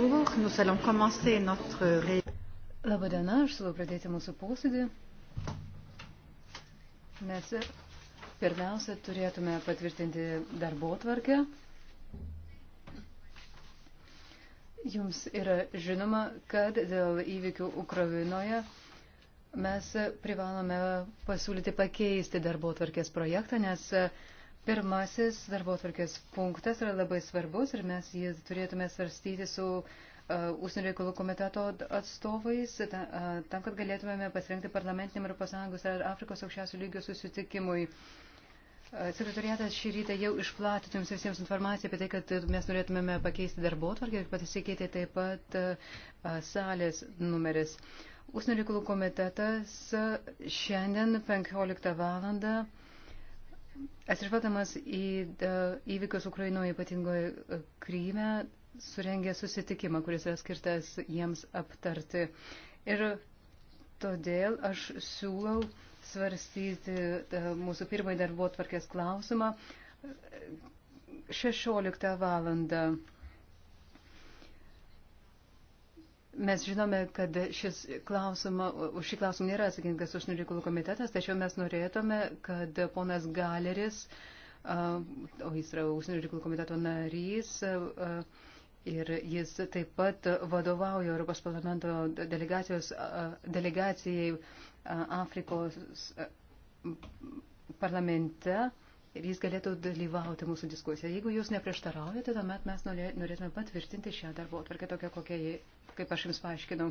bonjour. Nous allons commencer notre Labą dieną, aš siūlau pradėti mūsų posėdį. Mes pirmiausia turėtume patvirtinti darbo tvarkę. Jums yra žinoma, kad dėl įvykių Ukrainoje mes privalome pasiūlyti pakeisti darbo tvarkės projektą, nes Pirmasis darbo atvarkės punktas yra labai svarbus ir mes jį turėtume svarstyti su Užsienio e, reikalų komiteto atstovais, e, tam, kad galėtumėme pasirinkti parlamentiniam ir pasąjungos ar Afrikos aukščiausių lygio susitikimui. E, sekretariatas šį rytą jau išplatė jums visiems informaciją apie tai, kad mes norėtumėme pakeisti darbo tvarkę ir pasikeitė taip pat salės numeris. Užsienio reikalų komitetas šiandien 15 valandą Atsižvelgdamas į e, įvykius Ukrainoje ypatingoje e, Kryme, surengė susitikimą, kuris yra skirtas jiems aptarti. Ir todėl aš siūlau svarstyti e, mūsų pirmąjį darbo tvarkės klausimą 16 valandą. Mes žinome, kad šis klausimą, už šį klausimą nėra atsakingas užsienio reikalų komitetas, tačiau mes norėtume, kad ponas Galeris, o jis yra užsienio reikalų komiteto narys, ir jis taip pat vadovauja Europos parlamento delegacijos, delegacijai Afrikos parlamente ir jis galėtų dalyvauti mūsų diskusijoje. Jeigu jūs neprieštaraujate, tuomet mes norėtume patvirtinti šią darbo atvarkę tokią, kokią, kaip aš jums paaiškinau.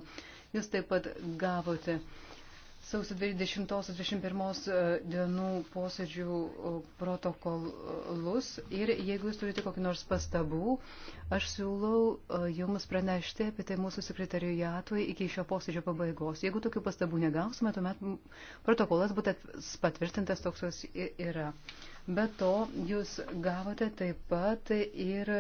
Jūs taip pat gavote sausio 20-21 e, dienų posėdžių e, protokolus ir jeigu jūs turite kokį nors pastabų, aš siūlau e, jums pranešti apie tai mūsų sekretariatui iki šio posėdžio pabaigos. Jeigu tokių pastabų negausime, tuomet protokolas būtų patvirtintas toks, koks yra. Be to, jūs gavote taip pat ir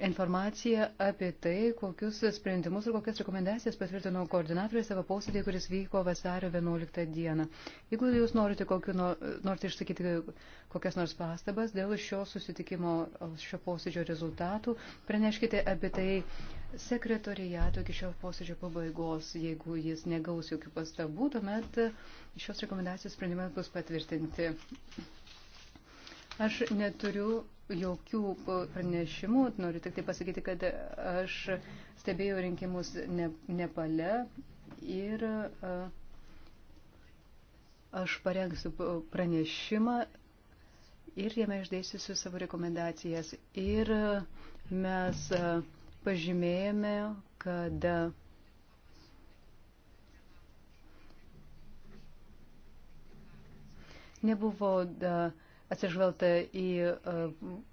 informaciją apie tai, kokius sprendimus ir kokias rekomendacijas patvirtino koordinatoriai savo posėdėje, kuris vyko vasario 11 dieną. Jeigu jūs norite, kokiu, norite išsakyti kokias nors pastabas dėl šio susitikimo, šio posėdžio rezultatų, praneškite apie tai sekretoriato iki šio posėdžio pabaigos. Jeigu jis negaus jokių pastabų, tuomet šios rekomendacijos sprendimai bus patvirtinti. Aš neturiu jokių pranešimų, noriu tik tai pasakyti, kad aš stebėjau rinkimus ne, Nepale ir aš parengsiu pranešimą ir jame išdėstysiu savo rekomendacijas. Ir mes pažymėjome, kad nebuvo da, uh, atsižvelgta į e,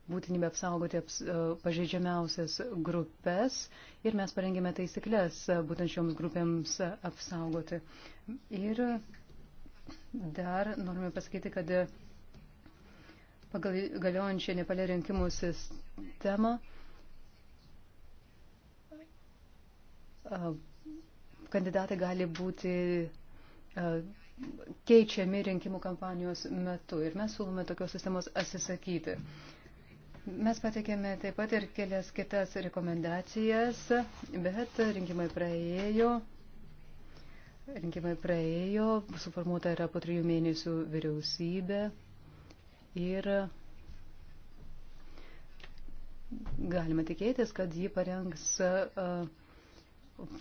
būtinybę apsaugoti aps, e, pažeidžiamiausias grupės ir mes parengėme taisyklės e, būtent šioms grupėms apsaugoti. Ir dar norime pasakyti, kad pagal galiojančią Nepale rinkimų sistemą kandidatai gali būti keičiami rinkimų kampanijos metu ir mes siūlome tokios sistemos atsisakyti. Mes patikėme taip pat ir kelias kitas rekomendacijas, bet rinkimai praėjo. Rinkimai praėjo, suformuota yra po trijų mėnesių vyriausybė ir galima tikėtis, kad ji parengs uh,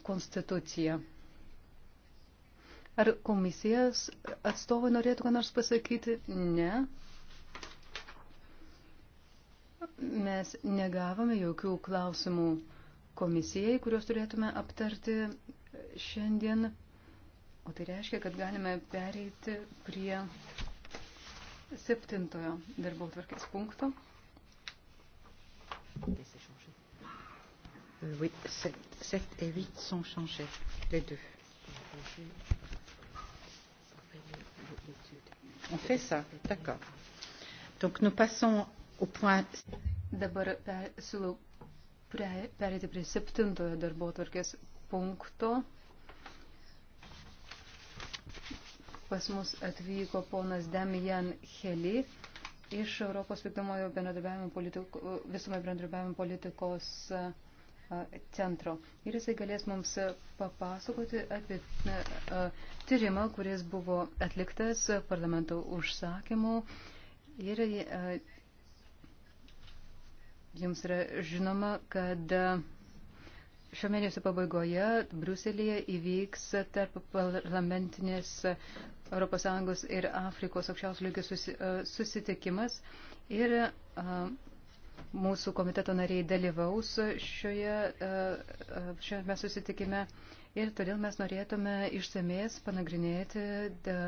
konstituciją. Ar komisijos atstovai norėtų ką nors pasakyti? Ne. Mes negavome jokių klausimų komisijai, kuriuos turėtume aptarti šiandien. O tai reiškia, kad galime pereiti prie septintojo darbo tvarkės punkto. Oui, 7 et 8 sont changés, les deux. On fait ça, d'accord. Donc nous passons au point. Dabar per, siūlau perėti prie septintojo darbo tvarkės punkto. Pas mus atvyko ponas Damian Heli iš Europos vykdomojo bendradarbiavimo politikos, visumo bendradarbiavimo politikos uh, centro. Ir jisai galės mums papasakoti apie tyrimą, kuris buvo atliktas parlamento užsakymu. Ir jums yra žinoma, kad šio mėnesio pabaigoje Bruselėje įvyks tarp parlamentinės ES ir Afrikos aukščiausio lygio susitikimas. Ir, uh, mūsų komiteto nariai dalyvaus šioje, e, e, šiame susitikime ir todėl mes norėtume išsamės panagrinėti e,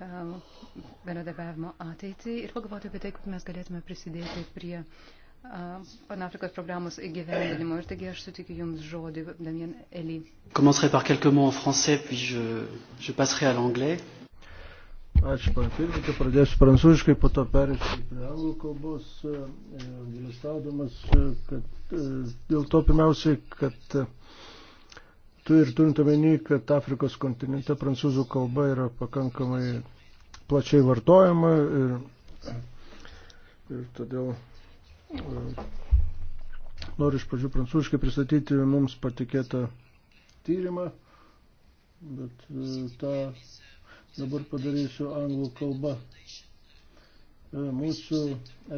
bendradarbiavimo ateitį ir pagalvoti apie tai, kaip mes galėtume prisidėti prie Panafrikos programos įgyvendinimo. Ir taigi aš sutikiu Jums žodį, Damien Eli. Commencerai par quelques mots en français, puis je, je passerai à l'anglais. Ačiū, pana pirmininkė, pradėsiu prancūziškai, po to perėsiu prie anglų kalbos, e, gilistaudamas, e, kad e, dėl to pirmiausiai, kad tu ir turint omeny, kad Afrikos kontinente prancūzų kalba yra pakankamai plačiai vartojama ir, ir todėl noriu iš pradžių prancūziškai pristatyti mums patikėtą tyrimą, bet tą Dabar padarysiu anglų kalbą. E, mūsų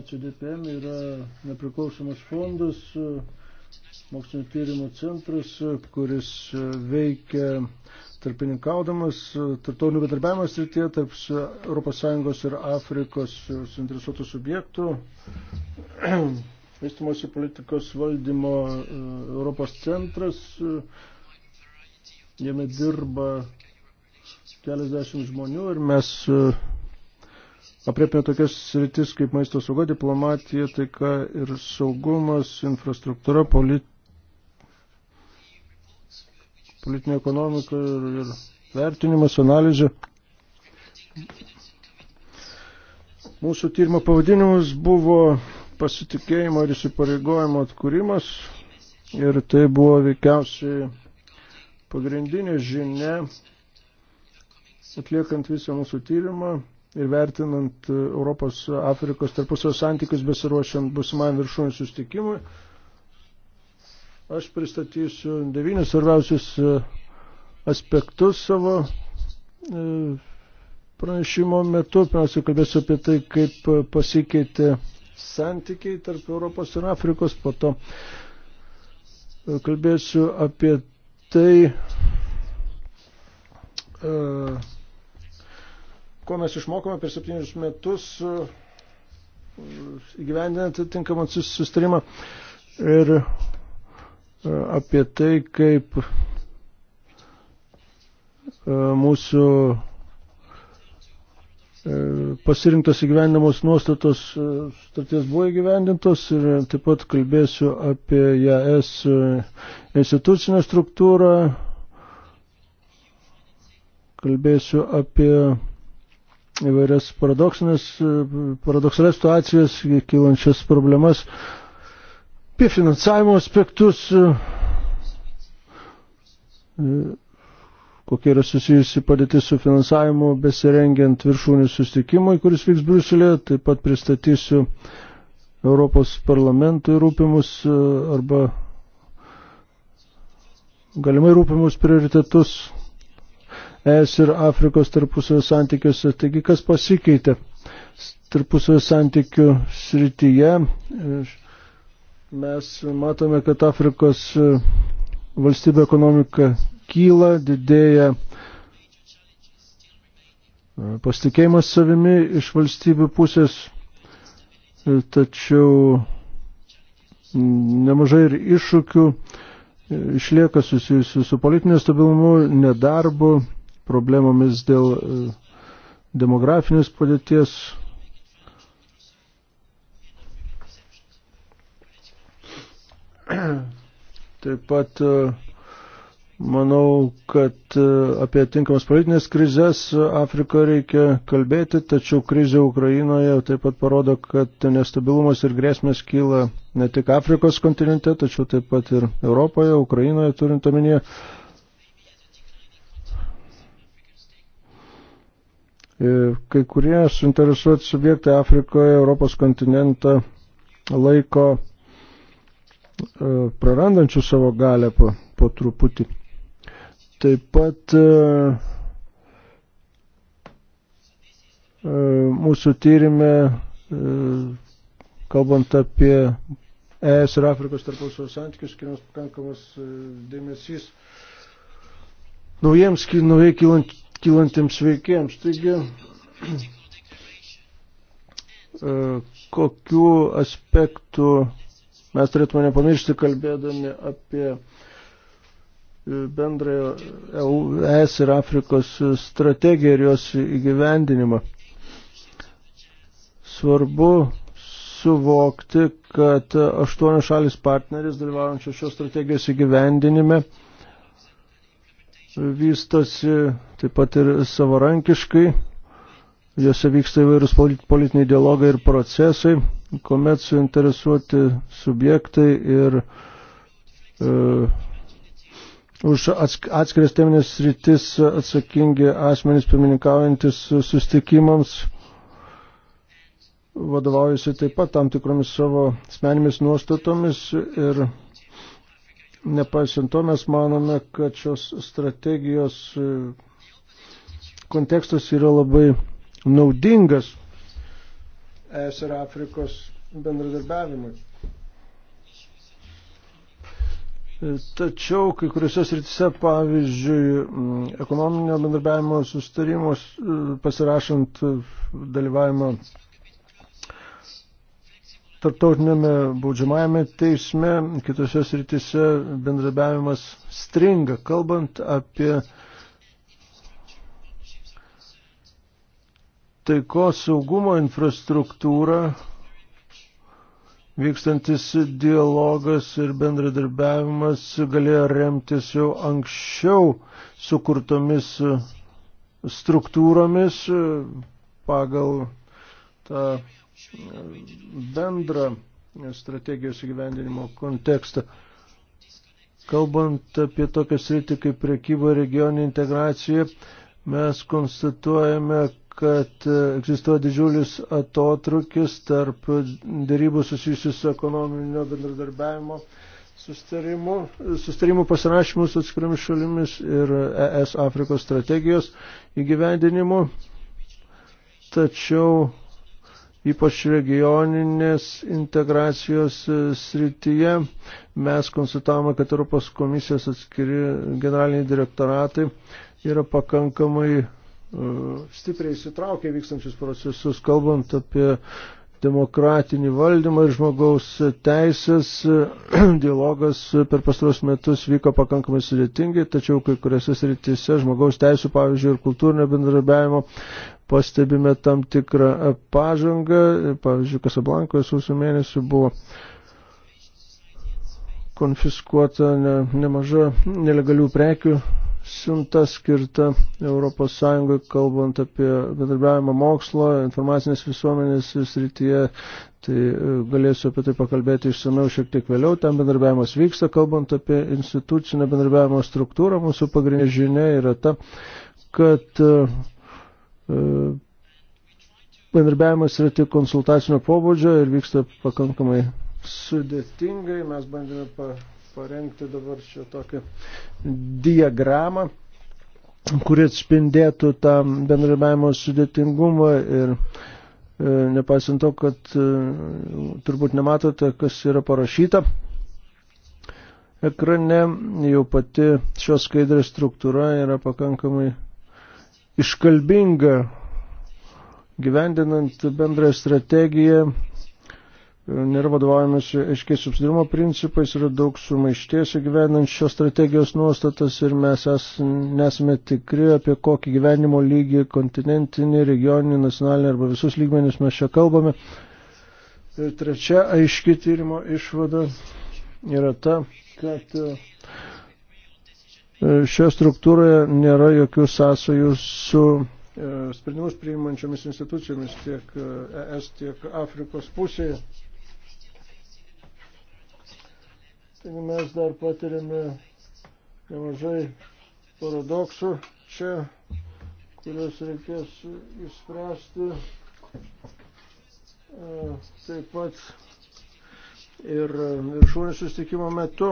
ECDPM yra nepriklausomas fondas, e, mokslinio tyrimo centras, e, kuris veikia tarpininkaudamas tarptautinių bedarbiavimo srityje tarp ES ir Afrikos suinteresuotų subjektų, vystimosi politikos valdymo Europos centras, jame dirba keliasdešimt žmonių ir mes e, apriepėme tokias sritis kaip maisto sauga, diplomatija, taika ir saugumas, infrastruktūra, polit... politinė ekonomika ir, ir vertinimas, analizė. Mūsų tyrimo pavadinimas buvo pasitikėjimo ir įsipareigojimo atkūrimas ir tai buvo veikiausiai pagrindinė žinia atliekant visą mūsų tyrimą ir vertinant e, Europos Afrikos tarpusio santykius besiruošiant busimam viršūnį sustikimui. Aš pristatysiu devynis svarbiausius e, aspektus savo e, pranešimo metu. Pirmiausia, kalbėsiu apie tai, kaip pasikeitė santykiai tarp Europos ir Afrikos. Po to kalbėsiu apie tai, ko mes išmokome per septynius metus e, įgyvendinant atitinkamą sustarimą ir e, apie tai, kaip e, mūsų pasirinktos įgyvendinamos nuostatos starties buvo įgyvendintos ir taip pat kalbėsiu apie JAS institucinę struktūrą, kalbėsiu apie įvairias paradoksales situacijas, kylančias problemas, apie finansavimo aspektus, kokia yra susijusi padėtis su finansavimu besirengiant viršūnį sustikimui, kuris vyks Bruselėje, taip pat pristatysiu Europos parlamentui rūpimus arba galimai rūpimus prioritetus ES ir Afrikos tarpusavio santykiuose. Taigi, kas pasikeitė tarpusavio santykių srityje? Mes matome, kad Afrikos e, valstybė ekonomika kyla, didėja e, pasitikėjimas savimi iš valstybių pusės, e, tačiau nemažai ir iššūkių išlieka susijusių su politinio stabilumu, nedarbu, problemomis dėl e, demografinės padėties. Taip pat e, manau, kad e, apie tinkamas politinės krizės Afrikoje reikia kalbėti, tačiau krizė Ukrainoje taip pat parodo, kad nestabilumas ir grėsmės kyla ne tik Afrikos kontinente, tačiau taip pat ir Europoje, Ukrainoje turint omenyje E, kai kurie suinteresuoti subjektai Afrikoje Europos kontinentą laiko e, prarandančių savo galę po, po truputį. Taip pat e, mūsų tyrimė, kalbant apie ES ir Afrikos tarpusavio santykius, skiriamas pakankamas dėmesys naujiems, naujai kylant, kylantiems veikėjams. Taigi, e, kokių aspektų mes turėtume nepamiršti, kalbėdami apie e, bendrąją ES e ir Afrikos strategiją ir jos įgyvendinimą. Svarbu suvokti, kad aštuonios šalis partneris dalyvaujančios šios strategijos įgyvendinime vystosi taip pat ir savarankiškai, jose vyksta įvairūs politiniai dialogai ir procesai, kuomet suinteresuoti subjektai ir uh, už atskiras teminės sritis atsakingi asmenys pirmininkaujantis sustikimams vadovaujasi taip pat tam tikromis savo asmenimis nuostatomis ir Nepaisant to, mes manome, kad šios strategijos e, kontekstas yra labai naudingas ES ir Afrikos bendradarbiavimui. E, tačiau kai kuriuose srityse, pavyzdžiui, ekonominio bendarbiavimo sustarimus e, pasirašant dalyvavimą Tarptautinėme baudžiamajame teisme, kitose sritise bendrabiavimas stringa, kalbant apie taikos saugumo infrastruktūrą, vykstantis dialogas ir bendradarbiavimas galėjo remtis jau anksčiau sukurtomis struktūromis pagal tą bendrą strategijos įgyvendinimo kontekstą. Kalbant apie tokią sritį kaip priekyba regioninė integracija, mes konstatuojame, kad egzistuoja didžiulis atotrukis tarp dėrybų susijusių su ekonominio bendradarbiavimo sustarimu, sustarimu pasirašymu su atskiriamis šalimis ir ES Afrikos strategijos įgyvendinimu. Tačiau ypač regioninės integracijos e, srityje. Mes konsultavome, kad Europos komisijos atskiri generaliniai direktoratai yra pakankamai e, stipriai įsitraukę vykstančius procesus, kalbant apie demokratinį valdymą ir žmogaus teisės. Dialogas per pastaros metus vyko pakankamai sudėtingai, tačiau kai kuriuose srityse žmogaus teisų, pavyzdžiui, ir kultūrinio bendradarbiavimo pastebime tam tikrą pažangą. Pavyzdžiui, Kasablankoje sausio mėnesį buvo konfiskuota ne, nemaža nelegalių prekių siunta skirta ES, kalbant apie bendarbiavimą mokslo, informacinės visuomenės srityje, tai e, galėsiu apie tai pakalbėti išsameu šiek tiek vėliau. Ten bendarbiavimas vyksta, kalbant apie institucinę bendarbiavimo struktūrą, mūsų pagrindinė žinia yra ta, kad e, e, bendarbiavimas yra tik konsultacinio pobūdžio ir vyksta pakankamai sudėtingai. Mes bandėme pa parengti dabar čia tokią diagramą, kuri atspindėtų tą bendradarbiavimo sudėtingumą ir e, nepaisant to, kad e, turbūt nematote, kas yra parašyta. Ekrane jau pati šios skaidrės struktūra yra pakankamai iškalbinga gyvendinant bendrąją strategiją nėra vadovaujamas aiškiai subsidirumo principais, yra daug sumaišties įgyvenant šios strategijos nuostatas ir mes es, nesame tikri, apie kokį gyvenimo lygį, kontinentinį, regioninį, nacionalinį arba visus lygmenis mes čia kalbame. Ir trečia aiški tyrimo išvada yra ta, kad e, šioje struktūroje nėra jokių sąsajų su e, sprendimus priimančiomis institucijomis tiek ES, e tiek Afrikos pusėje. Taigi mes dar patiriame nemažai paradoksų čia, kuriuos reikės išspręsti. E, taip pat ir viršūnės susitikimo metu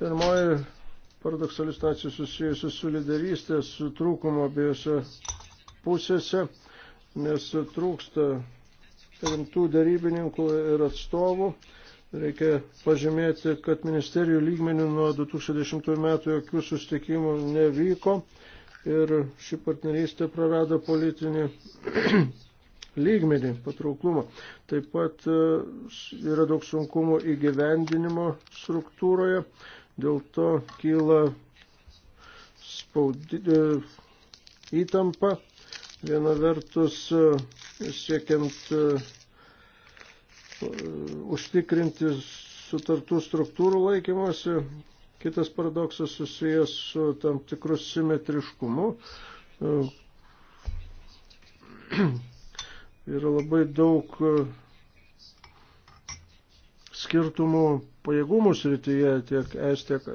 pirmoji paradoksali situacija susijusi su lyderystės trūkumo abiejose pusėse, nes trūksta rimtų darybininkų ir atstovų. Reikia pažymėti, kad ministerijų lygmenių nuo 2010 metų jokių sustikimų nevyko ir ši partnerystė prarado politinį lygmenį, patrauklumą. Taip pat e, yra daug sunkumų įgyvendinimo struktūroje, dėl to kyla spaudi, e, įtampa. Viena vertus e, siekiant užtikrinti sutartų struktūrų laikymosi. Kitas paradoksas susijęs su tam tikru simetriškumu. Yra labai daug skirtumų pajėgumų srityje tiek es, tiek e,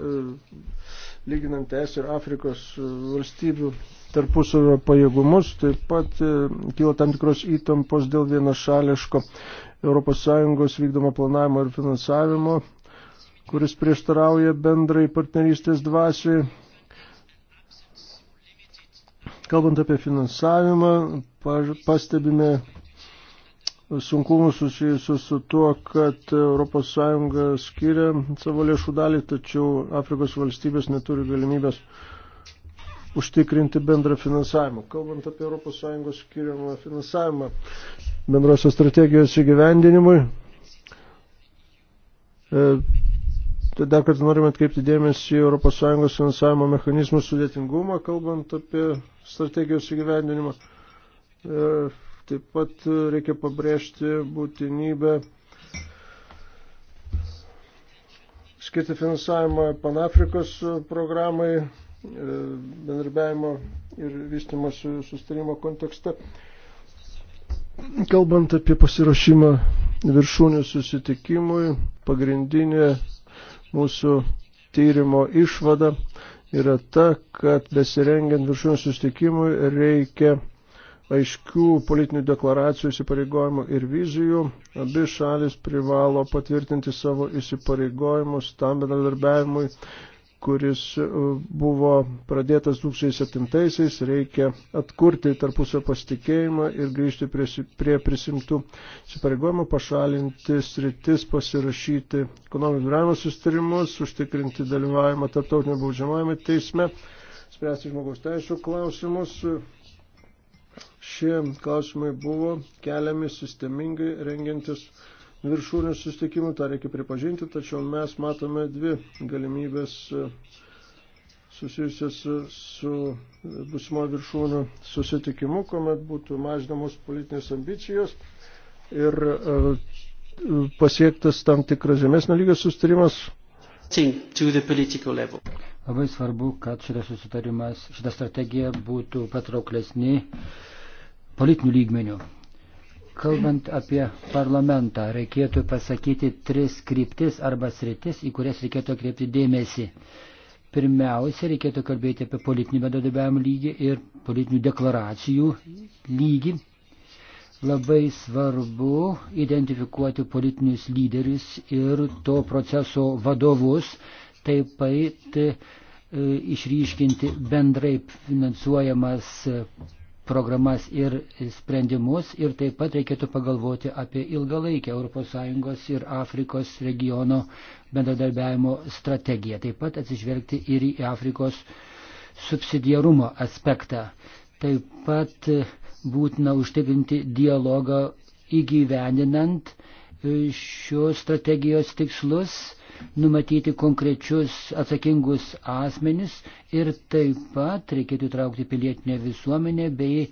lyginant es ir Afrikos e, valstybių tarpusavio pajėgumus, taip pat e, kyla tam tikros įtampos dėl vienašališko ES vykdomo planavimo ir finansavimo, kuris prieštarauja bendrai partnerystės dvasiai. Kalbant apie finansavimą, pastebime sunkumų susijusių su tuo, kad ES skiria savo lėšų dalį, tačiau Afrikos valstybės neturi galimybės užtikrinti bendrą finansavimą. Kalbant apie ES skiriamą finansavimą bendrosios strategijos įgyvendinimui, e, tai dar kartą norime atkreipti dėmesį į ES finansavimo mechanizmų sudėtingumą, kalbant apie strategijos įgyvendinimą. E, taip pat reikia pabrėžti būtinybę skirti finansavimą Panafrikos programai bendarbiavimo ir vystimo sustarimo kontekste. Kalbant apie pasirašymą viršūnių susitikimui, pagrindinė mūsų tyrimo išvada yra ta, kad besirengiant viršūnių susitikimui reikia aiškių politinių deklaracijų įsipareigojimų ir vizijų. Abi šalis privalo patvirtinti savo įsipareigojimus tam bendradarbiavimui, kuris e, buvo pradėtas 2007-aisiais, reikia atkurti tarpusio pasitikėjimą ir grįžti prie, prie prisimtų įsipareigojimų, pašalinti sritis, pasirašyti ekonominio bendravimo sustarimus, užtikrinti dalyvavimą tarptautinio baudžiamajame teisme, spręsti žmogaus teisų klausimus. Šie klausimai buvo keliami sistemingai rengiantis viršūnių susitikimų, tą reikia pripažinti, tačiau mes matome dvi galimybės e, susijusias su busimo viršūnių susitikimu, kuomet būtų mažinamos politinės ambicijos ir e, pasiektas tam tikras žemesnio lygio sustarimas. Labai svarbu, kad šitas susitarimas, šita strategija būtų patrauklesni politinių lygmenių. Kalbant apie parlamentą, reikėtų pasakyti tris kryptis arba sritis, į kurias reikėtų kreipti dėmesį. Pirmiausia, reikėtų kalbėti apie politinį bendradarbiavimo lygį ir politinių deklaracijų lygį. Labai svarbu identifikuoti politinius lyderius ir to proceso vadovus, taip pat e, išryškinti bendrai finansuojamas programas ir sprendimus ir taip pat reikėtų pagalvoti apie ilgalaikę ES ir Afrikos regiono bendradarbiavimo strategiją. Taip pat atsižvelgti ir į Afrikos subsidiarumo aspektą. Taip pat e, būtina užtikrinti dialogą įgyveninant e, šios strategijos tikslus numatyti konkrečius atsakingus asmenis ir taip pat reikėtų įtraukti pilietinę visuomenę bei e,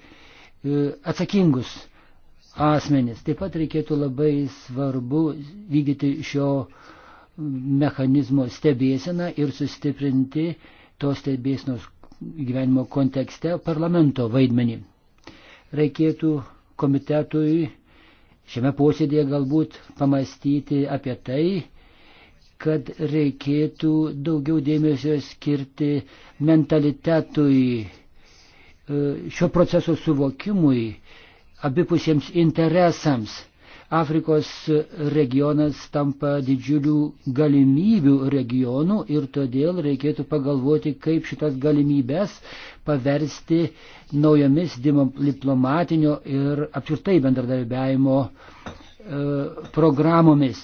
atsakingus asmenis. Taip pat reikėtų labai svarbu vykdyti šio mechanizmo stebėseną ir sustiprinti tos stebėsenos gyvenimo kontekste parlamento vaidmenį. Reikėtų komitetui šiame posėdėje galbūt pamastyti apie tai, kad reikėtų daugiau dėmesio skirti mentalitetui, e, šio proceso suvokimui, abipusiems interesams. Afrikos regionas tampa didžiulių galimybių regionų ir todėl reikėtų pagalvoti, kaip šitas galimybės paversti naujomis diplomatinio ir apskritai bendradarbiavimo e, programomis.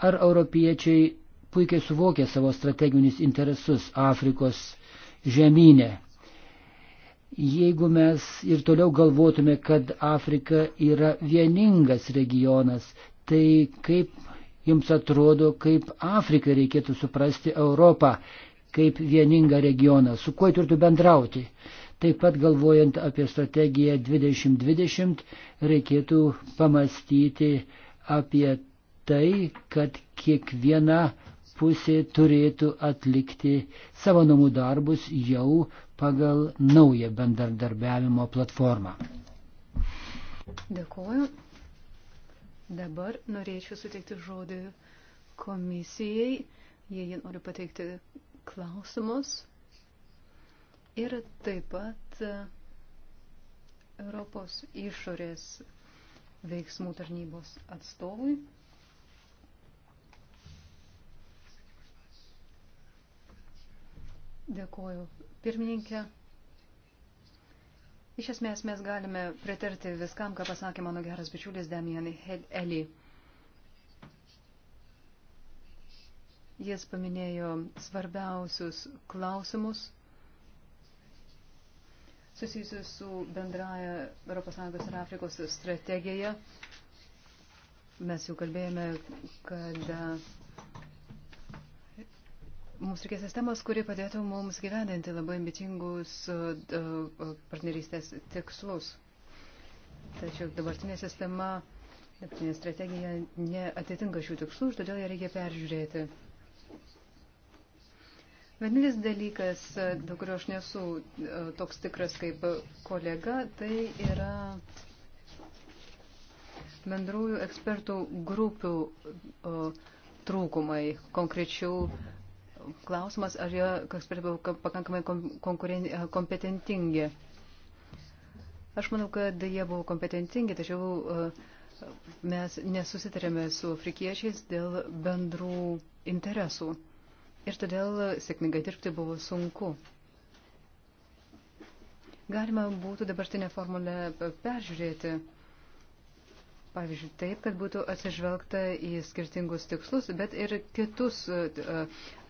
Ar europiečiai puikiai suvokė savo strateginius interesus Afrikos žemynė. Jeigu mes ir toliau galvotume, kad Afrika yra vieningas regionas, tai kaip jums atrodo, kaip Afrika reikėtų suprasti Europą kaip vieningą regioną, su kuo turėtų bendrauti. Taip pat galvojant apie strategiją 2020, reikėtų pamastyti apie tai, kad kiekviena pusė turėtų atlikti savo namų darbus jau pagal naują bendradarbiavimo platformą. Dėkuoju. Dabar norėčiau suteikti žodį komisijai, jei jie nori pateikti klausimus. Ir taip pat e, Europos išorės veiksmų tarnybos atstovui Dėkuoju. Pirmininkė, iš esmės mes galime pritarti viskam, ką pasakė mano geras bičiulis Damian Eli. Jis paminėjo svarbiausius klausimus susijusius su bendraja ES ir Afrikos strategija. Mes jau kalbėjome, kad Mums reikia sistemos, kuri padėtų mums gyvendinti labai ambicingus e, e, partnerystės tikslus. Tačiau dabartinė sistema, dabartinė strategija neatitinka šių tikslų, todėl ją reikia peržiūrėti. Vienintelis dalykas, e, dėl kurio aš nesu toks tikras kaip kolega, tai yra bendrųjų ekspertų grupių trūkumai konkrečių klausimas, ar jie ekspertai buvo pakankamai e, kompetentingi. Aš manau, kad jie buvo kompetentingi, tačiau e, mes nesusitarėme su afrikiečiais dėl bendrų interesų. Ir todėl sėkmingai dirbti buvo sunku. Galima būtų dabartinę formulę peržiūrėti. Pavyzdžiui, taip, kad būtų atsižvelgta į skirtingus tikslus, bet ir kitus e,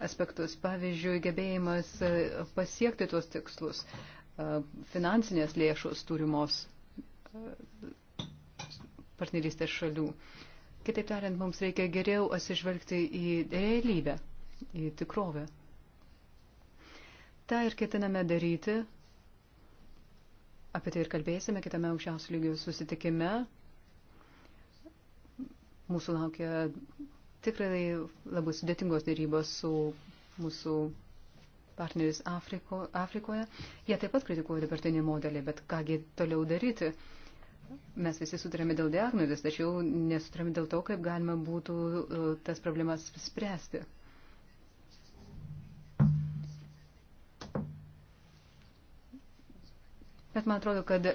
aspektus. Pavyzdžiui, gebėjimas e, pasiekti tuos tikslus, e, finansinės lėšos turimos partnerystės šalių. Kitaip tariant, mums reikia geriau atsižvelgti į realybę, į tikrovę. Ta ir ketiname daryti. Apie tai ir kalbėsime kitame aukščiausių lygių susitikime Mūsų laukia tikrai labai sudėtingos dėrybos su mūsų partneris Afriko, Afrikoje. Jie taip pat kritikuoja dabartinį modelį, bet kągi toliau daryti? Mes visi sutarėme dėl diagnozės, tačiau nesutarėme dėl to, kaip galima būtų e, tas problemas spręsti. Bet man atrodo, kad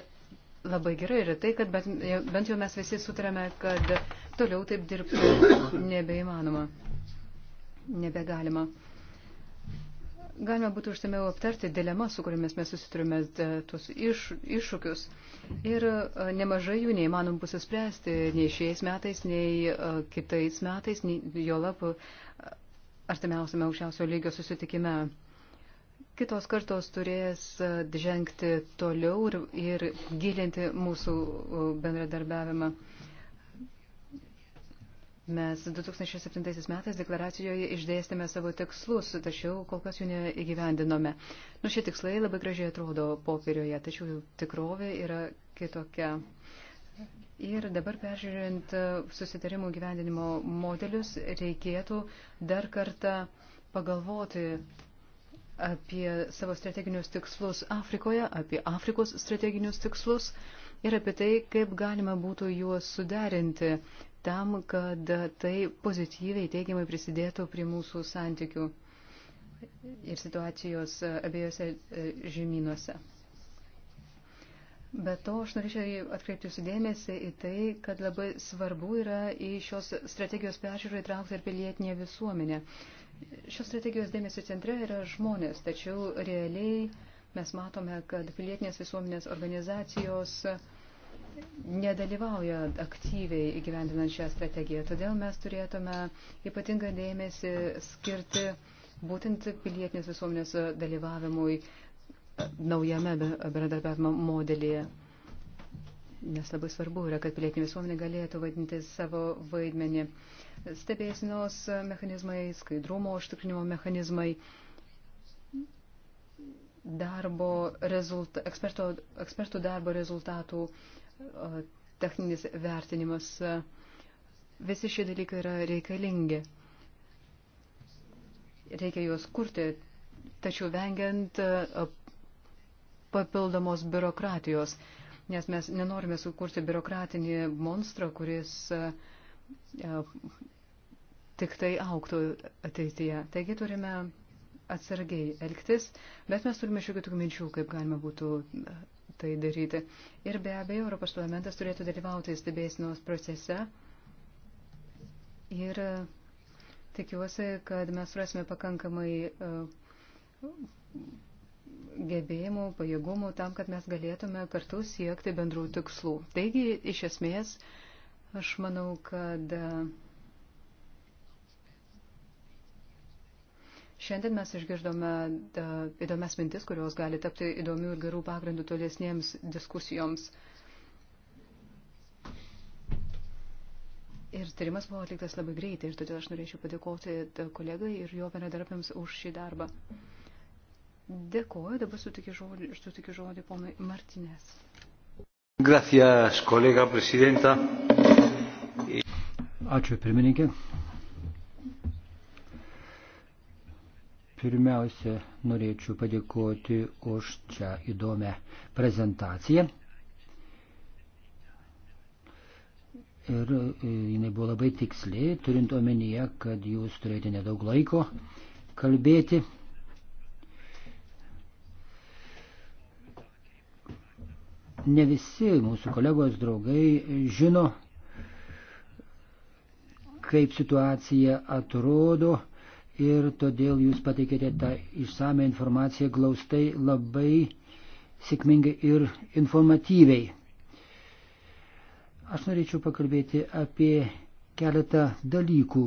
Labai gerai yra tai, kad bet, bent jau mes visi sutarėme, kad toliau taip dirbti nebeįmanoma, nebegalima. Galima būtų užsimiau aptarti dilemą, su kuriamis mes susiturime e, tuos iš, iššūkius. Ir e, nemažai jų neįmanom bus įspręsti nei šiais metais, nei e, kitais metais, nei jo lapu artimiausiame aukščiausio lygio susitikime. Kitos kartos turės e, žengti toliau ir, ir gilinti mūsų e, bendradarbiavimą. Mes 2007 metais deklaracijoje išdėstėme savo tikslus, tačiau kol kas jų neįgyvendinome. Nu, šie tikslai labai gražiai atrodo popierioje, tačiau tikrovė yra kitokia. Ir dabar peržiūrint e, susitarimų gyvendinimo modelius, reikėtų dar kartą pagalvoti apie savo strateginius tikslus Afrikoje, apie Afrikos strateginius tikslus ir apie tai, kaip galima būtų juos suderinti tam, kad tai pozityviai teigiamai prisidėtų prie mūsų santykių ir situacijos abiejose e, žemynuose. Be to, aš norėčiau atkreipti sudėmėsi į tai, kad labai svarbu yra į šios strategijos peržiūrą įtraukti ir pilietinę visuomenę. Šios strategijos dėmesio centre yra žmonės, tačiau realiai mes matome, kad pilietinės visuomenės organizacijos nedalyvauja aktyviai įgyvendinant šią strategiją. Todėl mes turėtume ypatingą dėmesį skirti būtent pilietinės visuomenės dalyvavimui e, naujame bendradarbiavimo modelyje. Nes labai svarbu yra, kad pilietinė visuomenė galėtų vaidinti savo vaidmenį stebėsinos mechanizmai, skaidrumo užtikrinimo mechanizmai, darbo rezulta, eksperto, ekspertų darbo rezultatų techninis vertinimas. Visi šie dalykai yra reikalingi. Reikia juos kurti, tačiau vengiant papildomos biurokratijos, nes mes nenorime sukurti biurokratinį monstrą, kuris tik tai auktų ateityje. Taigi turime atsargiai elgtis, bet mes turime šiokių tokių minčių, kaip galima būtų e, tai daryti. Ir be abejo, Europos parlamentas turėtų dalyvauti stebėsinos procese. Ir e, tikiuosi, kad mes surasime pakankamai e, gebėjimų, pajėgumų tam, kad mes galėtume kartu siekti bendrų tikslų. Taigi, iš esmės, aš manau, kad uh, Šiandien mes išgirdome įdomias mintis, kurios gali tapti įdomių ir gerų pagrindų tolesniems diskusijoms. Ir tyrimas buvo atliktas labai greitai ir todėl aš norėčiau padėkoti kolegai ir jo bendradarbiams už šį darbą. Dėkuoju, dabar sutikiu žodį, sutikiu žodį ponui Martinės. Gracias, kolega prezidenta. Ačiū, pirmininkė. Pirmiausia, norėčiau padėkoti už čia įdomią prezentaciją. Ir e, jinai buvo labai tiksli, turint omenyje, kad jūs turėjote nedaug laiko kalbėti. Ne visi mūsų kolegos draugai žino, kaip situacija atrodo ir todėl jūs pateikėte tą išsame informaciją glaustai labai sėkmingai ir informatyviai. Aš norėčiau pakalbėti apie keletą dalykų,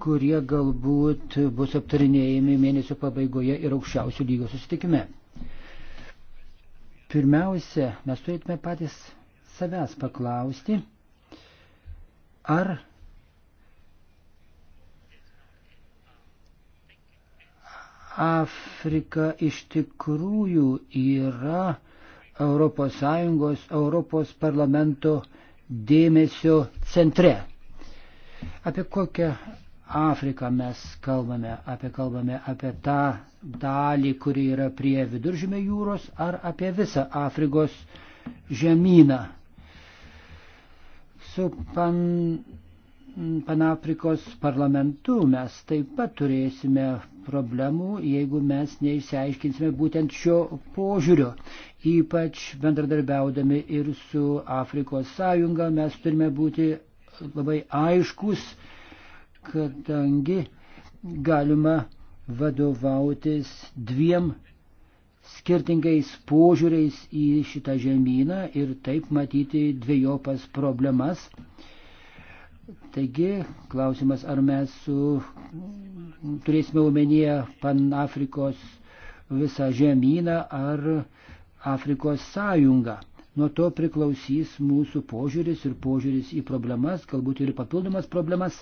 kurie galbūt bus aptarinėjami mėnesio pabaigoje ir aukščiausių lygio susitikime. Pirmiausia, mes turėtume patys savęs paklausti, Ar Afrika iš tikrųjų yra ES, Europos parlamento dėmesio centre? Apie kokią Afriką mes kalbame? Apie kalbame apie tą dalį, kuri yra prie viduržymė jūros, ar apie visą Afrikos žemyną? su pan, Panafrikos parlamentu mes taip pat turėsime problemų, jeigu mes neišsiaiškinsime būtent šio požiūrio. Ypač bendradarbiaudami ir su Afrikos sąjunga mes turime būti labai aiškus, kadangi galima vadovautis dviem skirtingais požiūriais į šitą žemyną ir taip matyti dviejopas problemas. Taigi, klausimas, ar mes su, turėsime omenyje Panafrikos visą žemyną ar Afrikos sąjungą. Nuo to priklausys mūsų požiūris ir požiūris į problemas, galbūt ir papildomas problemas.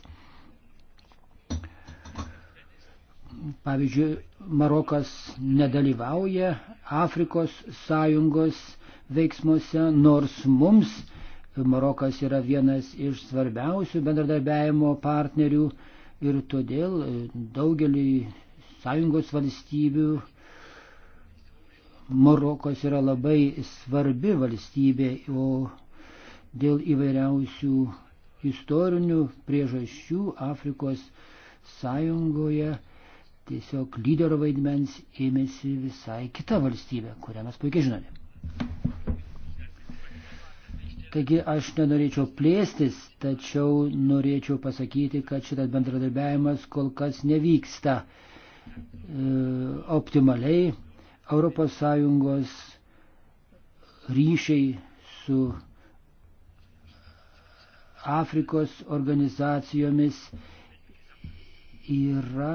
Pavyzdžiui, Marokas nedalyvauja Afrikos sąjungos veiksmuose, nors mums Marokas yra vienas iš svarbiausių bendradarbiajimo partnerių ir todėl daugelį sąjungos valstybių Marokas yra labai svarbi valstybė, o dėl įvairiausių istorinių priežasčių Afrikos sąjungoje tiesiog lyderio vaidmens ėmėsi visai kita valstybė, kurią mes puikiai žinome. Taigi aš nenorėčiau plėstis, tačiau norėčiau pasakyti, kad šitas bendradarbiavimas kol kas nevyksta e, optimaliai. ES ryšiai su Afrikos organizacijomis yra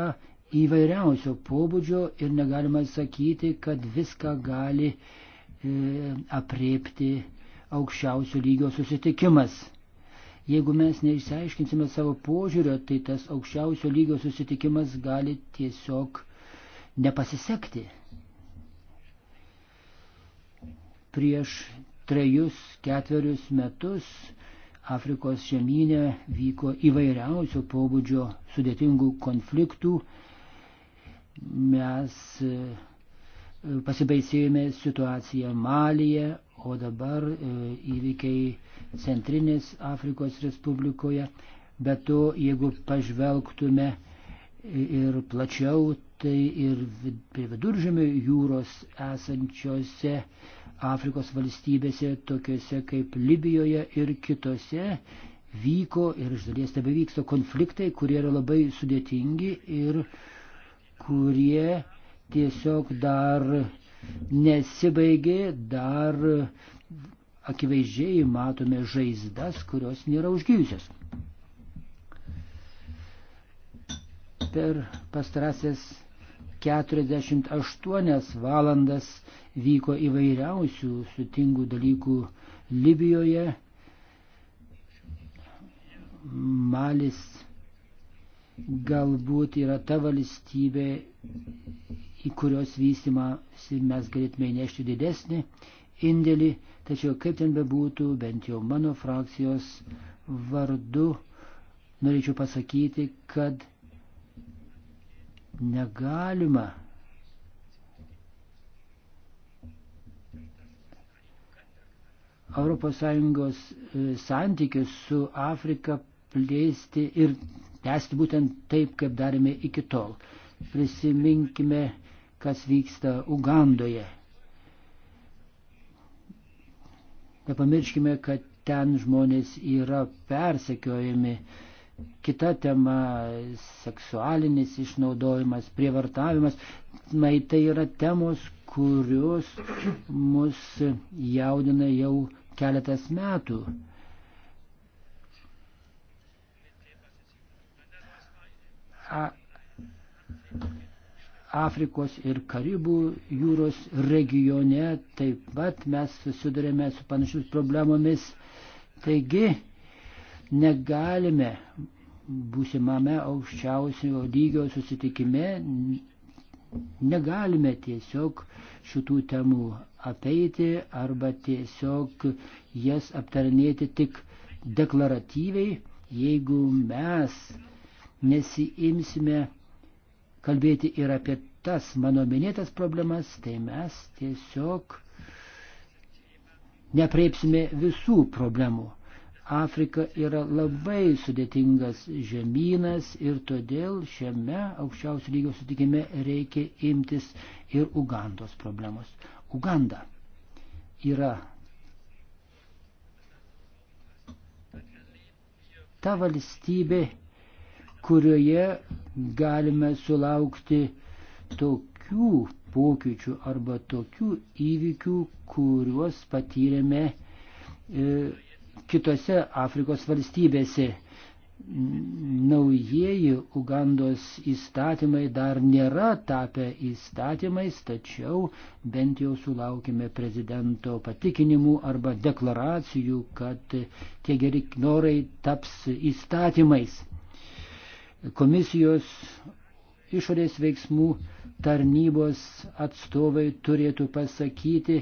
įvairiausio pobūdžio ir negalima sakyti, kad viską gali e, apriepti aukščiausio lygio susitikimas. Jeigu mes neišsiaiškinsime savo požiūrio, tai tas aukščiausio lygio susitikimas gali tiesiog nepasisekti. Prieš trejus, ketverius metus Afrikos žemynė vyko įvairiausio pobūdžio sudėtingų konfliktų, mes e, pasibaisėjome situaciją Malyje, o dabar e, įvykiai Centrinės Afrikos Respublikoje. Bet to, jeigu pažvelgtume e, ir plačiau, tai ir prie viduržėmio jūros esančiose Afrikos valstybėse, tokiuose kaip Libijoje ir kitose, vyko ir iš dalies tebe vyksta konfliktai, kurie yra labai sudėtingi ir uh, kurie tiesiog dar nesibaigė, dar akivaizdžiai matome žaizdas, kurios nėra užgyjusios. Per pastarasias 48 valandas vyko įvairiausių sutingų dalykų Libijoje, Malis galbūt yra ta valstybė, į kurios vystimą mes galėtume įnešti didesnį indėlį, tačiau kaip ten bebūtų, bent jau mano frakcijos vardu norėčiau pasakyti, kad negalima ES e, santykius su Afrika plėsti ir tęsti būtent taip, kaip darėme iki tol. Prisiminkime, kas vyksta Ugandoje. Nepamirškime, kad ten žmonės yra persekiojami. Kita tema - seksualinis išnaudojimas, prievartavimas. Mai tai yra temos, kurios mus jaudina jau keletas metų. Afrikos ir Karibų jūros regione taip pat mes susidurėme su panašius problemomis. Taigi negalime būsimame aukščiausio lygio susitikime, negalime tiesiog šitų temų apeiti arba tiesiog jas aptarinėti tik deklaratyviai, jeigu mes nesiimsime kalbėti ir apie tas mano minėtas problemas, tai mes tiesiog nepreipsime visų problemų. Afrika yra labai sudėtingas žemynas ir todėl šiame aukščiausio lygio sutikime reikia imtis ir Ugandos problemos. Uganda yra ta valstybė, kurioje galime sulaukti tokių pokyčių arba tokių įvykių, kuriuos patyrėme e, kitose Afrikos valstybėse. Naujieji Ugandos įstatymai dar nėra tapę įstatymais, tačiau bent jau sulaukime prezidento patikinimų arba deklaracijų, kad tie geri norai taps įstatymais komisijos išorės veiksmų tarnybos atstovai turėtų pasakyti,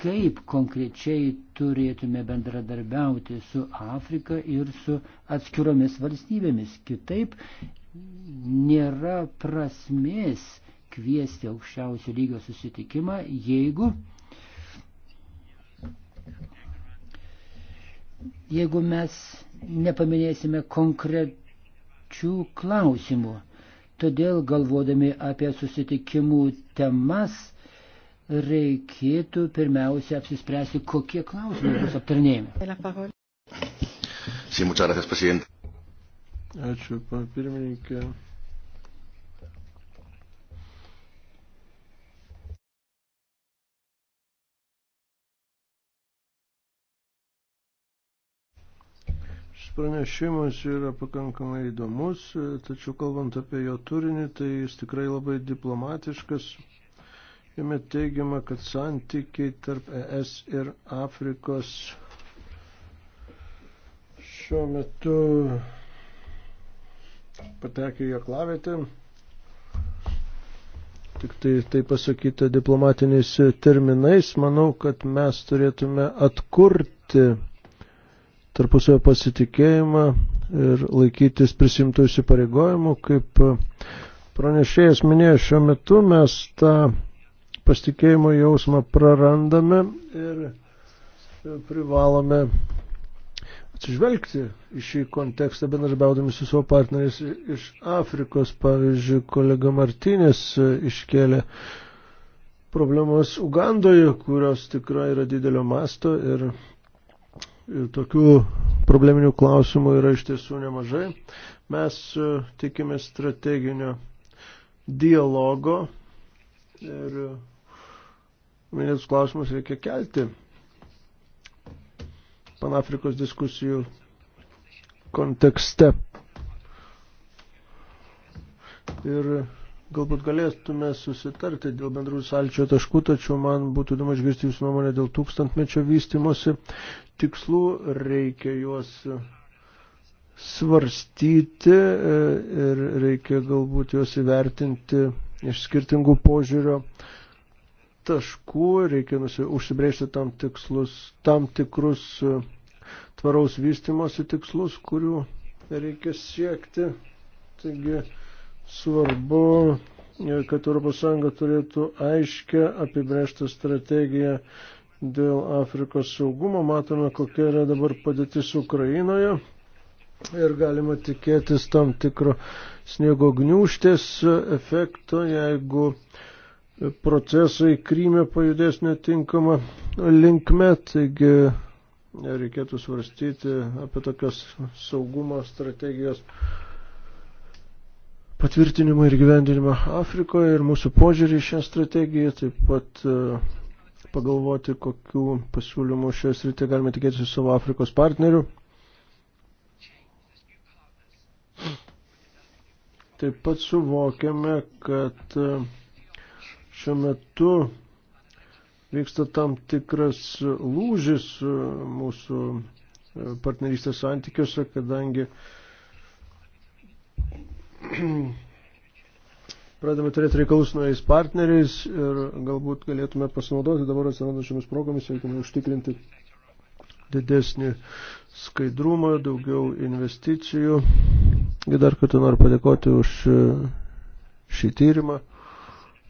kaip konkrečiai turėtume bendradarbiauti su Afrika ir su atskiromis valstybėmis. Kitaip nėra prasmės kviesti aukščiausio lygio susitikimą, jeigu, jeigu mes nepaminėsime konkretų konkrečių klausimų. Todėl galvodami apie susitikimų temas, reikėtų pirmiausia apsispręsti, kokie klausimai bus aptarnėjami. Sí, muchas gracias, presidente. Ačiū, pirmininkė. pranešimas yra pakankamai įdomus, tačiau kalbant apie jo turinį, tai jis tikrai labai diplomatiškas. Jame teigiama, kad santykiai tarp ES ir Afrikos šiuo metu patekė į aklavietę. Tik tai, tai pasakyta diplomatiniais terminais, manau, kad mes turėtume atkurti tarpusavio pasitikėjimą ir laikytis prisimtų įsipareigojimų. Kaip pranešėjas minėjo, šiuo metu mes tą pasitikėjimo jausmą prarandame ir e, privalome atsižvelgti į šį kontekstą, bendradarbiaudami su savo partneriais iš Afrikos. Pavyzdžiui, kolega Martinės e, iškėlė problemas Ugandoje, kurios tikrai yra didelio masto ir Tokių probleminių klausimų yra iš tiesų nemažai. Mes e, tikime strateginio dialogo ir e, minėtus klausimus reikia kelti Panafrikos diskusijų kontekste. Ir galbūt galėtume susitarti dėl bendrų salčio taškų, tačiau man būtų įdomu išgirsti jūsų nuomonę dėl tūkstantmečio vystimosi tikslų, reikia juos svarstyti e, ir reikia galbūt juos įvertinti iš skirtingų požiūrio taškų, reikia užsibrėžti tam, tikslus, tam tikrus e, tvaraus vystimosi tikslus, kurių reikia siekti. Taigi svarbu, e, kad ES turėtų aiškę apibrėžtą strategiją dėl Afrikos saugumo. Matome, kokia yra dabar padėtis Ukrainoje ir galima tikėtis tam tikro sniego gniūštės efekto, jeigu procesai Kryme pajudės netinkama linkme. Taigi reikėtų svarstyti apie tokios saugumo strategijos patvirtinimą ir gyvendinimą Afrikoje ir mūsų požiūrį į šią strategiją, taip pat pagalvoti, kokių pasiūlymų šioje srityje galime tikėtis iš savo Afrikos partnerių. Taip pat suvokiame, kad e, šiuo metu vyksta tam tikras lūžis e, mūsų e, partnerystės santykiuose, kadangi pradame turėti reikalus naujais partneriais ir galbūt galėtume pasinaudoti dabar atsiradančiomis progomis, siekime užtikrinti didesnį skaidrumą, daugiau investicijų. Ir dar kartą noriu padėkoti už šį tyrimą.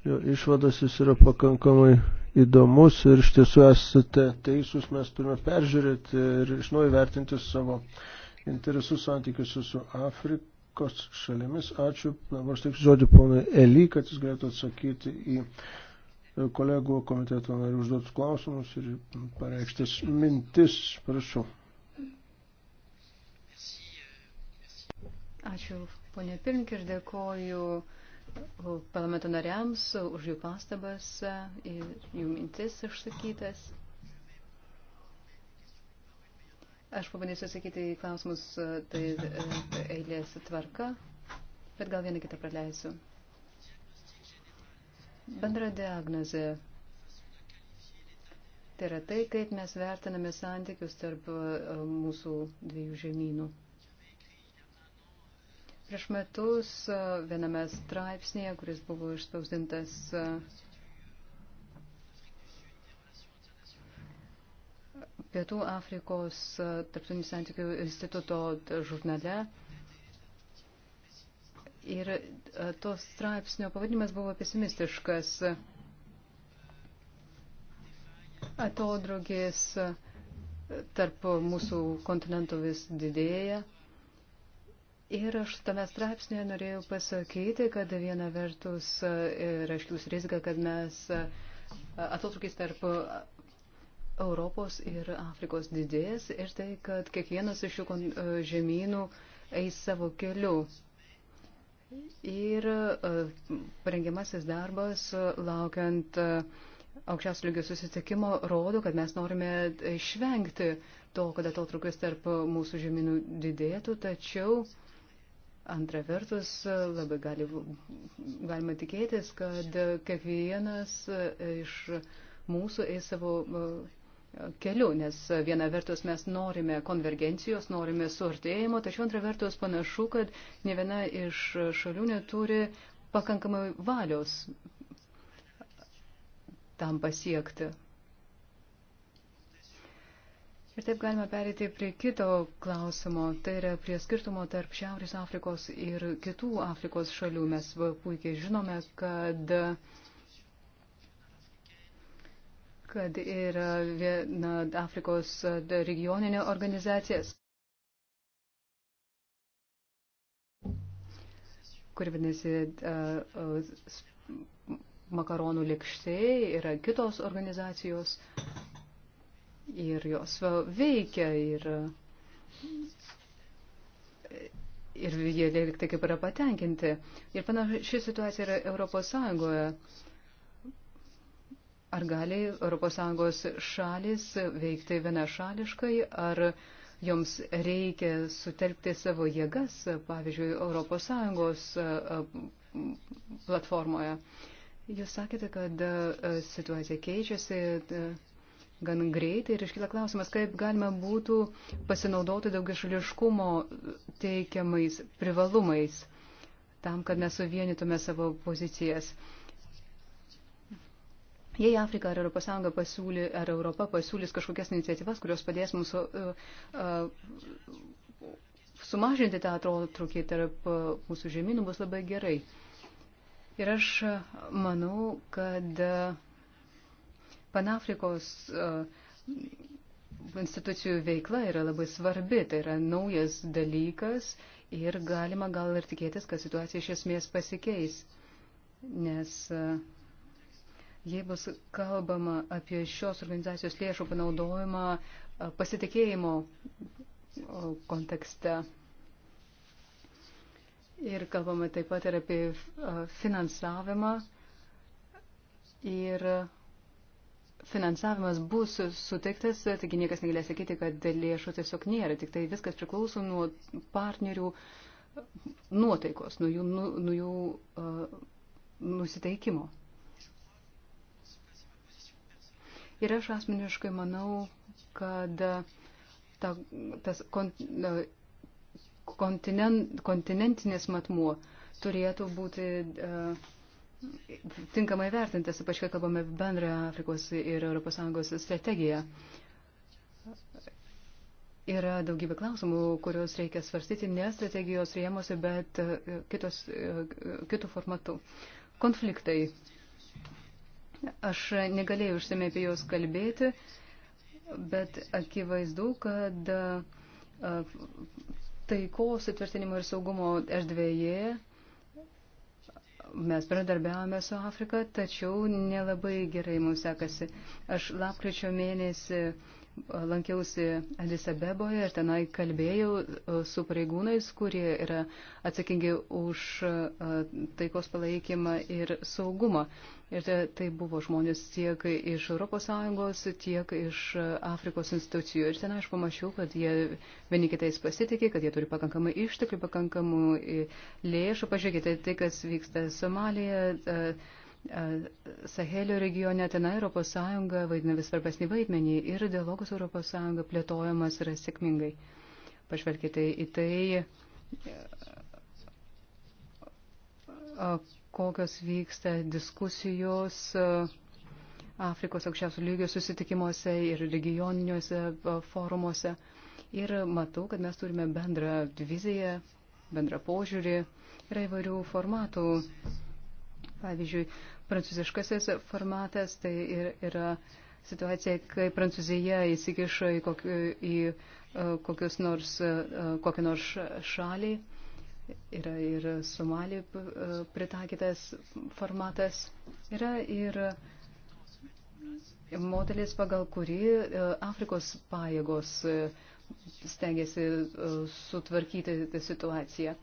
Jo išvadas jis yra pakankamai įdomus ir iš tiesų esate teisūs, mes turime peržiūrėti ir iš naujo vertinti savo interesus santykius su Afrika Afrikos šalimis. Ačiū. Dabar taip žodžiu ponui Eli, kad jis galėtų atsakyti į kolegų komiteto narių užduotus klausimus ir pareikštis mintis. Prašau. Ačiū, ponė Pirink, ir dėkoju parlamento nariams už jų pastabas ir jų mintis išsakytas. Aš pabandysiu atsakyti į klausimus e, tai, e, e, eilės tvarka, bet gal vieną kitą praleisiu. Bendra diagnozė. Tai yra tai, kaip mes vertiname santykius tarp mūsų dviejų žemynų. Prieš metus viename straipsnėje, kuris buvo išspausdintas Pietų Afrikos e, tarptautinių santykių instituto žurnale. Ir e, to straipsnio pavadinimas buvo pesimistiškas. Atodrugis e, tarp mūsų kontinentų vis didėja. Ir aš tame straipsnėje norėjau pasakyti, kad viena vertus yra iškius rizika, kad mes atotrukis tarp Europos ir Afrikos didės ir tai, kad kiekvienas iš šių e, žemynų eis savo keliu. Ir parengiamasis e, darbas, e, laukiant aukščiausio lygio susitikimo, rodo, kad mes norime išvengti to, kad atotrukis tarp mūsų žemynų didėtų, tačiau antra vertus labai gali, galima tikėtis, kad kiekvienas iš mūsų eis savo keliu, nes viena vertus mes norime konvergencijos, norime suartėjimo, tačiau antra vertus panašu, kad ne viena iš šalių neturi pakankamai valios tam pasiekti. Ir taip galima perėti prie kito klausimo, tai yra prie skirtumo tarp Šiaurės Afrikos ir kitų Afrikos šalių. Mes puikiai žinome, kad uh, kad ir na, Afrikos regioninė organizacijas, kuri vadinasi uh, makaronų likščiai, yra kitos organizacijos ir jos veikia ir, ir jie tik kaip yra patenkinti. Ir panaši situacija yra Europos Sąjungoje. Uh, Ar gali ES šalis veikti vienašališkai, ar joms reikia sutelkti savo jėgas, pavyzdžiui, ES e, e, platformoje? Jūs sakėte, kad e, situacija keičiasi gan greitai ir iškyla klausimas, kaip galima būtų pasinaudoti daugiašališkumo teikiamais privalumais tam, kad mes suvienytume savo pozicijas. Jei Afrika ar Europos Sąjunga pasiūly, ar Europa pasiūlys kažkokias iniciatyvas, kurios padės mums uh, uh, sumažinti tą atotrukį tarp uh, mūsų žemynų, bus labai gerai. Ir aš uh, manau, kad uh, Panafrikos institucijų veikla yra labai svarbi, tai yra naujas dalykas ir galima gal ir tikėtis, kad situacija iš esmės pasikeis, nes uh, Jei bus kalbama apie šios organizacijos lėšų panaudojimą pasitikėjimo kontekste. Ir kalbame taip pat ir apie finansavimą. Ir finansavimas bus suteiktas, taigi niekas negalės sakyti, kad lėšų tiesiog nėra, tik tai viskas priklauso nuo partnerių nuotaikos, nuo jų, nu, nuo jų uh, nusiteikimo. Ir aš asmeniškai manau, kad e, ta, tas kont, e, kontinent, kontinentinis matmuo turėtų būti uh, tinkamai vertintas, ypač kai kalbame bendrą Afrikos ir ES strategiją. Yra daugybė klausimų, kuriuos reikia svarstyti ne strategijos rėmose, bet kitos, kitų formatų. Konfliktai Aš negalėjau užsiemė apie juos kalbėti, bet akivaizdu, kad taikos įtvirtinimo ir saugumo erdvėje mes bendradarbiavome su Afrika, tačiau nelabai gerai mums sekasi. Aš lapkričio mėnesį uh, lankiausi Adisabeboje ir tenai kalbėjau e, su pareigūnais, kurie yra atsakingi už e, taikos palaikymą ir saugumą. Ir tai buvo žmonės tiek iš ES, tiek iš e, Afrikos institucijų. Ir ten aš pamačiau, kad jie vieni kitais pasitikė, kad jie turi pakankamai išteklių, pakankamų lėšų. Pažiūrėkite, tai kas vyksta Somalijoje Sahelio regione tenai Europos Sąjunga vaidina vis svarbesnį vaidmenį ir dialogus Europos Sąjunga plėtojamas yra sėkmingai. Pažvelkite į tai, kokios vyksta diskusijos Afrikos aukščiausių lygio susitikimuose ir regioniniuose forumuose. Ir matau, kad mes turime bendrą viziją, bendrą požiūrį, yra įvairių formatų. Pavyzdžiui, prancūziškasis formatas, tai ir, yra situacija, kai Prancūzija įsikiša į, kokį, į e, kokius nors, e, e, kokią nors šalį. Yra ir Somali pritaikytas formatas. Yra ir modelis, pagal kurį Afrikos pajėgos stengiasi sutvarkyti situaciją.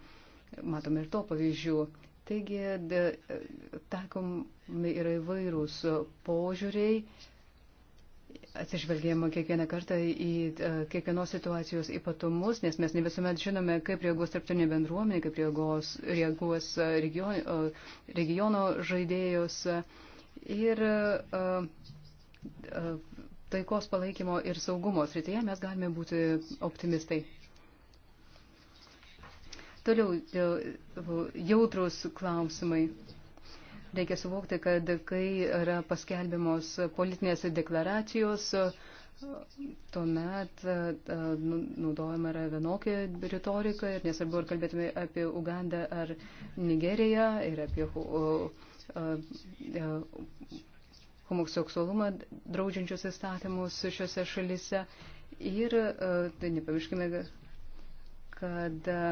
Matome ir to pavyzdžių. Taigi taikomi yra įvairūs požiūriai, atsižvelgėjama kiekvieną kartą į e, kiekvienos situacijos ypatumus, nes mes ne visuomet žinome, kaip reaguos tarptautinė bendruomenė, kaip reaguos, reaguos region, e, regiono žaidėjos. Ir e, taikos palaikymo ir saugumo srityje mes galime būti optimistai. Toliau jautrus klausimai. Reikia suvokti, kad kai yra paskelbimos politinės deklaracijos, tuomet nu, naudojama yra vienokia retorika ir nesvarbu, ar kalbėtume apie Ugandą ar Nigeriją ir apie homoseksualumą draudžiančius įstatymus šiuose šalise. Ir tai nepamirškime, kad. A,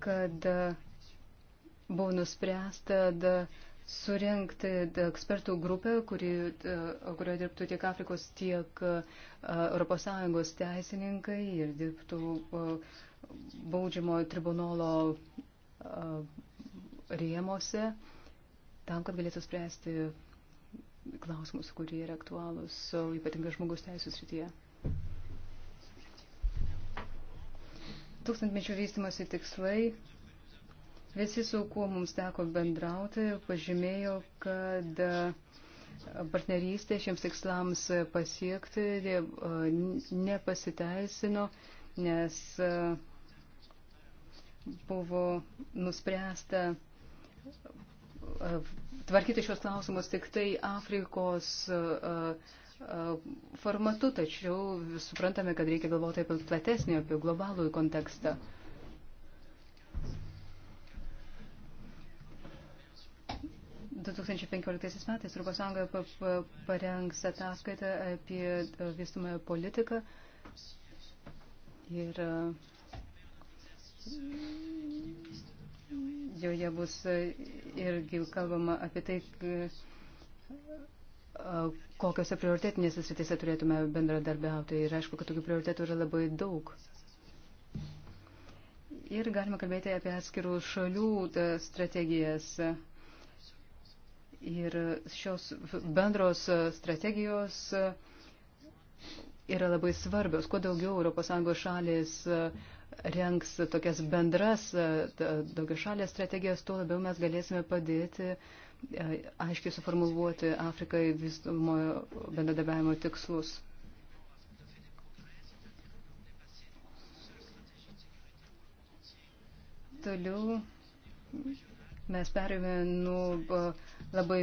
kad e, buvo nuspręsta surinkti ekspertų grupę, kuri, kurio dirbtų tiek Afrikos, tiek ES teisininkai ir dirbtų e, baudžiamo tribunolo e, rėmose, tam, kad galėtų spręsti klausimus, kurie yra aktualūs, ypatingai žmogus teisų srityje. tūkstantmečio vystimosi tikslai, visi su kuo mums teko bendrauti, pažymėjo, kad e, partnerystė šiems tikslams pasiekti e, nepasiteisino, nes e, buvo nuspręsta tvarkyti šios klausimus tik tai Afrikos uh, formatu, tačiau suprantame, kad reikia galvoti apie platesnį, apie globalų kontekstą. metais Europos Sąjunga parengs ataskaitą apie e, vystumąją politiką ir e, joje bus e, irgi kalbama apie tai, kokiose prioritetinėse sritise turėtume bendradarbiauti. Ir aišku, kad tokių prioritetų yra labai daug. Ir galima kalbėti apie atskirų šalių e, strategijas. Ir šios bendros e, strategijos e, yra labai svarbios. Kuo daugiau ES šalis renks tokias bendras daugia šalės strategijas, tuo labiau mes galėsime padėti uh, E, aiškiai suformuluoti Afrikai vystumojo bendradarbiavimo tikslus. Toliau mes perėmė nuo e, labai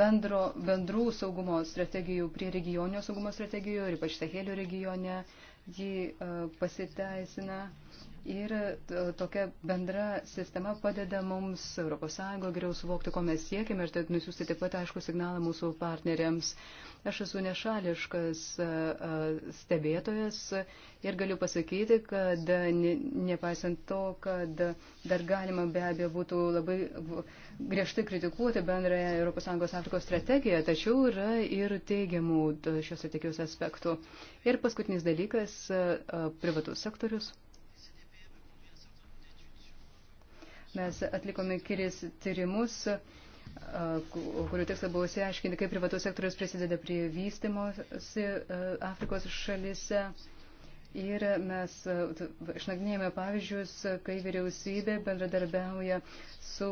bendro, bendrų saugumo strategijų prie regioninio saugumo strategijų ir ypač Sahelio regione jį e, pasiteisina. Ir e, tokia bendra sistema padeda mums ES geriau suvokti, ko mes siekime ir tai nusiųsti taip pat aišku signalą mūsų partneriams. Aš esu nešališkas e, e, stebėtojas ir galiu pasakyti, kad nepaisant to, kad dar galima be abejo būtų labai griežtai kritikuoti bendrąją ES Afrikos strategiją, tačiau yra ir teigiamų šios strategijos aspektų. Ir paskutinis dalykas - privatus sektorius. Mes atlikome kelis tyrimus kurių tikslas buvo įsiaiškinti, kaip privatus sektorius prisideda prie vystimosi Afrikos šalise. Ir mes išnagrinėjame pavyzdžius, kai vyriausybė bendradarbiauja su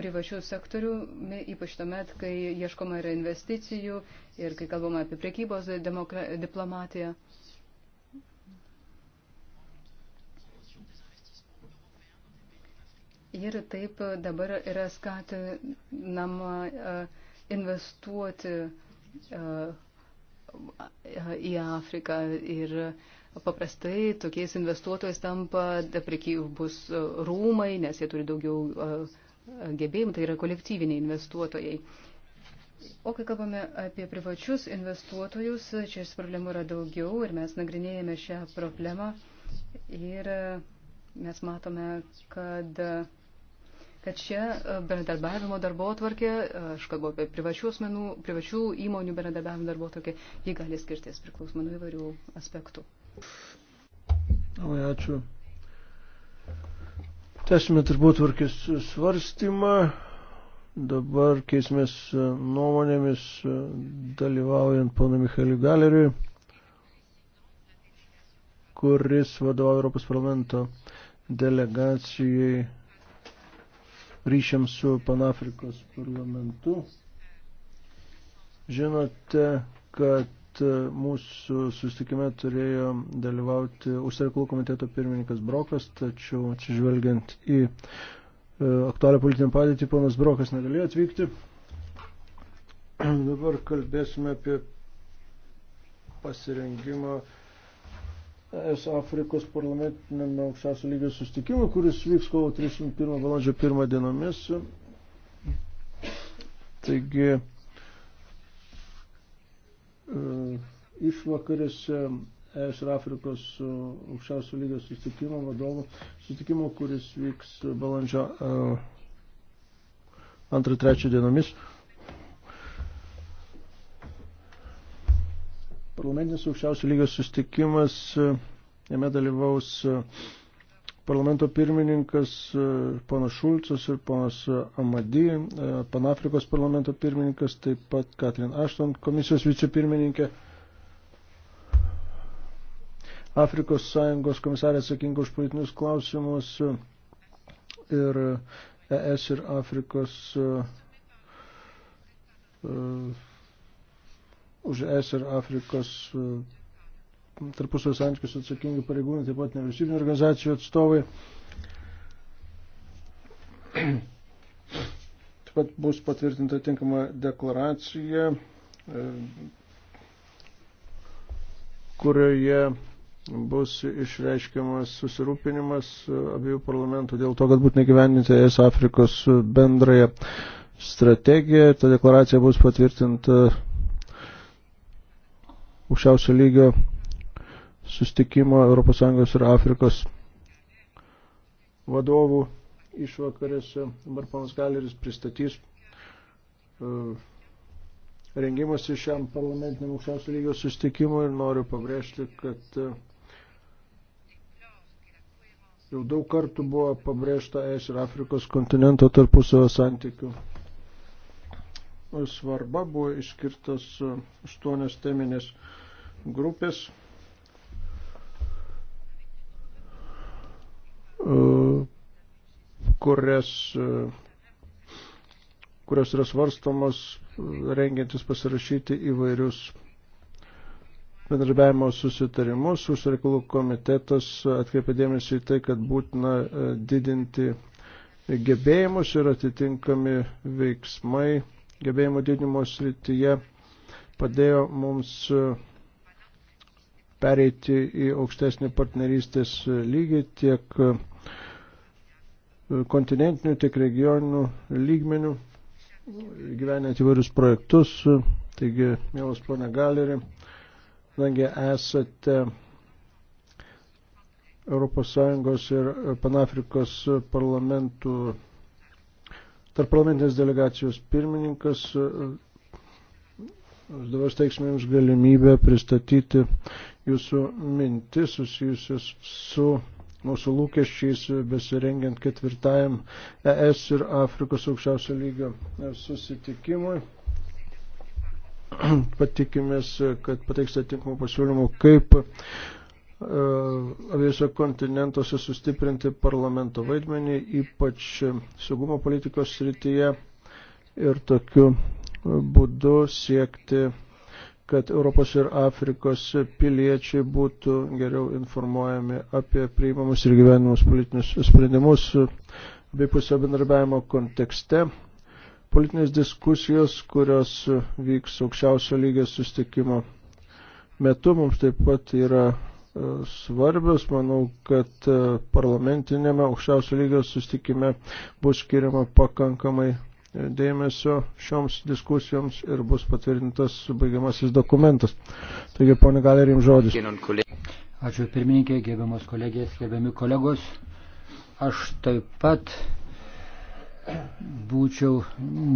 privačiu sektoriumi, ypač tuomet, kai ieškoma yra investicijų ir kai kalbama apie priekybos diplomatiją. Ir taip dabar yra skatinama e, investuoti e, į Afriką ir paprastai tokiais investuotojais tampa prekybos rūmai, nes jie turi daugiau e, gebėjimų, tai yra kolektyviniai investuotojai. O kai kalbame apie privačius investuotojus, čia problemų yra daugiau ir mes nagrinėjame šią problemą ir mes matome, kad uh, kad čia e, bendradarbiavimo darbo atvarkė, e, aš kalbu apie privačių, asmenų, privačių įmonių bendradarbiavimo darbo atvarkė, ji gali skirtis priklausomai nuo įvairių aspektų. O, ačiū. Tęsime turbūt varkės svarstymą. Dabar keismės e, nuomonėmis dalyvaujant pana Michaeliu Galeriui, kuris vadovauja Europos parlamento delegacijai ryšiams su Panafrikos parlamentu. Žinote, kad mūsų susitikime turėjo dalyvauti užsienio komiteto pirmininkas Brokas, tačiau atsižvelgiant į e, aktualią politinę padėtį, ponas Brokas negalėjo atvykti. Dabar kalbėsime apie pasirengimą ES Afrikos parlamentiniam aukščiausio lygio sustikimui, kuris vyks kovo 31 valandžio 1 dienomis. Taigi, e, išvakarėse ES ir Afrikos aukščiausio lygio sustikimo vadovų sustikimo, kuris vyks balandžio 2-3 e, dienomis. Parlamentinis aukščiausio lygio sustikimas, e, jame dalyvaus e, parlamento pirmininkas e, ponas Šulcas ir ponas Amadi, Panafrikos parlamento pirmininkas, taip pat Katrin Ašton, komisijos vicepirmininkė. Afrikos Sąjungos komisarė atsakinga už politinius klausimus ir ES ir Afrikos uh, už ES ir Afrikos e, tarpusavio santykius atsakingi pareigūnai, taip pat nevyriausybinio organizacijų atstovai. Taip pat bus patvirtinta tinkama deklaracija, e, kurioje bus išreiškiamas susirūpinimas abiejų parlamentų dėl to, kad būtų negyvendinti ES Afrikos bendrąją strategiją. Ta deklaracija bus patvirtinta aukščiausio lygio sustikimo ES ir Afrikos vadovų išvakarėse. Dabar panas Galeris pristatys e, rengimasi šiam parlamentiniam aukščiausio lygio sustikimui ir noriu pabrėžti, kad e, jau daug kartų buvo pabrėžta ES ir Afrikos kontinento tarpusavio santykių svarba buvo išskirtas aštuonios teminės grupės. E, kurias, e, kurios yra svarstomos rengiantis pasirašyti įvairius bendradarbiavimo susitarimus. Užsienio reikalų komitetas atkreipė dėmesį į tai, kad būtina e, didinti gebėjimus ir atitinkami veiksmai gebėjimo didinimo srityje padėjo mums e, pereiti į aukštesnį partnerystės lygį tiek e, kontinentinių, tiek regioninių lygmenių, gyvenant įvairius projektus. Taigi, mielas ponė Galeri, kadangi esate ES ir Panafrikos parlamentų tarp parlamentinės delegacijos pirmininkas. E, dabar steiksime Jums galimybę pristatyti Jūsų mintis susijusius su mūsų lūkesčiais besirengiant ketvirtajam ES ir Afrikos aukščiausio lygio susitikimui. Patikimės, kad pateiksite tinkamų pasiūlymų, kaip E, abiejose kontinentuose sustiprinti parlamento vaidmenį, ypač saugumo politikos srityje ir tokiu būdu siekti, kad Europos ir Afrikos piliečiai būtų geriau informuojami apie priimamus ir gyvenimus politinius sprendimus bei pusio bendarbiavimo kontekste. Politinės diskusijos, kurios vyks aukščiausio lygio sustikimo metu, mums taip pat yra svarbios. Manau, kad e, parlamentinėme aukščiausio lygio sustikime bus skiriama pakankamai e, dėmesio šioms diskusijoms ir bus patvirtintas baigiamasis dokumentas. Taigi, ponė Galerį, jums žodis. Ačiū pirmininkė, gerbiamos kolegės, gerbiami kolegos. Aš taip pat būčiau,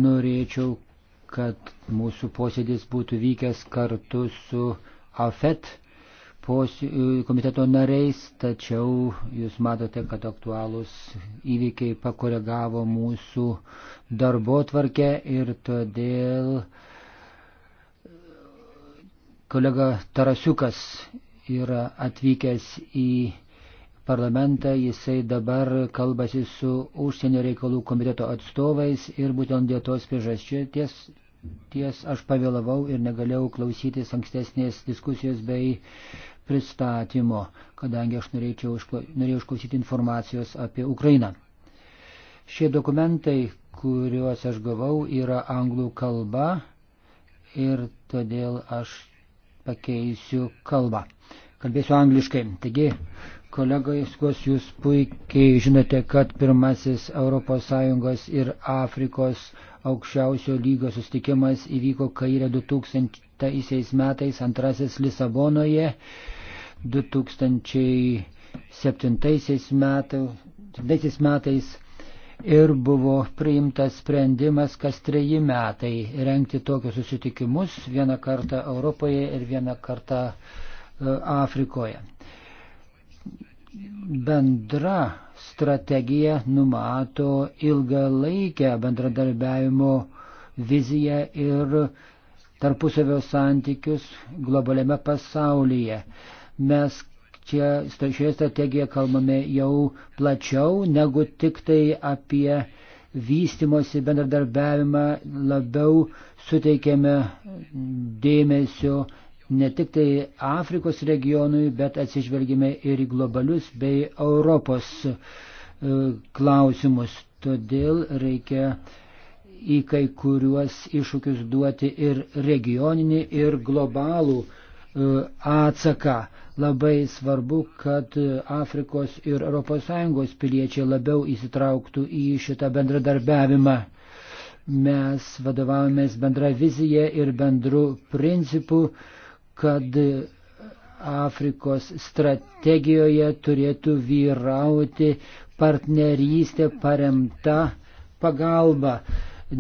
norėčiau, kad mūsų posėdis būtų vykęs kartu su AFET posė, e, komiteto nariais, tačiau jūs matote, kad aktualūs įvykiai pakoregavo mūsų darbo tvarkę ir todėl e, kolega Tarasiukas yra atvykęs į parlamentą, jisai dabar kalbasi su užsienio reikalų komiteto atstovais ir būtent dėl tos priežasties ties aš pavėlavau ir negalėjau klausytis ankstesnės diskusijos bei pristatymo, kadangi aš norėčiau, norėjau išklausyti informacijos apie Ukrainą. Šie dokumentai, kuriuos aš gavau, yra anglų kalba ir todėl aš pakeisiu kalbą. Kalbėsiu angliškai. Taigi, kolegos, jūs puikiai žinote, kad pirmasis ES ir Afrikos aukščiausio lygio sustikimas įvyko Kairė 2000 metais, antrasis Lisabonoje. 2007 metais, metais ir buvo priimtas sprendimas kas treji metai renkti tokius susitikimus, vieną kartą Europoje ir vieną kartą e, Afrikoje. Bendra strategija numato ilgalaikę bendradarbiavimo viziją ir tarpusavio santykius globaliame pasaulyje. Mes čia šioje strategijoje kalbame jau plačiau negu tik tai apie vystimosi bendradarbiavimą, labiau suteikėme dėmesio ne tik tai Afrikos regionui, bet atsižvelgime ir į globalius bei Europos e, klausimus. Todėl reikia į kai kuriuos iššūkius duoti ir regioninį, ir globalų e, atsaką. Labai svarbu, kad Afrikos ir ES piliečiai labiau įsitrauktų į šitą bendradarbiavimą. Mes vadovavomės bendra vizija ir bendru principu, kad Afrikos strategijoje turėtų vyrauti partnerystė paremta pagalba.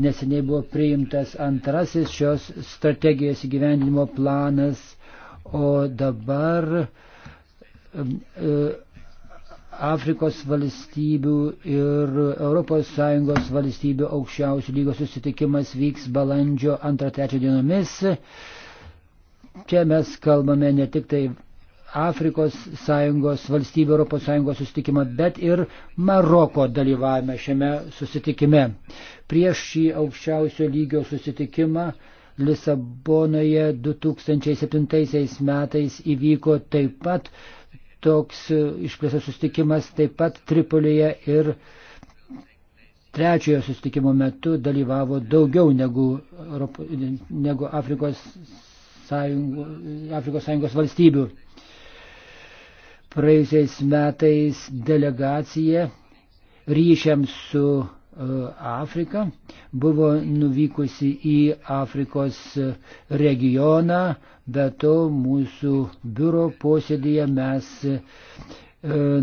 Neseniai buvo priimtas antrasis šios strategijos įgyvendinimo planas O dabar e, Afrikos valstybių ir ES valstybių aukščiausių lygos susitikimas vyks balandžio 2-3 dienomis. Čia mes kalbame ne tik tai Afrikos sąjungos valstybių Europos sąjungos susitikimą, bet ir Maroko dalyvavime šiame susitikime. Prieš šį aukščiausio lygio susitikimą Lisabonoje 2007 metais įvyko taip pat toks e, išplėstas sustikimas, taip pat Tripolėje ir trečiojo sustikimo metu dalyvavo daugiau negu, Europo, negu Afrikos, sąjungo, Afrikos sąjungos valstybių. Praėjusiais metais delegacija ryšiams su E, Afriką, buvo nuvykusi į Afrikos regioną, bet to mūsų biuro posėdėje mes e,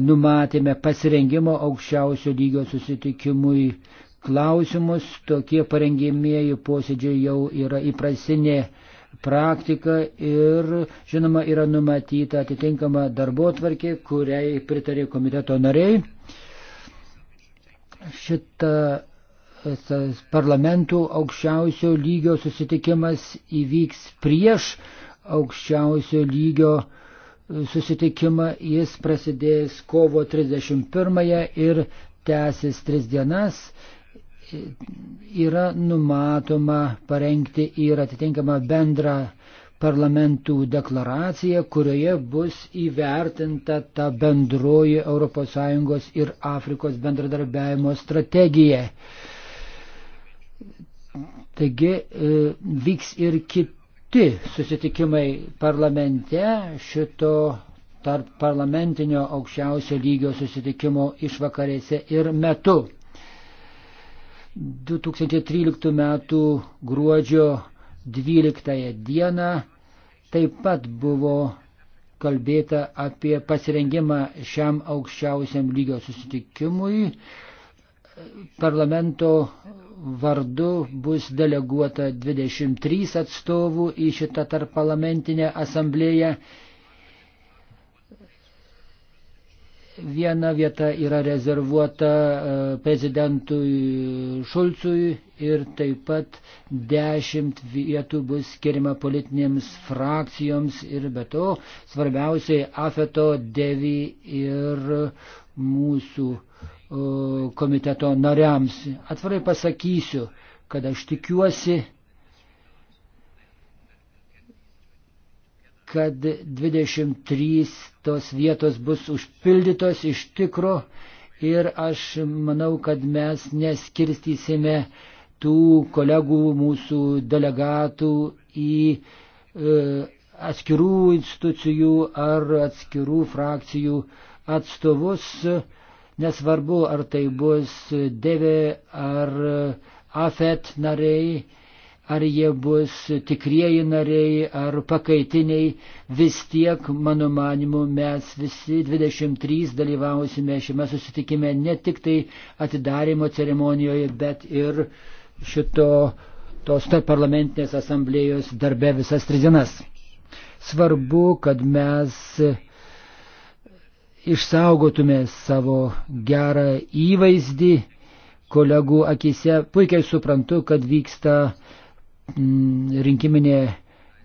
numatėme pasirengimo aukščiausio lygio susitikimui klausimus. Tokie parengimieji posėdžiai jau yra įprasinė praktika ir, žinoma, yra numatyta atitinkama darbo tvarkė, kuriai pritarė komiteto nariai šitas parlamentų aukščiausio lygio susitikimas įvyks prieš aukščiausio lygio e, susitikimą. Jis prasidės kovo 31 ir tęsis tris dienas. E, yra numatoma parengti ir atitinkamą bendrą parlamentų deklaraciją, kurioje bus įvertinta ta bendroji ES ir Afrikos bendradarbiavimo strategija. Taigi e, vyks ir kiti susitikimai parlamente šito tarp parlamentinio aukščiausio lygio susitikimo išvakarėse ir metu. 2013 m. gruodžio 12 dieną taip pat buvo kalbėta apie pasirengimą šiam aukščiausiam lygio susitikimui. Parlamento vardu bus deleguota 23 atstovų į šitą tarp parlamentinę asamblėją Viena vieta yra rezervuota e, prezidentui Šulcui ir taip pat dešimt vietų bus skiriama politinėms frakcijoms ir be to svarbiausiai Afeto, Devi ir mūsų e, komiteto nariams. Atvarai pasakysiu, kad aš tikiuosi, kad 23 tos vietos bus užpildytos iš tikro ir aš manau, kad mes neskirstysime tų kolegų mūsų delegatų į e, atskirų institucijų ar atskirų frakcijų atstovus, nesvarbu ar tai bus DV ar AFET nariai ar jie bus tikrieji nariai ar pakaitiniai, vis tiek, mano manimu, mes visi 23 dalyvausime šiame susitikime ne tik tai atidarimo ceremonijoje, bet ir šito tos tarp parlamentinės asamblėjos darbe visas tris dienas. Svarbu, kad mes išsaugotume savo gerą įvaizdį kolegų akise. Puikiai suprantu, kad vyksta Mm, rinkiminė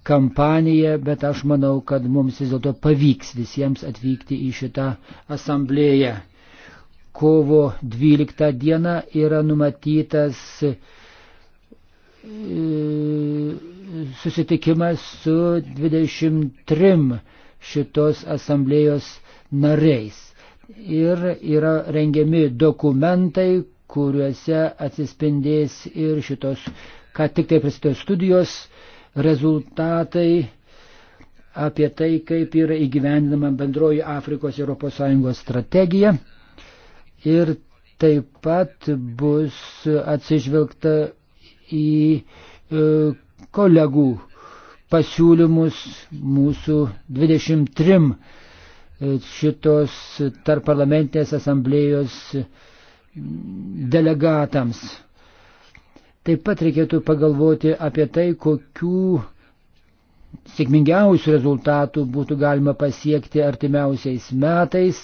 kampanija, bet aš manau, kad mums vis dėlto pavyks visiems atvykti į šitą asamblėją. Kovo 12 diena yra numatytas e, susitikimas su 23 šitos asamblėjos nariais. Ir yra rengiami dokumentai, kuriuose atsispindės ir šitos kad tik tai prasidėjo studijos rezultatai apie tai, kaip yra įgyvendinama bendroji Afrikos ES strategija. Ir taip pat bus atsižvelgta į e, kolegų pasiūlymus mūsų 23 e, šitos tarparlamentinės asamblėjos delegatams. Taip pat reikėtų pagalvoti apie tai, kokių sėkmingiausių rezultatų būtų galima pasiekti artimiausiais metais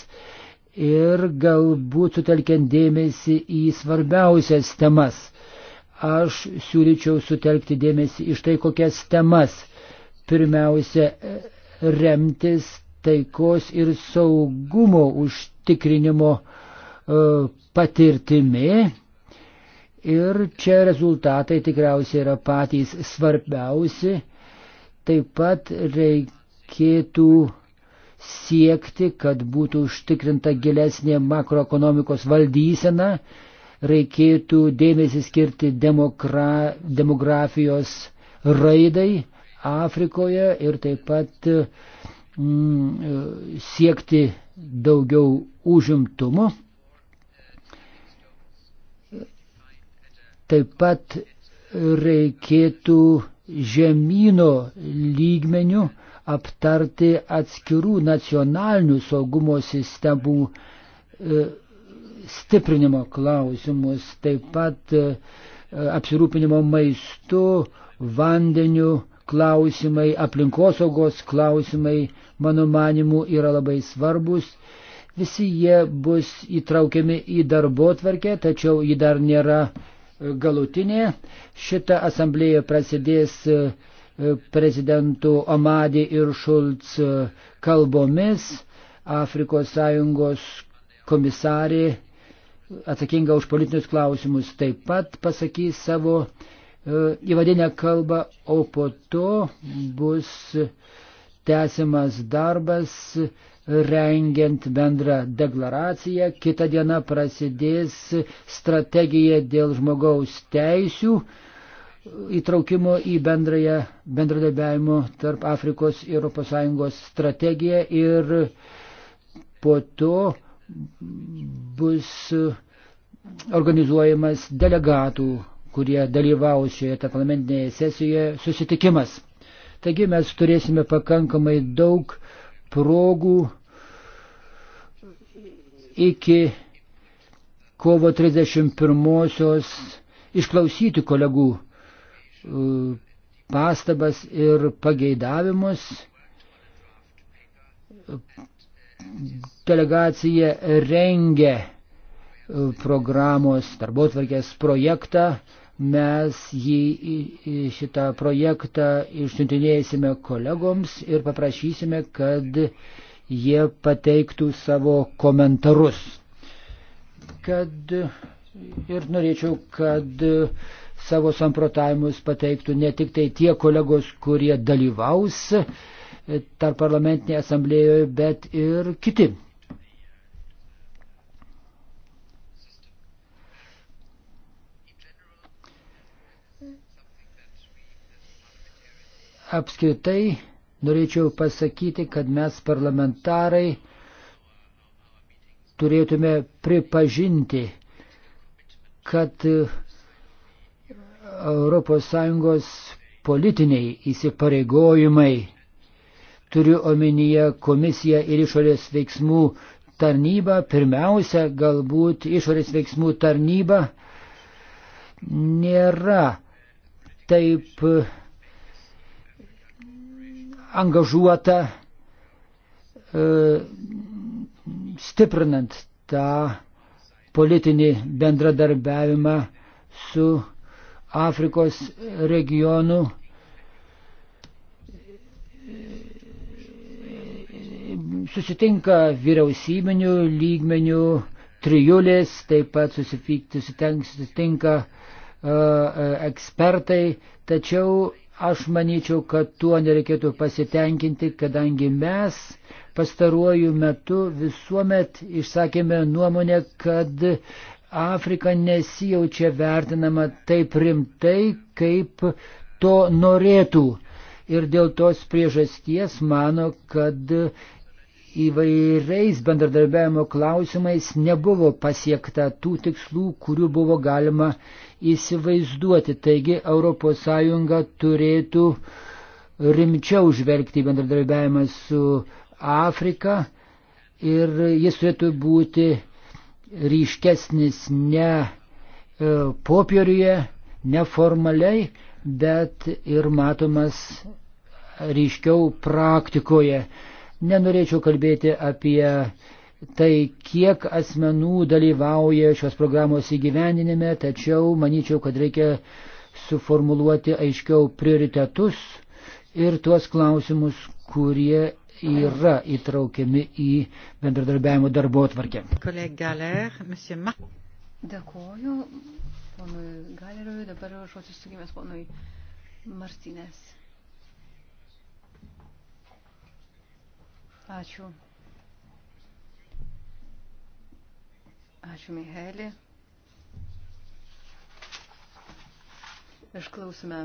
ir galbūt sutelkiant dėmesį į svarbiausias temas. Aš siūlyčiau sutelkti dėmesį iš tai, kokias temas. Pirmiausia, remtis taikos ir saugumo užtikrinimo e, patirtimi Ir čia rezultatai tikriausiai yra patys svarbiausi. Taip pat reikėtų siekti, kad būtų užtikrinta gilesnė makroekonomikos valdysena, reikėtų dėmesį skirti demokra, demografijos raidai Afrikoje ir taip pat mm, siekti daugiau užimtumo. Taip pat reikėtų žemynų lygmenių aptarti atskirų nacionalinių saugumo sistemų e, stiprinimo klausimus, taip pat e, apsirūpinimo maistu, vandeniu klausimai, aplinkosaugos klausimai, mano manimu, yra labai svarbus. Visi jie bus įtraukiami į darbo tvarkę, tačiau ji dar nėra galutinė. Šita asamblėja prasidės e, prezidentų Amadi ir Šulc e, kalbomis. Afrikos Sąjungos komisarė atsakinga už politinius klausimus taip pat pasakys savo e, įvadinę kalbą, o po to bus tęsiamas darbas rengiant bendrą deklaraciją, kitą dieną prasidės strategija dėl žmogaus teisių įtraukimo į bendrąją bendradarbiavimo tarp Afrikos ir ES strategiją ir po to bus organizuojamas delegatų, kurie dalyvaus šioje parlamentinėje sesijoje susitikimas. Taigi mes turėsime pakankamai daug progų iki kovo 31-osios išklausyti kolegų e, pastabas ir pageidavimus. Delegacija rengia e, programos darbotvarkės projektą. Mes jį šitą projektą išsiuntinėsime kolegoms ir paprašysime, kad jie pateiktų savo komentarus. Kad ir norėčiau, kad savo samprotavimus pateiktų ne tik tai tie kolegos, kurie dalyvaus tarp parlamentinėje asamblėjoje, bet ir kiti. Apskritai norėčiau pasakyti, kad mes parlamentarai turėtume pripažinti, kad ES politiniai įsipareigojimai, turiu omenyje komisiją ir išorės veiksmų tarnybą, pirmiausia, galbūt išorės veiksmų tarnyba nėra taip angažuota e, stiprinant tą politinį bendradarbiavimą su Afrikos regionu. Susitinka vyriausybinių lygmenių trijulės, taip pat susitinka e, e, ekspertai, tačiau Aš manyčiau, kad tuo nereikėtų pasitenkinti, kadangi mes pastaruoju metu visuomet išsakėme nuomonę, kad Afrika nesijaučia vertinama taip rimtai, kaip to norėtų. Ir dėl tos priežasties mano, kad įvairiais bendradarbiavimo klausimais nebuvo pasiekta tų tikslų, kurių buvo galima įsivaizduoti. Taigi ES turėtų rimčiau žvelgti bendradarbiavimą su Afrika ir jis turėtų būti ryškesnis ne e, popieriuje, neformaliai, bet ir matomas ryškiau praktikoje. Nenorėčiau kalbėti apie tai, kiek asmenų dalyvauja šios programos įgyveninime, tačiau manyčiau, kad reikia suformuluoti aiškiau prioritetus ir tuos klausimus, kurie yra įtraukiami į bendradarbiavimo darbo atvarkę. Dėkuoju, ponui Galeriui, dabar žodžiu sugimės ponui Martinės. Ačiū. Ačiū, Mihailė. Išklausime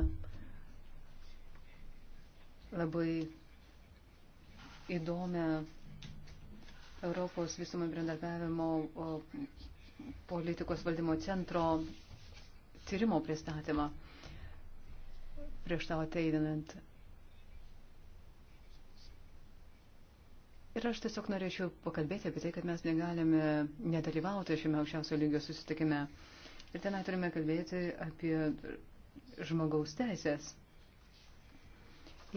labai įdomią Europos visumo bendradarbiavimo politikos valdymo centro tyrimo pristatymą prieš tavo ateinant Ir aš tiesiog norėčiau pakalbėti apie tai, kad mes negalime nedalyvauti šiame aukščiausio lygio susitikime. Ir tenai turime kalbėti apie žmogaus teisės.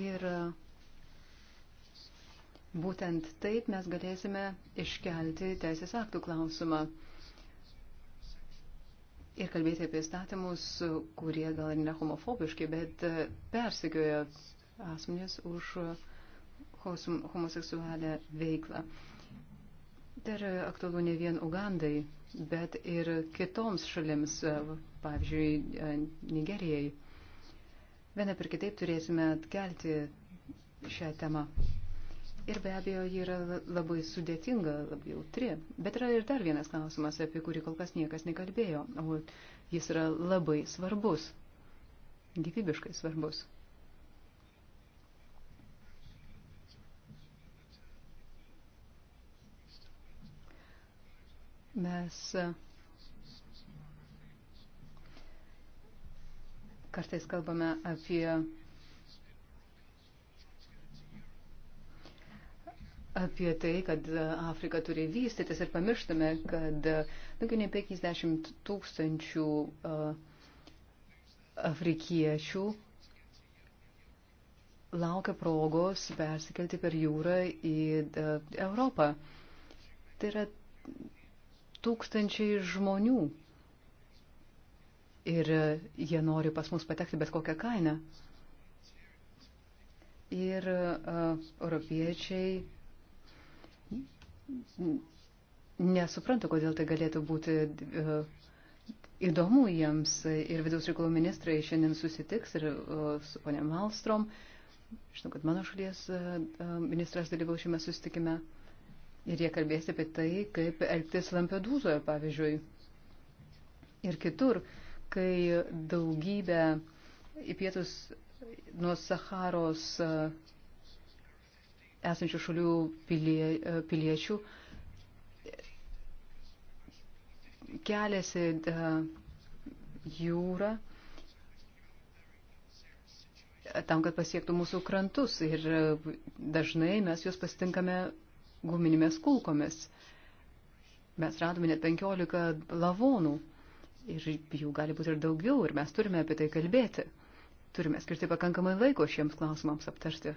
Ir būtent taip mes galėsime iškelti teisės aktų klausimą ir kalbėti apie statymus, kurie gal ir ne homofobiški, bet persikioja asmenys už homoseksualią veiklą. Tai yra aktualu ne vien Ugandai, bet ir kitoms šalims, e, pavyzdžiui, e, Nigerijai. Viena per kitaip turėsime atkelti šią temą. Ir be abejo, ji yra labai sudėtinga, labai jautri. Bet yra ir dar vienas klausimas, apie kurį kol kas niekas nekalbėjo, o jis yra labai svarbus, gyvybiškai svarbus. Mes kartais kalbame apie apie tai, kad Afrika turi vystytis ir pamirštame, kad daugiau nei 50 tūkstančių afrikiečių laukia progos persikelti per jūrą į Europą. Tai yra tūkstančiai žmonių. Ir jie nori pas mus patekti bet kokią kainą. Ir uh, europiečiai nesupranta, kodėl tai galėtų būti uh, įdomu jiems. Ir vidaus reikalų ministrai šiandien susitiks ir uh, su ponė Malstrom. Žinau, kad mano šalies uh, ministras dalyvau šiame susitikime. Uh, Ir jie kalbės apie tai, kaip elgtis Lampedūzoje, pavyzdžiui. Ir kitur, kai daugybę į pietus nuo Saharos e, esančių šalių pilie, e, piliečių keliasi e, jūra tam, kad pasiektų mūsų krantus. Ir dažnai mes juos pasitinkame guminėmis kulkomis. Mes radome net 15 lavonų ir jų gali būti ir daugiau ir mes turime apie tai kalbėti. Turime skirti pakankamai laiko šiems klausimams aptarti.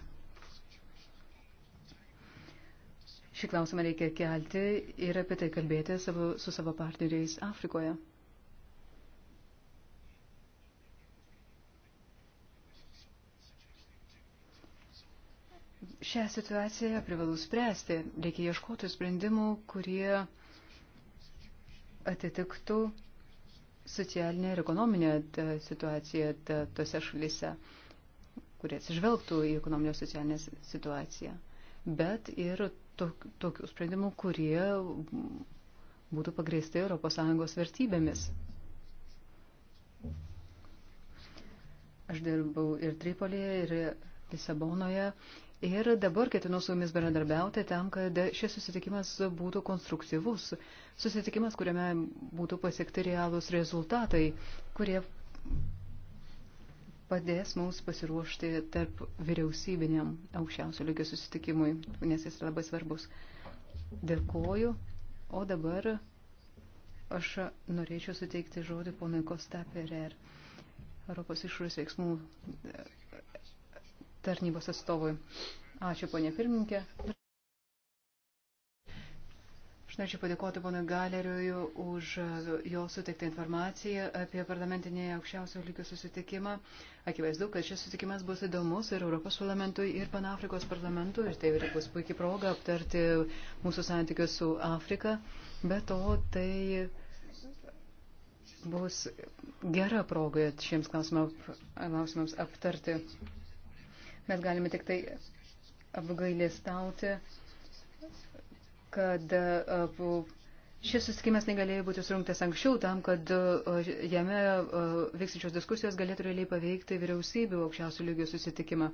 Šį klausimą reikia kelti ir apie tai kalbėti savo, su savo partneriais Afrikoje. Šią situaciją privalu spręsti. Reikia ieškoti sprendimų, kurie atitiktų socialinę ir ekonominę situaciją tose šalise, kurie atsižvelgtų į ekonominę socialinę situaciją, bet ir tokių sprendimų, kurie būtų pagrįsti ES vertybėmis. Aš dirbau ir Tripolėje, ir Lisabonoje Ir dabar ketinu su jumis bendradarbiauti tam, kad šis susitikimas būtų konstruktyvus, susitikimas, kuriame būtų pasiekti realūs rezultatai, kurie padės mums pasiruošti tarp vyriausybiniam aukščiausio lygio susitikimui, nes jis labai svarbus. Dėkoju. O dabar aš norėčiau suteikti žodį ponui Kosta Perer, Europos išorės veiksmų tarnybos atstovui. Ačiū, ponė pirmininkė. Aš norėčiau padėkoti ponui Galeriui už jo suteiktą informaciją apie parlamentinį aukščiausio lygio susitikimą. Akivaizdu, kad šis susitikimas bus įdomus ir Europos parlamentui, ir Panafrikos parlamentui, ir tai ir bus puikiai proga aptarti mūsų santykius su Afrika. Be to, tai bus gera proga šiems klausimams aptarti. Mes galime tik tai apgailėstauti, kad šis susitikimas negalėjo būti surinktas anksčiau tam, kad jame vyksinčios diskusijos galėtų realiai paveikti vyriausybių aukščiausių lygių susitikimą.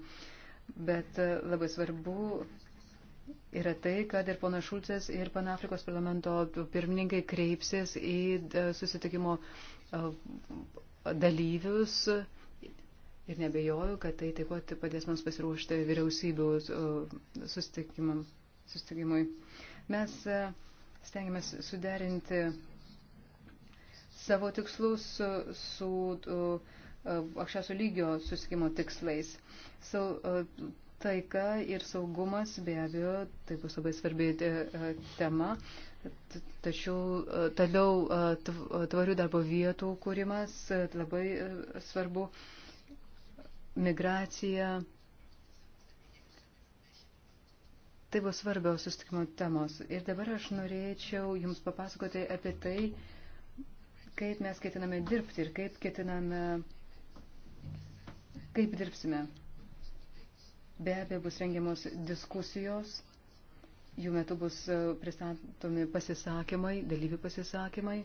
Bet labai svarbu yra tai, kad ir ponas Šulcas, ir Panafrikos parlamento pirmininkai kreipsis į susitikimo dalyvius Ir nebejoju, kad tai taip pat padės mums pasiruošti vyriausybių susitikimui. Mes e, stengiamės suderinti savo tikslus su, su e, aukščiausio lygio susitikimo tikslais. So, taika ir saugumas be abejo, tai bus labai svarbi e, tema. Tačiau toliau tvarių darbo vietų kūrimas labai svarbu migracija. Tai buvo svarbios sustikimo temos. Ir dabar aš norėčiau Jums papasakoti apie tai, kaip mes ketiname dirbti ir kaip ketiname, kaip dirbsime. Be abejo, bus rengiamos diskusijos, jų metu bus pristatomi pasisakymai, dalyvių pasisakymai.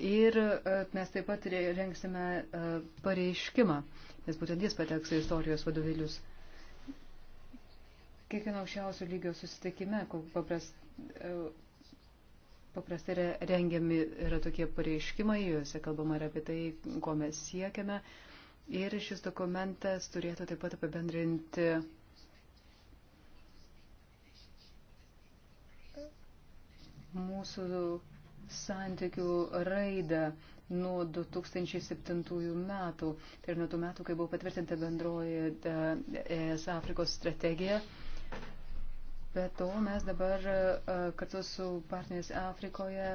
Ir e, mes taip pat rengsime e, pareiškimą, nes būtent jis pateks į istorijos vadovėlius. Kiekvieno aukščiausio lygio susitikime, paprast, e, paprastai yra rengiami yra tokie pareiškimai, juose kalbama ir apie tai, ko mes siekiame. Ir šis dokumentas turėtų taip pat apibendrinti mūsų santykių raidą nuo 2007 metų. Tai ir nuo tų metų, kai buvo patvirtinta bendroji ES Afrikos strategija. Bet to mes dabar kartu su partneriais Afrikoje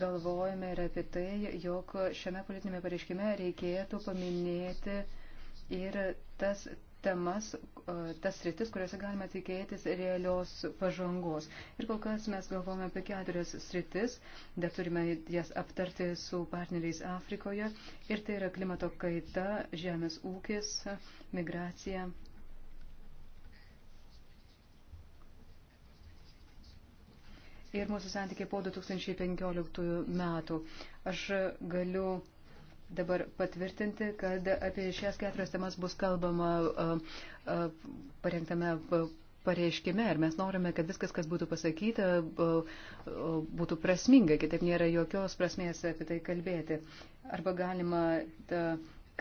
galvojame ir apie tai, jog šiame politinėme pareiškime reikėtų paminėti ir tas temas, e, tas sritis, kuriuose galima tikėtis realios pažangos. Ir kol kas mes galvojame apie keturias sritis, dar turime jas aptarti su partneriais Afrikoje. Ir tai yra klimato kaita, žemės ūkis, migracija. Ir mūsų santykiai po 2015 metų. Aš galiu dabar patvirtinti, kad apie šias keturias temas bus kalbama parengtame pareiškime ir mes norime, kad viskas, kas būtų pasakyta, būtų prasminga, kitaip nėra jokios prasmės apie tai kalbėti. Arba galima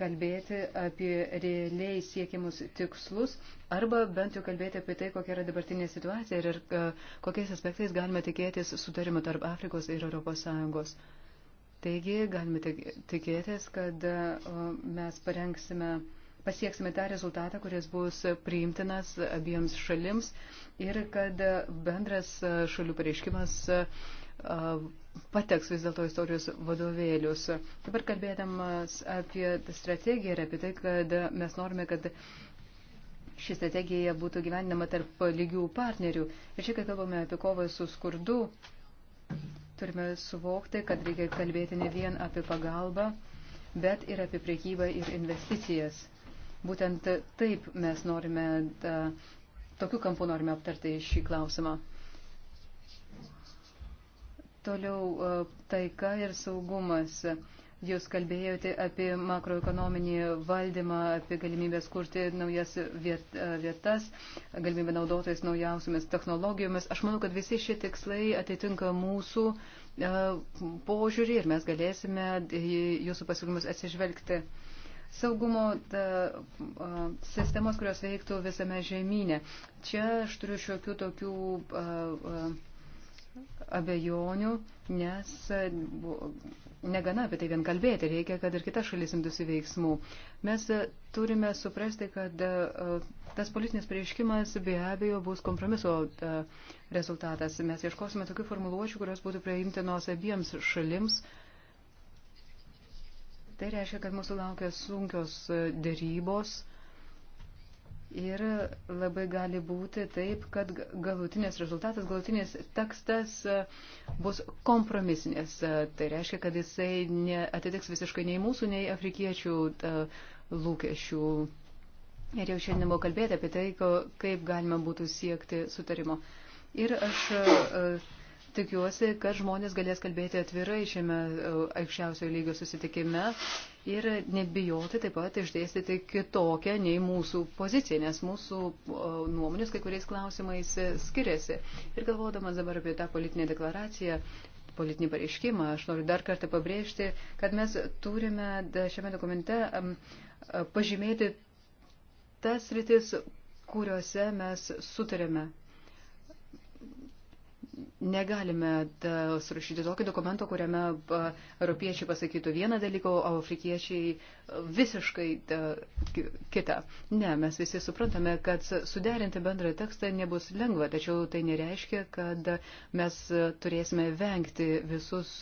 kalbėti apie realiai siekiamus tikslus, arba bent jau kalbėti apie tai, kokia yra dabartinė situacija ir kokiais aspektais galime tikėtis sutarimo tarp Afrikos ir Europos Sąjungos. Taigi galime tikėtis, kad mes parengsime, pasieksime tą rezultatą, kuris bus priimtinas abiems šalims ir kad bendras šalių pareiškimas pateks vis dėlto istorijos vadovėlius. Dabar kalbėdamas apie strategiją ir apie tai, kad mes norime, kad ši strategija būtų gyvenama tarp lygių partnerių. Ir čia, kai kalbame apie kovą su skurdu, Turime suvokti, kad reikia kalbėti ne vien apie pagalbą, bet ir apie priekybą ir investicijas. Būtent taip mes norime, da, tokiu kampu norime aptarti šį klausimą. Toliau taika ir saugumas. Jūs kalbėjote apie makroekonominį valdymą, apie galimybės kurti naujas e, vietas, galimybę naudotis naujausiamis technologijomis. Aš manau, kad visi šie tikslai atitinka mūsų e, požiūrį ir mes galėsime jūsų pasiūlymus atsižvelgti saugumo ta, a, e, sistemos, kurios veiktų visame žemynė. Čia aš turiu šiokių tokių a, a, abejonių, nes negana apie tai vien kalbėti, reikia, kad ir kita šalis imtųsi veiksmų. Mes e, turime suprasti, kad e, tas politinis prieiškimas be abejo bus kompromiso e, rezultatas. Mes ieškosime tokių formuluočių, kurios būtų priimtinos abiems šalims. Tai reiškia, kad mūsų laukia sunkios dėrybos Ir labai gali būti taip, kad galutinės rezultatas, galutinės tekstas e, bus kompromisinės. E, tai reiškia, kad jisai atitiks visiškai nei mūsų, nei afrikiečių e, lūkesčių. Ir jau šiandien buvo kalbėti apie tai, kaip galima būtų siekti sutarimo. Ir aš Tikiuosi, kad žmonės galės kalbėti atvirai šiame e, aukščiausiojo lygio susitikime ir nebijoti taip pat išdėstyti kitokią nei mūsų poziciją, nes mūsų e, nuomonės kai kuriais klausimais e, skiriasi. Ir galvodamas dabar apie tą politinę deklaraciją, politinį pareiškimą, aš noriu dar kartą pabrėžti, kad mes turime šiame dokumente pažymėti tas rytis, kuriuose mes sutarėme Negalime da, surašyti tokio dokumento, kuriame a, europiečiai pasakytų vieną dalyką, o afrikiečiai visiškai da, kitą. Ne, mes visi suprantame, kad suderinti bendrą tekstą nebus lengva, tačiau tai nereiškia, kad mes turėsime vengti visus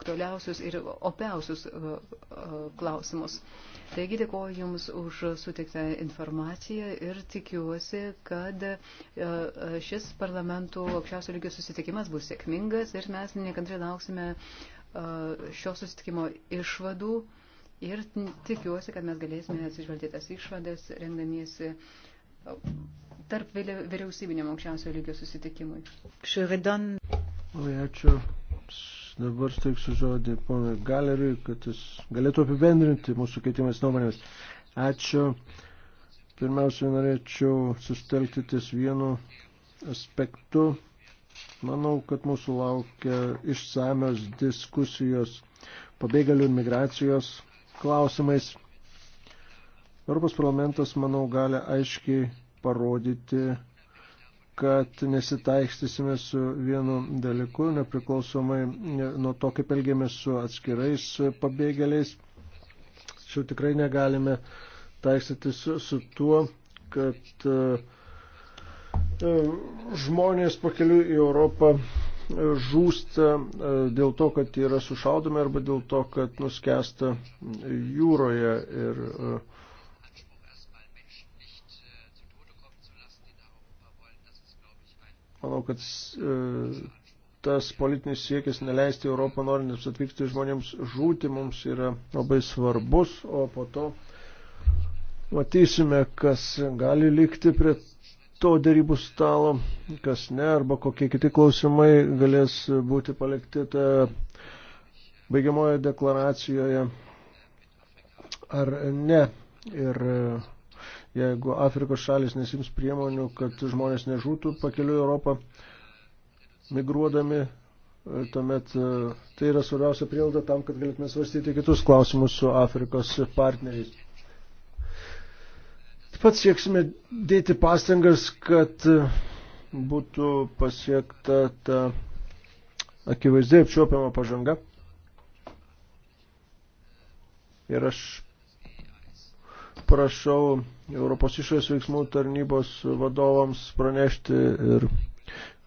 aktualiausius ir opiausius a, a, klausimus. A, Taigi dėkoju Jums už sutiktą informaciją ir tikiuosi, kad e, šis parlamentų aukščiausio lygio susitikimas bus sėkmingas ir mes nekantrai lauksime e, šio susitikimo išvadų ir tikiuosi, kad mes galėsime atsižvelgti tas išvadas, rengdamiesi e, tarp vyriausybinio aukščiausio lygio susitikimui. Labai ačiū Dabar steiksiu žodį ponui Galeriui, kad jis galėtų apibendrinti mūsų keitimas nuomonėmis. Ačiū. Pirmiausia, norėčiau sustelkti ties vienu aspektu. Manau, kad mūsų laukia išsamios diskusijos pabėgalių ir migracijos klausimais. Europos parlamentas, manau, gali aiškiai parodyti kad nesitaikstysime su vienu dalyku, nepriklausomai nuo to, kaip elgėmės su atskirais pabėgėliais. Tačiau tikrai negalime taikstytis su, su tuo, kad e, žmonės pakeliu į Europą e, žūsta e, dėl to, kad yra sušaudomi arba dėl to, kad nuskesta jūroje. Ir, Manau, kad e, tas politinis siekis neleisti Europą norintiems atvykti žmonėms žūti mums yra labai svarbus, o po to matysime, kas gali likti prie to dėrybų stalo, kas ne, arba kokie kiti klausimai galės būti palikti toje baigiamoje deklaracijoje ar ne. Ir jeigu Afrikos šalis nesims priemonių, kad žmonės nežūtų pakeliu Europą migruodami, e, tuomet e, tai yra svarbiausia prielda tam, kad galėtume svarstyti kitus klausimus su Afrikos partneriais. Taip pat sieksime dėti pastangas, kad e, būtų pasiekta ta akivaizdai apčiuopiama pažanga. Ir aš prašau Europos išorės veiksmų tarnybos vadovams pranešti ir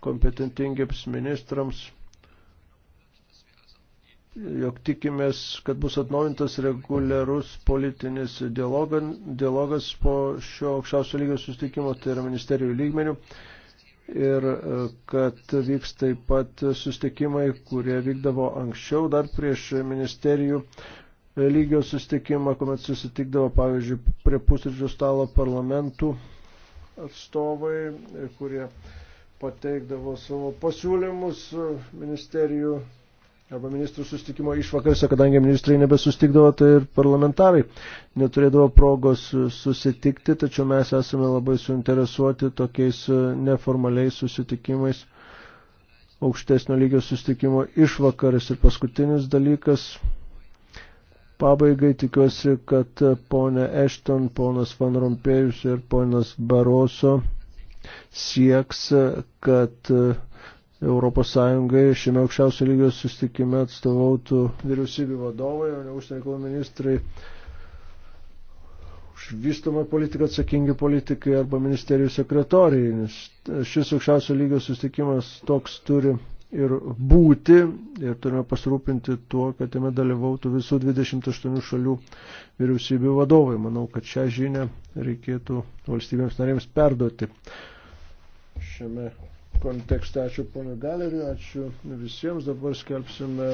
kompetentingiams ministrams, jog tikimės, kad bus atnaujintas reguliarus politinis dialogas po šio aukščiausio lygio sustikimo, tai yra ministerijų lygmenių ir e, kad vyks taip pat sustikimai, kurie vykdavo anksčiau dar prieš ministerijų lygio susitikimą, kuomet susitikdavo, pavyzdžiui, prie pusryčių stalo parlamentų atstovai, kurie pateikdavo savo pasiūlymus ministerijų arba ministrų sustikimo išvakarėse, kadangi ministrai nebesustikdavo, tai ir parlamentarai neturėdavo progos susitikti, tačiau mes esame labai suinteresuoti tokiais neformaliais susitikimais aukštesnio lygio sustikimo išvakarės. Ir paskutinis dalykas Pabaigai tikiuosi, kad ponė Ešton, ponas Van Rompėjus ir ponas Baroso sieks, kad ES šiame aukščiausio lygio sustikime atstovautų vyriausybių vadovai, o ne užsienio reikalų ministrai vystomą politiką atsakingi politikai arba ministerijų sekretoriai, nes šis aukščiausio lygio sustikimas toks turi ir būti ir turime pasirūpinti tuo, kad jame dalyvautų visų 28 šalių vyriausybių vadovai. Manau, kad šią žinę reikėtų valstybėms narėms perduoti. Šiame kontekste ačiū ponui Galeriui, ačiū visiems. Dabar skelbsime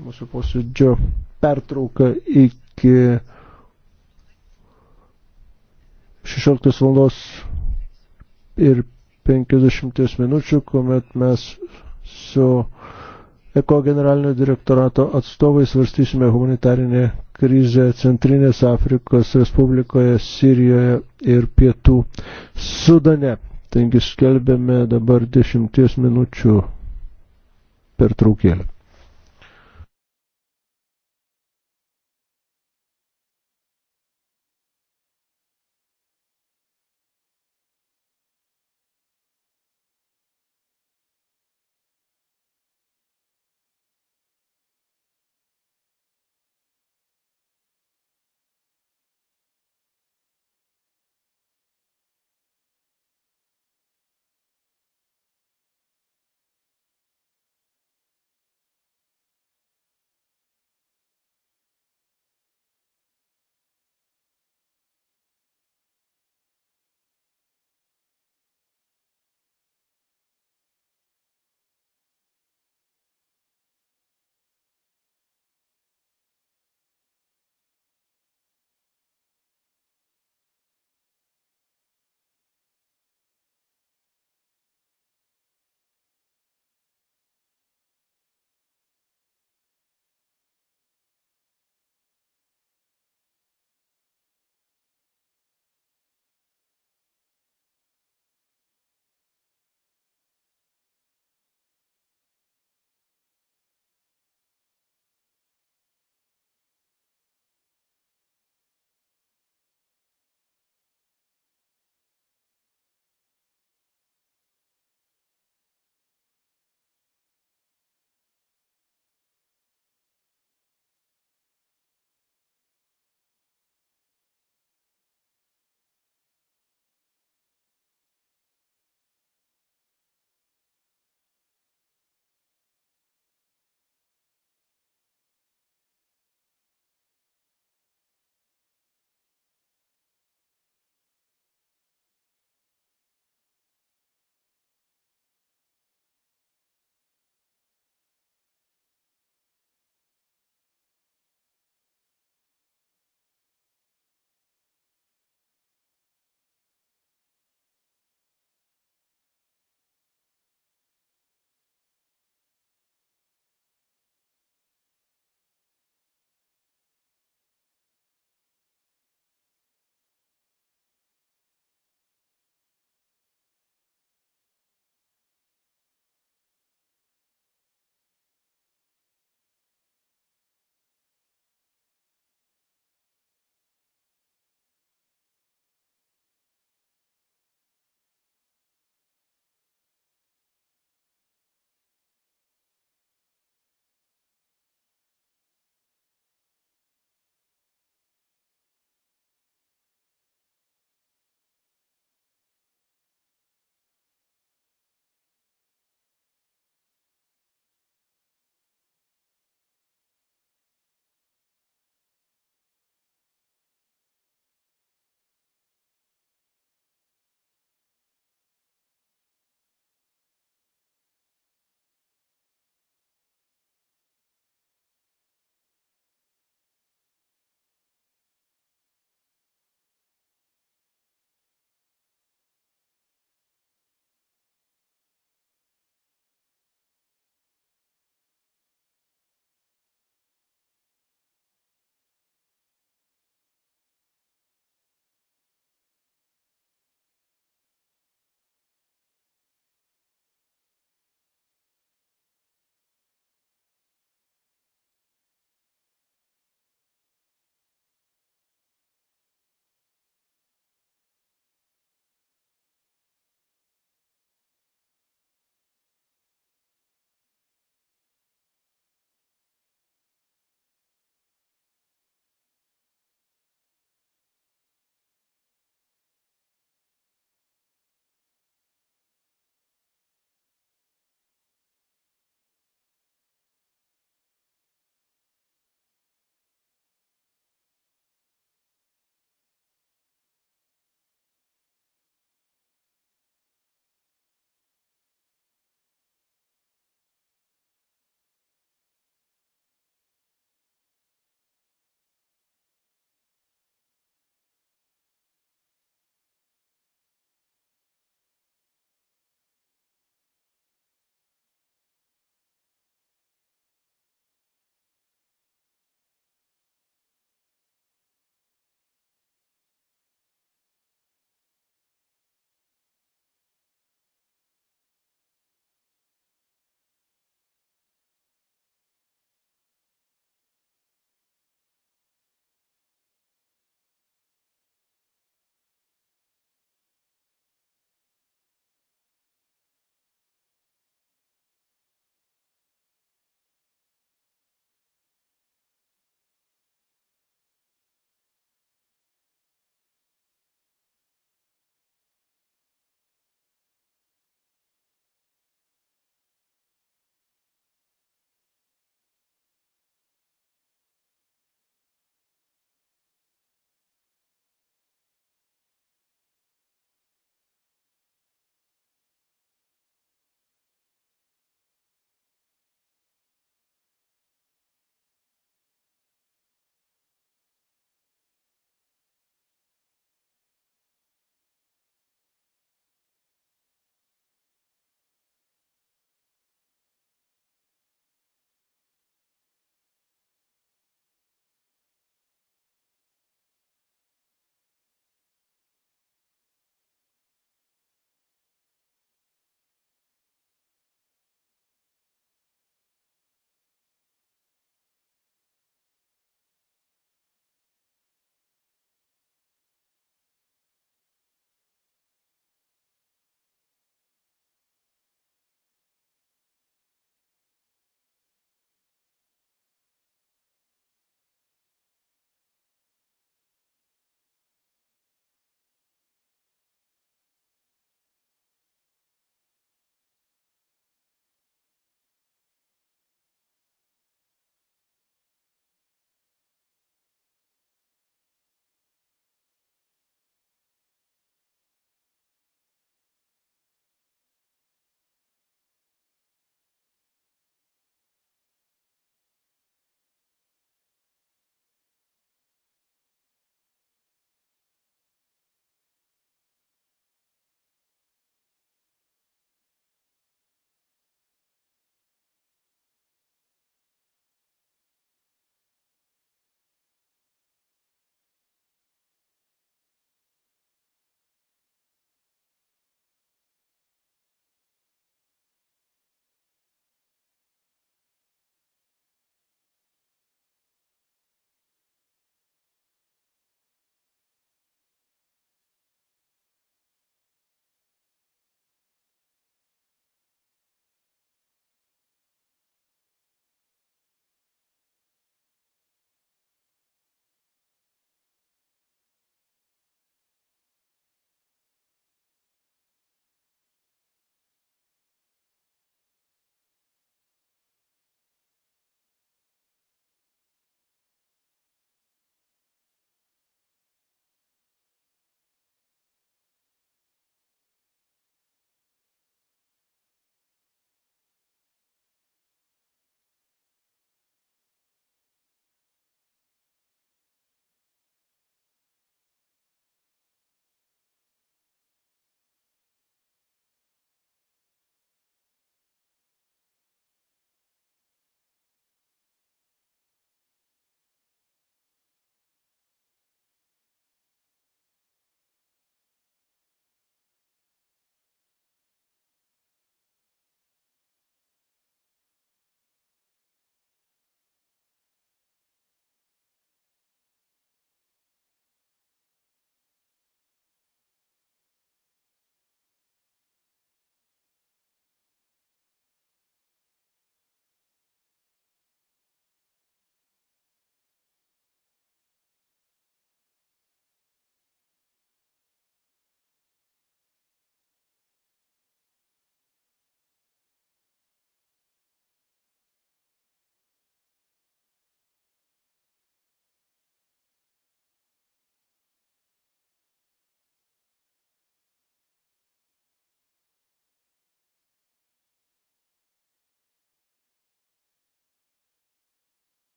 mūsų posėdžio pertrauką iki 16 valandos ir 50 minučių, kuomet mes su Eko generalinio direktorato atstovai svarstysime humanitarinę krizę Centrinės Afrikos Respublikoje, Sirijoje ir Pietų Sudane. Taigi skelbėme dabar dešimties minučių per traukėlę.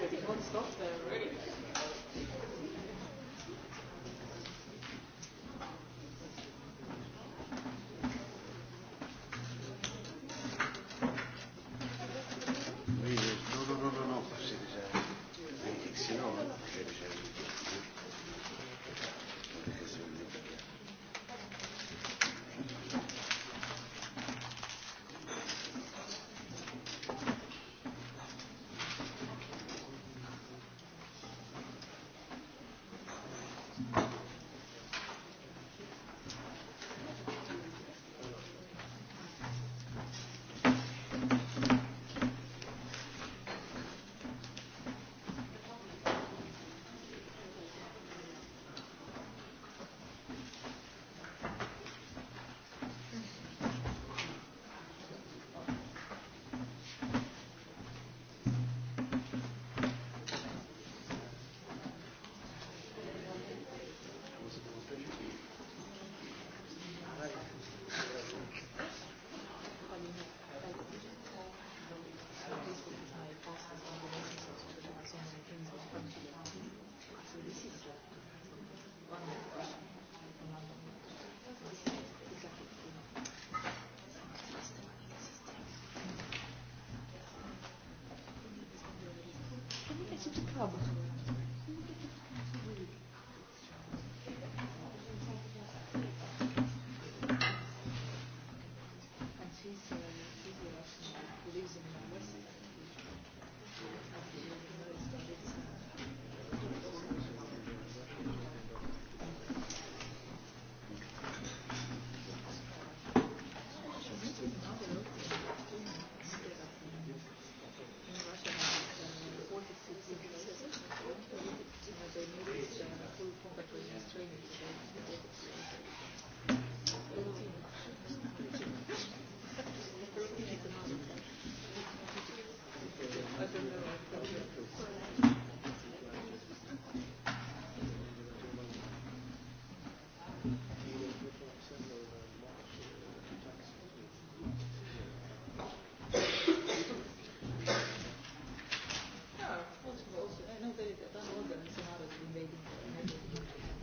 with your own software, really. Labas.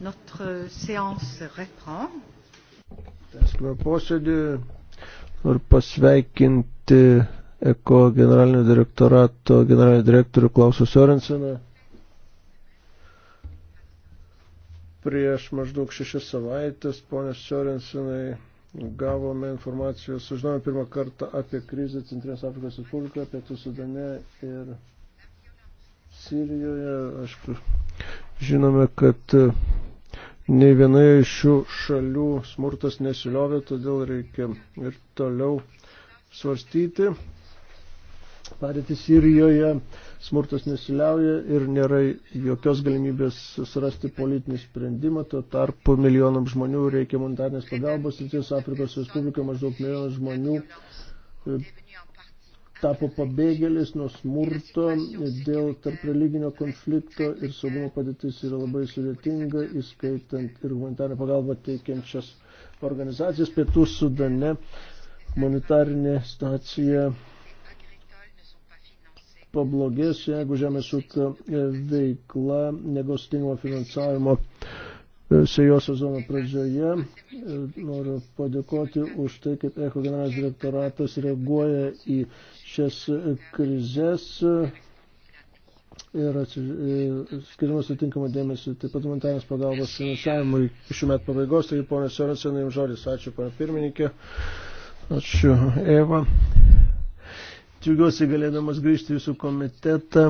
Notre euh, séance reprend. Tęskime posėdį ir pasveikinti ECO generalinio direktorato generalinio direktorių Klausą Sorenseną. Prieš maždaug šešias savaitės, ponės Sorensenai, gavome informacijos, sužinojome pirmą kartą apie krizę Centrinės Afrikos Respublikoje, Pietų Sudane ir Sirijoje. Aišku, žinome, kad Nei vienoje iš šių šalių smurtas nesiliovė, todėl reikia ir toliau svarstyti. Padėti Sirijoje smurtas nesiliauja ir nėra jokios galimybės surasti politinį sprendimą, tuo tarpu milijonam žmonių reikia humanitarnės pagalbos, Rytis Afrikos Respublika maždaug milijonas žmonių tapo pabėgėlis nuo smurto dėl tarp religinio konflikto ir saugumo padėtis yra labai sudėtinga, įskaitant ir humanitarinę pagalbą teikiančias organizacijas. Pietų Sudane humanitarinė situacija pablogės, jeigu žemės ūkio veikla negaus tinkamo finansavimo e, sėjos sezono pradžioje. E, noriu padėkoti už tai, kaip Eko generalinis direktoratas reaguoja į šias krizės ir skirimas atitinkamą dėmesį taip pat humanitarinės pagalbos finansavimui iš šių metų pabaigos. Taigi, ponė Sorensenai, jums žodis. Ačiū, ponė pirmininkė. Ačiū, Eva. Džiugiuosi galėdamas grįžti į jūsų komitetą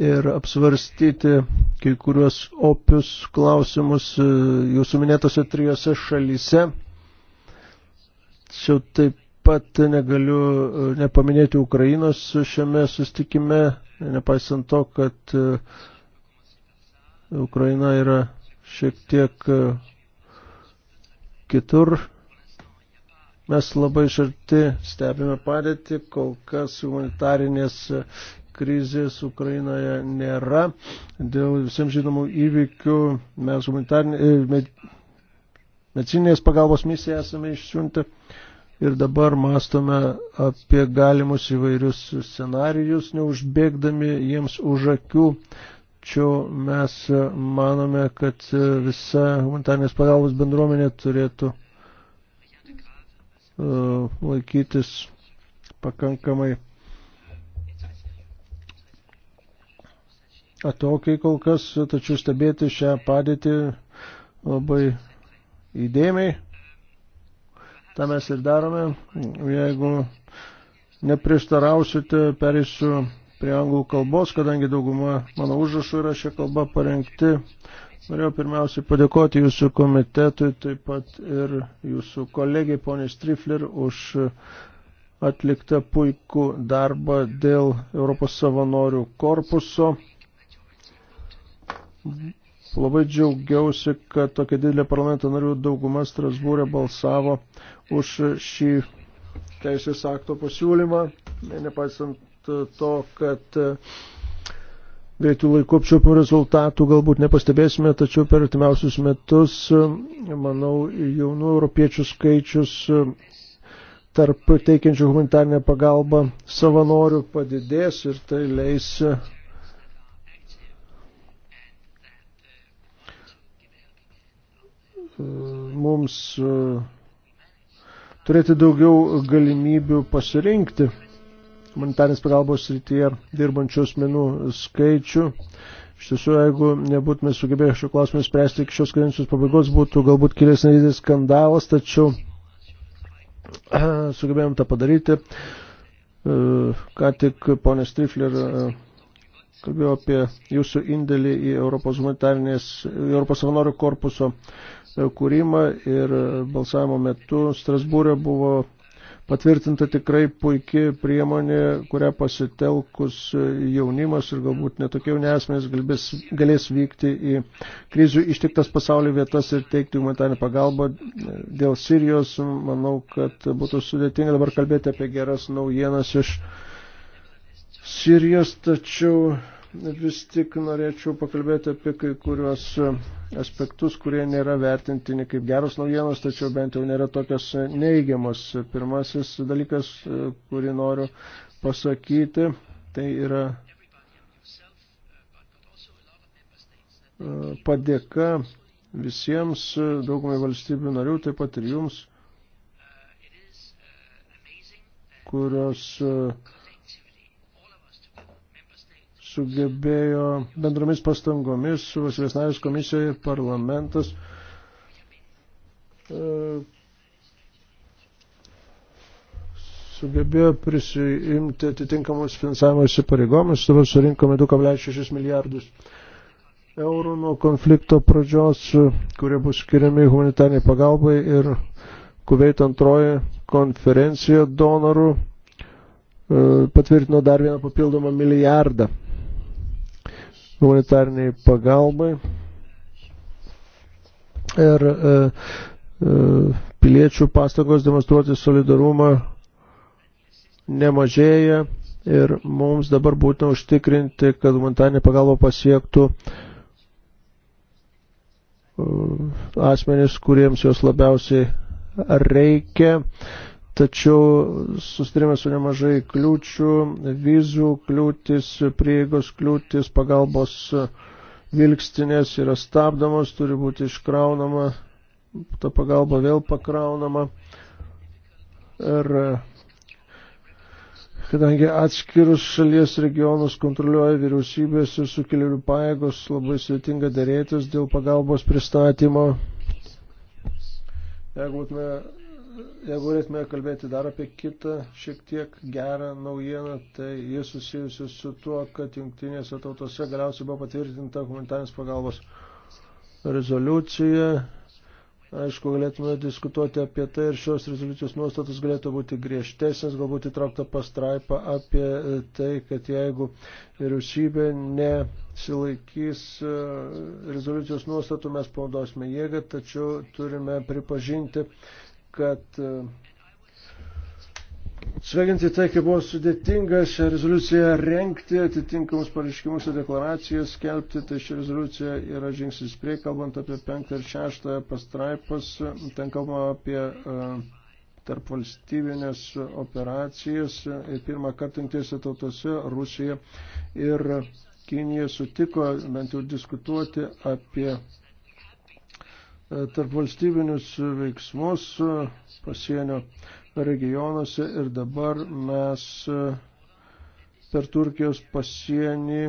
ir apsvarstyti kai kuriuos opius klausimus e, jūsų minėtose trijose šalyse. Tačiau taip pat negaliu e, nepaminėti Ukrainos šiame sustikime, nepaisant to, kad e, Ukraina yra šiek tiek e, kitur. Mes labai šarti stebime padėti, kol kas humanitarinės krizės Ukrainoje nėra. Dėl visiems žinomų įvykių mes medicininės pagalbos misiją esame išsiuntę ir dabar mastome apie galimus įvairius scenarijus, neužbėgdami jiems už akių. Čia mes manome, kad visa humanitarnės pagalbos bendruomenė turėtų uh, laikytis pakankamai atokiai kol kas, tačiau stebėti šią padėtį labai įdėmiai tą mes ir darome. Jeigu neprieštarausite, perėsiu prie anglų kalbos, kadangi dauguma mano užrašų yra šią kalbą parengti. Norėjau pirmiausiai padėkoti jūsų komitetui, taip pat ir jūsų kolegiai poniai Strifler už atliktą puikų darbą dėl Europos savanorių korpuso. Labai džiaugiausi, kad tokia didelė parlamento narių dauguma Strasbūrė balsavo už šį teisės akto pasiūlymą, nepaisant to, kad e, greitų laikų apčiopimų rezultatų galbūt nepastebėsime, tačiau per artimiausius metus, e, manau, jaunų europiečių skaičius e, tarp teikiančių humanitarnę pagalbą savanorių padidės ir tai leis mums e, turėti daugiau galimybių pasirinkti humanitarės pagalbos srityje dirbančių asmenų skaičių. Iš tiesų, jeigu nebūtume sugebėję šio klausimą spręsti iki šios kadencijos pabaigos, būtų galbūt kilęs nedidelis skandalas, tačiau sugebėjom tą padaryti. E, ką tik ponė Strifler e, kalbėjau apie jūsų indėlį į Europos, Europos savanorių korpuso kūrimą ir balsavimo metu Strasbūrė buvo patvirtinta tikrai puikia priemonė, kurią pasitelkus jaunimas ir galbūt netokie jauni asmenys galbės, galės vykti į krizių ištiktas pasaulio vietas ir teikti humanitarinę pagalbą. Dėl Sirijos manau, kad būtų sudėtinga dabar kalbėti apie geras naujienas iš Sirijos, tačiau vis tik norėčiau pakalbėti apie kai kuriuos aspektus, kurie nėra vertintini kaip geros naujienos, tačiau bent jau nėra tokios neįgiamos. Pirmasis dalykas, e, kurį noriu pasakyti, tai yra e, padėka visiems e, daugumai valstybių narių, taip pat ir jums, kurios uh, sugebėjo bendromis pastangomis su Vasvesnavės komisijoje parlamentas e, sugebėjo prisiimti atitinkamus finansavimo įsipareigomus, dabar surinkome 2,6 milijardus eurų nuo konflikto pradžios, kurie bus skiriami humanitarniai pagalbai ir Kuveit antroji konferencija donorų e, patvirtino dar vieną papildomą milijardą humanitarniai pagalbai. Ir e, e, piliečių pastangos demonstruoti solidarumą nemažėja ir mums dabar būtina užtikrinti, kad humanitarinė pagalba pasiektų e, asmenis, kuriems jos labiausiai reikia. Tačiau sustarėme su nemažai kliūčių, vizų kliūtis, prieigos kliūtis, pagalbos vilkstinės yra stabdomos, turi būti iškraunama, ta pagalba vėl pakraunama. Ir kadangi atskirus šalies regionus kontroliuoja vyriausybės ir sukilėlių pajėgos, labai sveitinga dėrėtis dėl pagalbos pristatymo. Jeigu būtume Jeigu galėtume kalbėti dar apie kitą šiek tiek gerą naujieną, tai jis susijusi su tuo, kad jungtinėse tautose galiausiai buvo patvirtinta humanitarės pagalbos rezoliucija. Aišku, galėtume diskutuoti apie tai ir šios rezoliucijos nuostatos galėtų būti griežtesnės, galbūt įtraukta pastraipa apie tai, kad jeigu vyriausybė nesilaikys e, rezoliucijos nuostatų, mes panaudosime jėgą, tačiau turime pripažinti, kad e, Svegiant į tai, kaip buvo sudėtinga šią rezoliuciją renkti, atitinkamus pareiškimus ir deklaracijas skelbti, tai ši rezoliucija yra žingsnis prie, kalbant apie penktą ir šeštą pastraipas, ten kalbama apie e, tarp valstybinės operacijas. Ir pirmą kartą jungtinėse tautose Rusija ir Kinija sutiko bent jau diskutuoti apie tarp valstybinius veiksmus pasienio regionuose ir dabar mes per Turkijos pasienį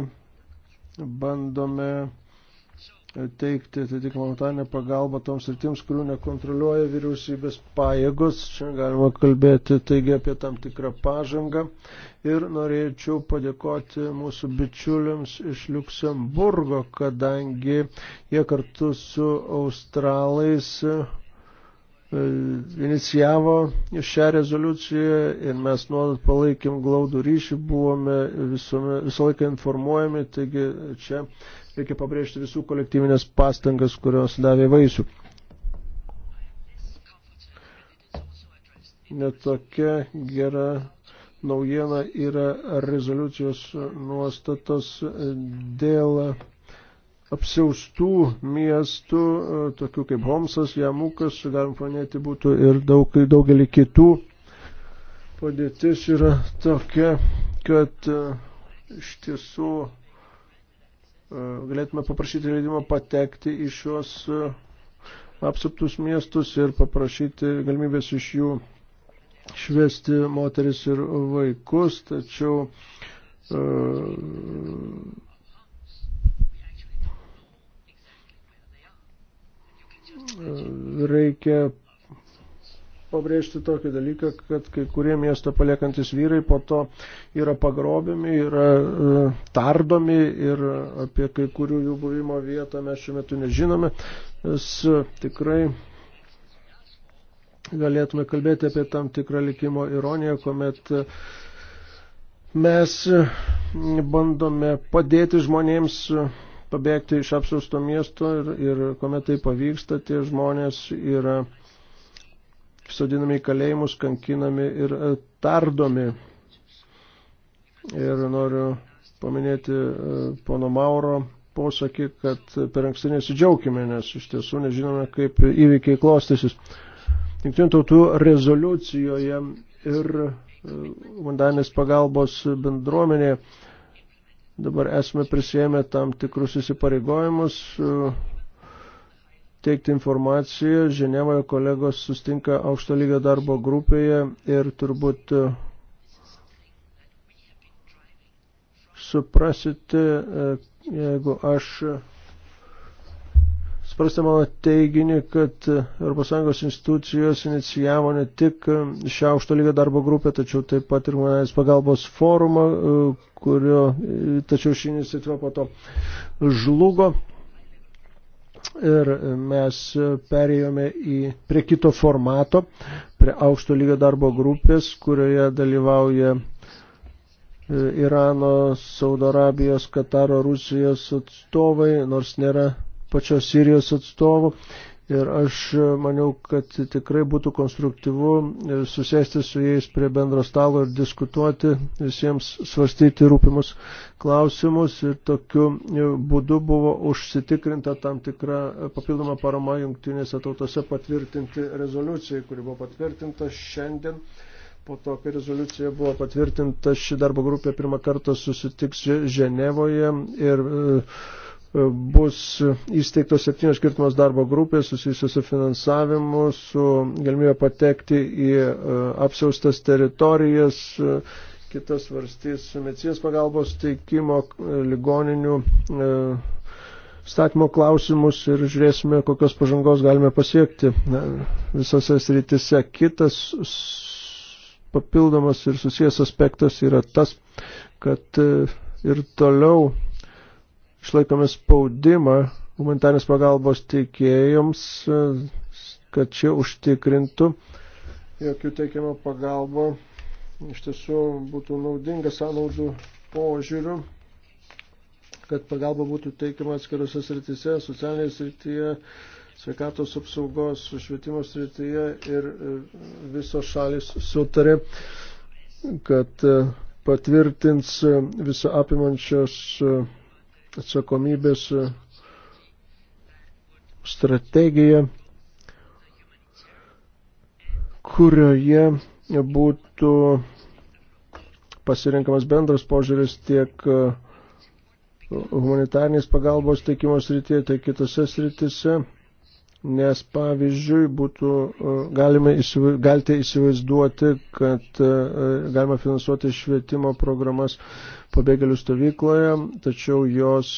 bandome teikti atitinkamą humanitarinę pagalbą toms rytims, kurių nekontroliuoja vyriausybės pajėgos. Čia galima kalbėti taigi apie tam tikrą pažangą. Ir norėčiau padėkoti mūsų bičiuliams iš Luksemburgo, kadangi jie kartu su australais e, inicijavo šią rezoliuciją ir mes nuolat palaikėm glaudų ryšį, buvome visome, visą laiką informuojami, taigi čia Reikia pabrėžti visų kolektyvinės pastangas, kurios davė vaisių. Netokia gera naujiena yra rezoliucijos nuostatos dėl apsiaustų miestų, tokių kaip Homsas, Jamukas, galim panėti būtų ir daug, daugelį kitų. Padėtis yra tokia, kad e, iš tiesų galėtume paprašyti leidimo patekti į šios e, apsuptus miestus ir paprašyti galimybės iš jų švesti moteris ir vaikus, tačiau e, e, reikia pabrėžti tokį dalyką, kad kai kurie miesto paliekantis vyrai po to yra pagrobiami, yra e, tardomi ir apie kai kurių jų buvimo vietą mes šiuo metu nežinome. Mes e, tikrai galėtume kalbėti apie tam tikrą likimo ironiją, kuomet e, mes bandome padėti žmonėms pabėgti iš apsausto miesto ir, ir kuomet tai pavyksta, tie žmonės yra sodinami į kalėjimus, kankinami ir e, tardomi. Ir noriu paminėti e, pono Mauro posakį, kad per anksti nesidžiaukime, nes iš tiesų nežinome, kaip įvykiai klostysis. Jungtinių tautų rezoliucijoje ir vandenės e, pagalbos bendruomenėje dabar esame prisėmę tam tikrus įsipareigojimus, teikti informaciją. Ženevoje kolegos sustinka aukšto lygio darbo grupėje ir turbūt e, suprasite, e, jeigu aš suprasite mano teiginį, kad ES institucijos inicijavo ne tik šią aukšto lygio darbo grupę, tačiau taip pat ir manęs pagalbos forumą, e, kurio, tačiau ši iniciatyva po to žlugo ir mes perėjome į, prie kito formato, prie aukšto lygio darbo grupės, kurioje dalyvauja e, Irano, Saudo Arabijos, Kataro, Rusijos atstovai, nors nėra pačios Sirijos atstovų. Ir aš maniau, kad tikrai būtų konstruktyvu susėsti su jais prie bendro stalo ir diskutuoti, visiems svarstyti rūpimus klausimus. Ir tokiu būdu buvo užsitikrinta tam tikra papildoma parama jungtinėse tautose patvirtinti rezoliucijai, kuri buvo patvirtinta šiandien. Po to, kai rezoliucija buvo patvirtinta, ši darbo grupė pirmą kartą susitiks Ženevoje ir. E, bus įsteigtos septynios skirtumos darbo grupės susijusios su finansavimu, su galimybė patekti į e, apsaustas teritorijas, e, kitas varstys medicinos pagalbos teikimo, e, ligoninių statymo klausimus ir žiūrėsime, kokios pažangos galime pasiekti visose srityse. Kitas papildomas ir susijęs aspektas yra tas, kad ir toliau išlaikome spaudimą humanitarės pagalbos teikėjams, e, kad šie užtikrintų, jog jų teikiama pagalba iš tiesų būtų naudinga sąnaudų požiūriu, kad pagalba būtų teikiama atskirose srityse, socialinėje srityje, sveikatos apsaugos, švietimo srityje ir e, visos šalis sutarė, kad e, patvirtins visą apimančios atsakomybės e, strategija, kurioje būtų pasirinkamas bendras požiūris tiek e, humanitarnės pagalbos teikimo srityje, tiek kitose srityse, nes pavyzdžiui būtų, e, galime, galite įsivaizduoti, kad galima finansuoti švietimo programas pabėgėlių stovykloje, tačiau jos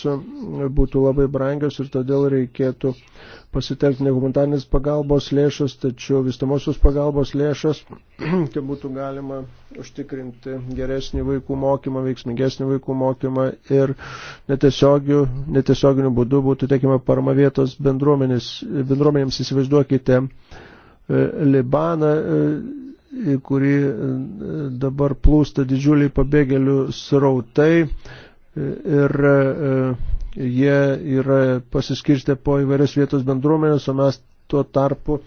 būtų labai brangios ir todėl reikėtų pasitelkti ne humanitarnės pagalbos lėšas, tačiau vystamosios pagalbos lėšas, kad būtų galima užtikrinti geresnį vaikų mokymą, veiksmingesnį vaikų mokymą ir netiesioginiu būdu būtų teikiama parama vietos bendruomenėms. Įsivaizduokite e, Libaną e, į kurį e, dabar plūsta didžiuliai pabėgėlių srautai e, ir e, jie yra pasiskirstę po įvairias vietos bendruomenės, o mes tuo tarpu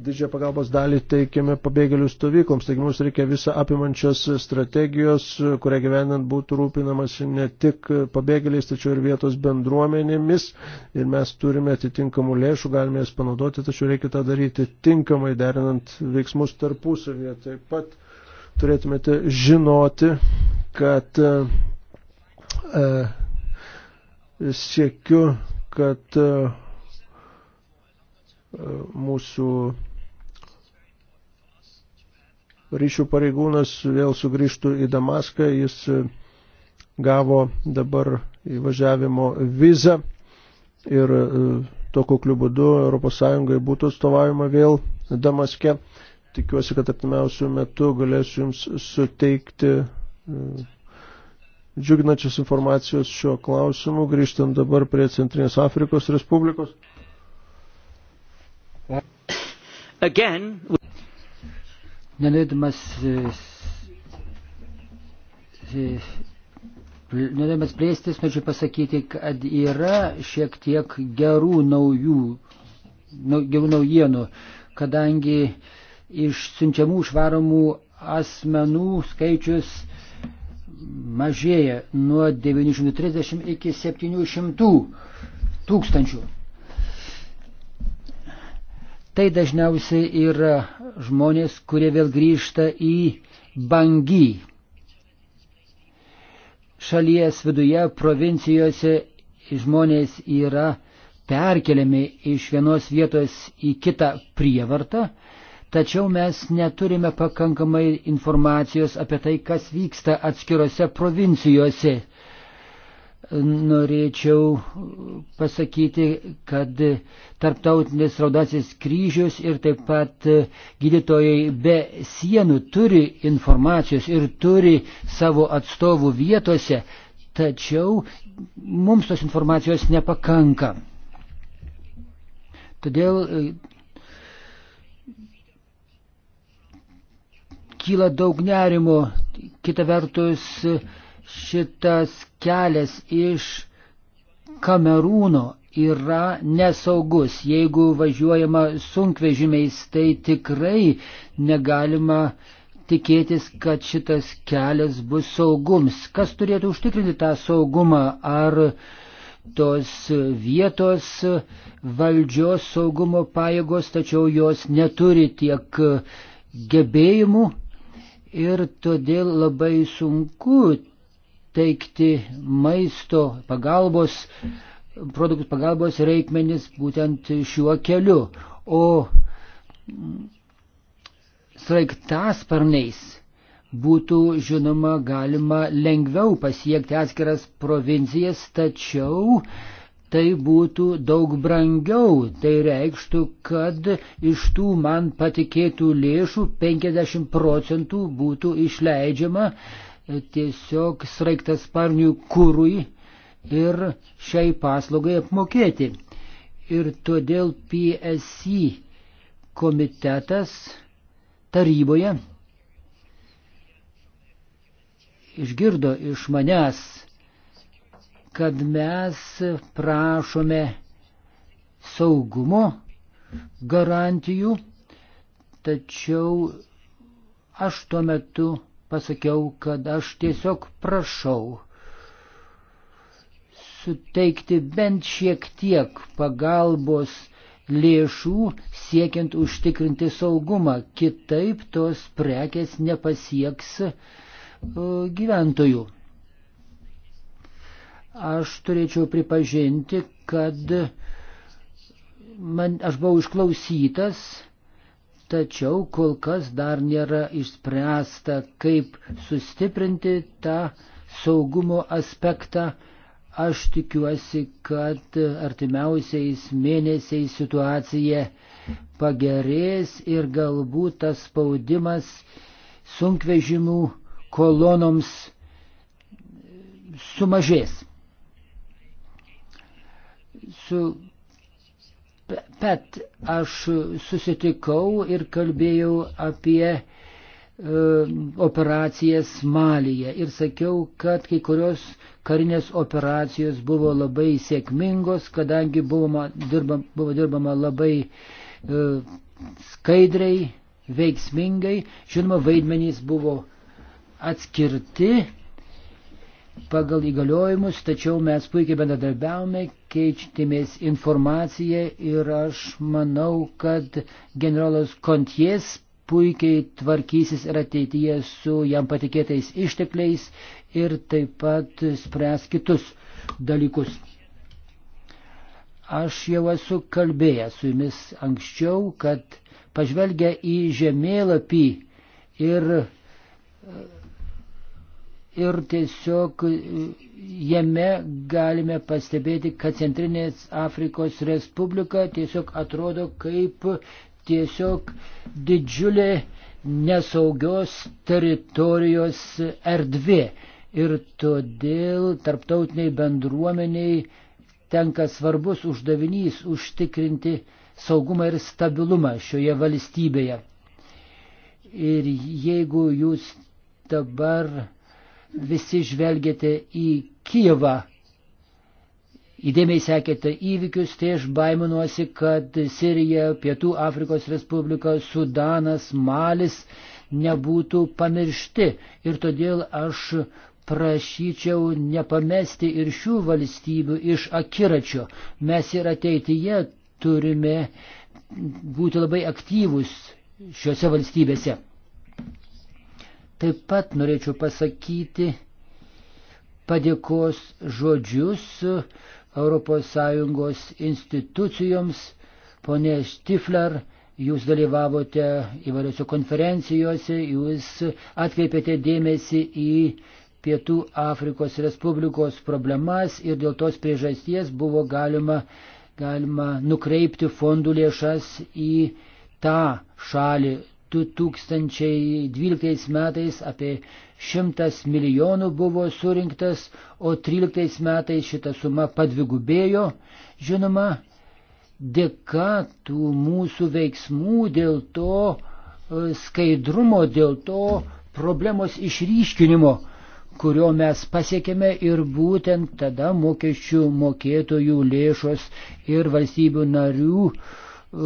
didžiąją pagalbos dalį teikiame pabėgėlių stovykloms, taigi mums reikia visą apimančios strategijos, kurią gyvenant būtų rūpinamas ne tik pabėgėliais, tačiau ir vietos bendruomenėmis. Ir mes turime atitinkamų lėšų, galime jas panaudoti, tačiau reikia tą daryti tinkamai, derinant veiksmus tarpusavyje. Taip pat turėtumėte žinoti, kad e, siekiu, kad e, mūsų ryšių pareigūnas vėl sugrįžtų į Damaską, jis e, gavo dabar įvažiavimo vizą ir e, to kukliu būdu ES būtų atstovavimo vėl Damaske. Tikiuosi, kad artimiausių metų galėsiu Jums suteikti e, džiuginančios informacijos šiuo klausimu, grįžtant dabar prie Centrinės Afrikos Respublikos. Again. Nenorėdamas, nenorėdamas e, plėstis, norėčiau pasakyti, kad yra šiek tiek gerų naujų, gerų naujienų, kadangi iš siunčiamų išvaromų asmenų skaičius mažėja nuo 930 iki 700 tūkstančių. Tai dažniausiai yra žmonės, kurie vėl grįžta į Bangy. Šalies viduje, provincijose žmonės yra perkeliami iš vienos vietos į kitą prievartą, tačiau mes neturime pakankamai informacijos apie tai, kas vyksta atskirose provincijose norėčiau pasakyti, kad tarptautinis raudasis kryžius ir taip pat gydytojai be sienų turi informacijos ir turi savo atstovų vietose, tačiau mums tos informacijos nepakanka. Todėl e, kyla daug nerimo, kita vertus, šitas kelias iš Kamerūno yra nesaugus. Jeigu važiuojama sunkvežimiais, tai tikrai negalima tikėtis, kad šitas kelias bus saugums. Kas turėtų užtikrinti tą saugumą? Ar tos vietos valdžios saugumo pajėgos, tačiau jos neturi tiek gebėjimų ir todėl labai sunku teikti maisto pagalbos, produktų pagalbos reikmenis būtent šiuo keliu. O sraigtasparniais būtų, žinoma, galima lengviau pasiekti atskiras provincijas, tačiau tai būtų daug brangiau. Tai reikštų, kad iš tų man patikėtų lėšų 50 procentų būtų išleidžiama tiesiog sraigtas sparnių kūrui ir šiai paslaugai apmokėti. Ir todėl PSI komitetas taryboje išgirdo iš manęs, kad mes prašome saugumo garantijų, tačiau aš tuo metu pasakiau, kad aš tiesiog prašau suteikti bent šiek tiek pagalbos lėšų siekiant užtikrinti saugumą, kitaip tos prekes nepasieks e, gyventojų. Aš turėčiau pripažinti, kad man, aš buvau išklausytas tačiau kol kas dar nėra išspręsta, kaip sustiprinti tą saugumo aspektą. Aš tikiuosi, kad artimiausiais mėnesiais situacija pagerės ir galbūt tas spaudimas sunkvežimių kolonoms sumažės. Su Bet aš susitikau ir kalbėjau apie e, operacijas Malyje ir sakiau, kad kai kurios karinės operacijos buvo labai sėkmingos, kadangi buvo, dirba, buvo dirbama labai e, skaidriai, veiksmingai, žinoma, vaidmenys buvo atskirti pagal įgaliojimus, tačiau mes puikiai bendradarbiavome, keičiamės informaciją ir aš manau, kad generolas Konties puikiai tvarkysis ir ateityje su jam patikėtais ištekliais ir taip pat spręs kitus dalykus. Aš jau esu kalbėjęs su jumis anksčiau, kad pažvelgę į žemėlapį ir ir tiesiog e, jame galime pastebėti, kad Centrinės Afrikos Respublika tiesiog atrodo kaip tiesiog didžiulė nesaugios teritorijos erdvė. Ir todėl tarptautiniai bendruomeniai tenka svarbus uždavinys užtikrinti saugumą ir stabilumą šioje valstybėje. Ir jeigu jūs dabar visi žvelgėte į Kijevą, įdėmiai sekėte įvykius, tai aš baiminuosi, kad Sirija, Pietų Afrikos Respublika, Sudanas, Malis nebūtų pamiršti. Ir todėl aš prašyčiau nepamesti ir šių valstybių iš akiračio. Mes ir ateityje turime būti labai aktyvus šiuose valstybėse. Taip pat norėčiau pasakyti padėkos žodžius ES institucijoms. Pone Štifler, jūs dalyvavote įvairiose konferencijose, jūs atkreipėte dėmesį į Pietų Afrikos Respublikos problemas ir dėl tos priežasties buvo galima, galima nukreipti fondų lėšas į tą šalį. 2012 metais apie 100 milijonų buvo surinktas, o 13 metais šita suma padvigubėjo. Žinoma, dėka tų mūsų veiksmų dėl to e, skaidrumo, dėl to problemos išryškinimo, kurio mes pasiekėme ir būtent tada mokesčių mokėtojų lėšos ir valstybių narių uh, E,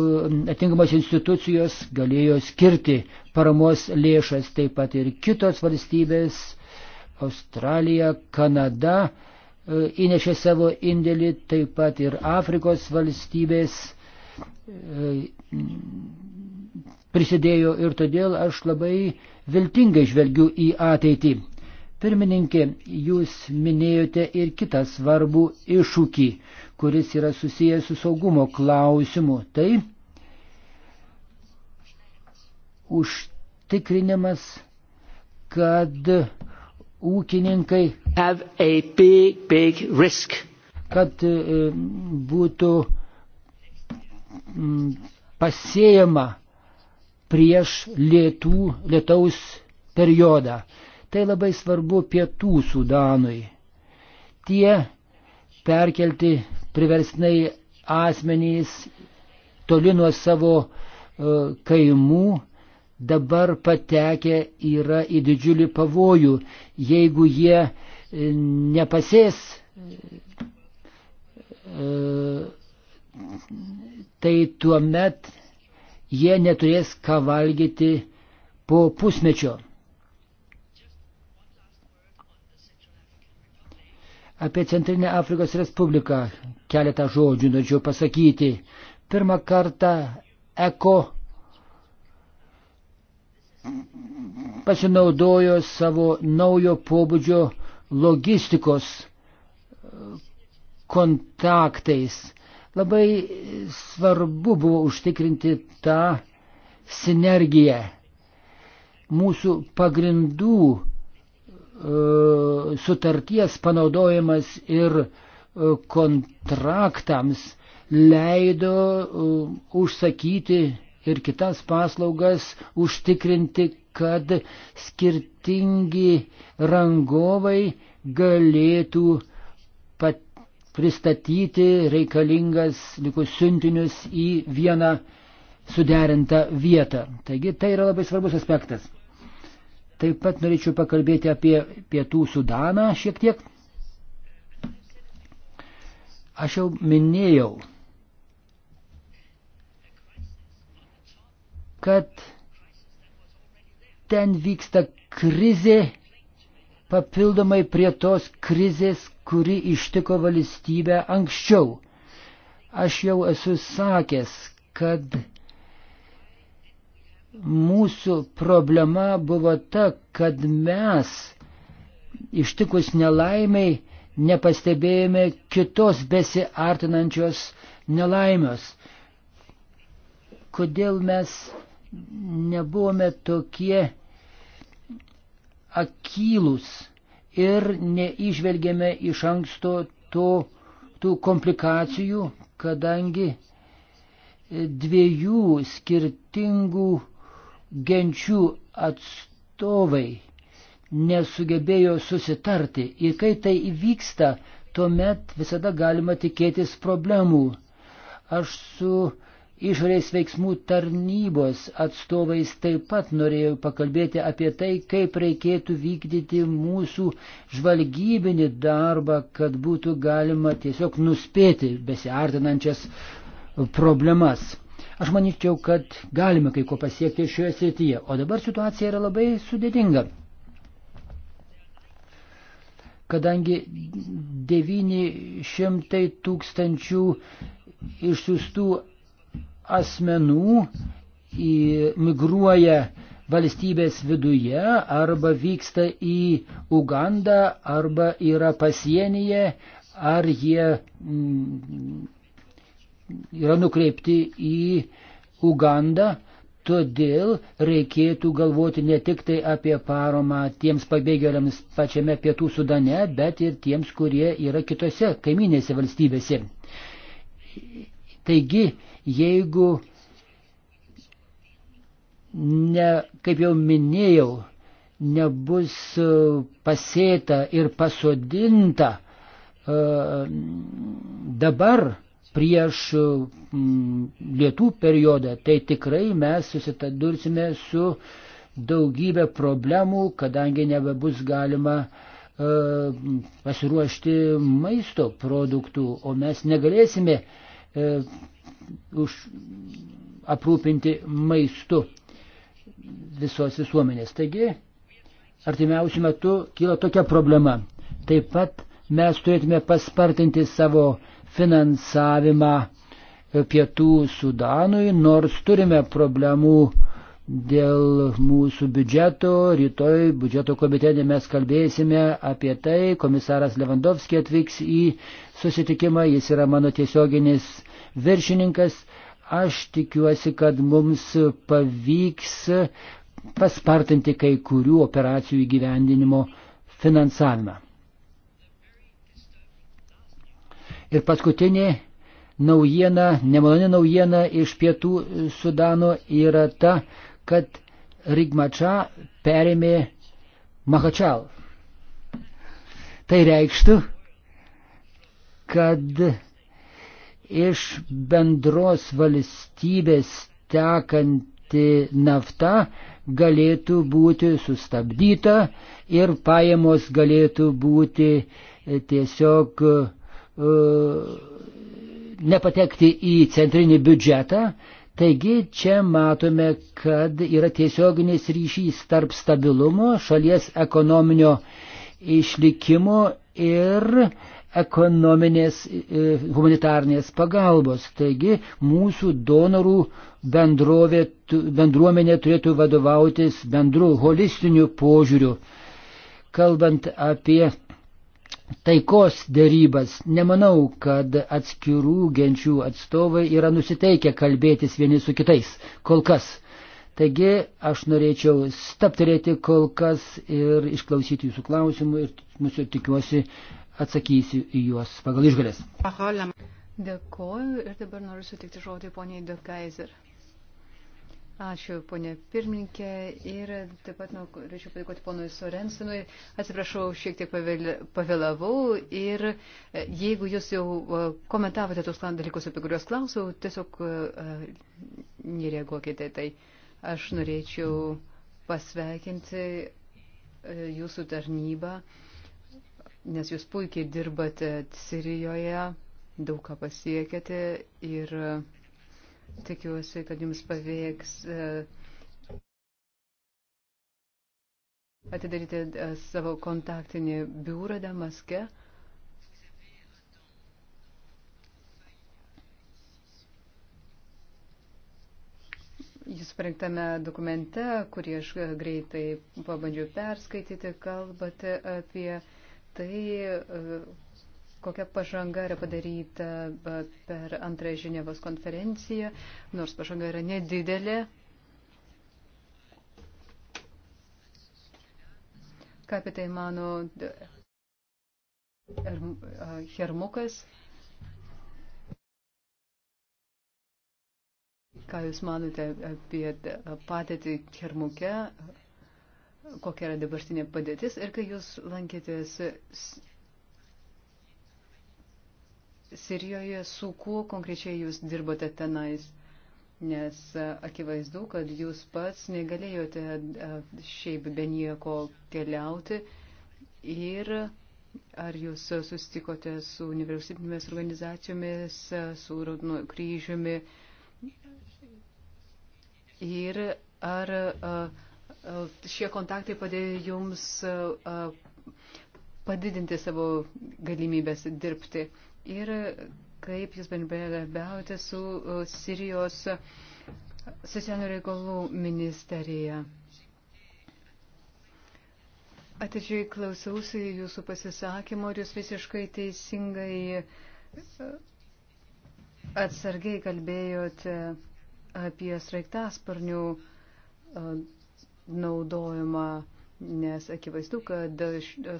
atitinkamos institucijos galėjo skirti paramos lėšas, taip pat ir kitos valstybės, Australija, Kanada e, įnešė savo indėlį, taip pat ir Afrikos valstybės e, prisidėjo ir todėl aš labai viltingai žvelgiu į ateitį. Pirmininkė, jūs minėjote ir kitą svarbų iššūkį kuris yra susijęs su saugumo klausimu. Tai užtikrinimas, kad ūkininkai big, big risk. kad e, būtų pasėjama prieš lietų, lietaus periodą. Tai labai svarbu pietų Sudanui. Tie perkelti priversnai asmenys toli nuo savo e, kaimų dabar patekę yra į didžiulį pavojų, jeigu jie e, nepasės e, tai tuomet jie neturės ką valgyti po pusmečio. Apie Centrinę Afrikos Respubliką keletą žodžių norėčiau pasakyti. Pirmą kartą ECO pasinaudojo savo naujo pobūdžio logistikos uh, kontaktais. Labai svarbu buvo užtikrinti tą sinergiją. Mūsų pagrindų E, sutarties panaudojimas ir e, kontraktams leido e, užsakyti ir kitas paslaugas, užtikrinti, kad skirtingi rangovai galėtų pat pristatyti reikalingas likus siuntinius į vieną suderintą vietą. Taigi tai yra labai svarbus aspektas. Taip pat norėčiau pakalbėti apie pietų Sudaną šiek tiek. Aš jau minėjau, kad ten vyksta krizė papildomai prie tos krizės, kuri ištiko valstybę anksčiau. Aš jau esu sakęs, kad mūsų problema buvo ta, kad mes ištikus nelaimiai nepastebėjome kitos besiartinančios nelaimios. Kodėl mes nebuvome tokie akylus ir neižvelgėme iš anksto to, tų komplikacijų, kadangi dviejų skirtingų genčių atstovai nesugebėjo susitarti. Ir kai tai įvyksta, tuomet visada galima tikėtis problemų. Aš su išorės veiksmų tarnybos atstovais taip pat norėjau pakalbėti apie tai, kaip reikėtų vykdyti mūsų žvalgybinį darbą, kad būtų galima tiesiog nuspėti besiartinančias problemas. Aš manyčiau, kad galime kai ko pasiekti šioje srityje, o dabar situacija yra labai sudėtinga. Kadangi 900 tūkstančių išsiųstų asmenų migruoja valstybės viduje arba vyksta į Ugandą arba yra pasienyje, ar jie mm, yra nukreipti į Ugandą, todėl reikėtų galvoti ne tik tai apie paramą tiems pabėgėliams pačiame pietų sudane, bet ir tiems, kurie yra kitose kaiminėse valstybėse. Taigi, jeigu, ne, kaip jau minėjau, nebus e, pasėta ir pasodinta e, dabar prieš mm, lietų periodą, tai tikrai mes susitadursime su daugybė problemų, kadangi nebebus galima uh, pasiruošti maisto produktų, o mes negalėsime uh, už, aprūpinti maistu visos visuomenės. Taigi, artimiausių metų kyla tokia problema. Taip pat mes turėtume paspartinti savo uh, finansavimą pietų Sudanui, nors turime problemų dėl mūsų biudžeto. Rytoj biudžeto komitete mes kalbėsime apie tai. Komisaras Levandovskis atvyks į susitikimą, jis yra mano tiesioginis viršininkas. Aš tikiuosi, kad mums pavyks paspartinti kai kurių operacijų įgyvendinimo finansavimą. Ir paskutinė naujiena, nemaloni naujiena iš pietų Sudano yra ta, kad Rigmača perėmė Mahačal. Tai reikštų, kad iš bendros valstybės tekanti nafta galėtų būti sustabdyta ir pajamos galėtų būti tiesiog uh, E, nepatekti į centrinį biudžetą. Taigi čia matome, kad yra tiesioginis ryšys tarp stabilumo, šalies ekonominio išlikimo ir ekonominės e, humanitarnės pagalbos. Taigi mūsų donorų bendrovė, bendruomenė turėtų vadovautis bendru holistiniu požiūriu. Kalbant apie taikos dėrybas. Nemanau, kad atskirų genčių atstovai yra nusiteikę kalbėtis vieni su kitais. Kol kas. Taigi aš norėčiau stapturėti kol kas ir išklausyti jūsų klausimų ir mūsų tikiuosi atsakysiu į juos pagal išgalės. Dėkoju ir dabar noriu sutikti žodį poniai De Kaiser. Ačiū, ponė pirmininkė. Ir taip pat nu, norėčiau nu, padėkoti ponui Sorensinui. Atsiprašau, šiek tiek pavėlavau. Ir e, jeigu jūs jau e, komentavote tos dalykus, apie kuriuos klausiau, tiesiog e, nereaguokite. Tai aš norėčiau pasveikinti jūsų tarnybą, nes jūs puikiai dirbate Sirijoje, daug ką pasiekėte. Ir Tikiuosi, kad jums pavyks e, atidaryti e, savo kontaktinį biurą Damaske. Jūs parengtame dokumente, kurį aš e, greitai pabandžiau perskaityti, kalbate apie tai, kokia pažanga yra padaryta per antrąją Ženevos konferenciją, nors pažanga yra nedidelė. Ką apie tai mano Hermukas? Ką Jūs manote apie patėtį Hermuke? Kokia yra dabartinė padėtis ir kai Jūs lankėtės Sirijoje, su kuo konkrečiai jūs dirbote tenais? Nes akivaizdu, kad jūs pats negalėjote šiaip be nieko keliauti. Ir ar jūs susitikote su nevyriausybinėmis organizacijomis, su Raudonu kryžiumi? Ir ar šie kontaktai padėjo jums padidinti savo galimybės dirbti? ir kaip jūs bendradarbiavote su uh, Sirijos socialinių reikalų ministerija. Atidžiai klausiausi jūsų pasisakymo ir jūs visiškai teisingai uh, atsargiai kalbėjote apie sraigtasparnių uh, naudojimą nes akivaizdu, kad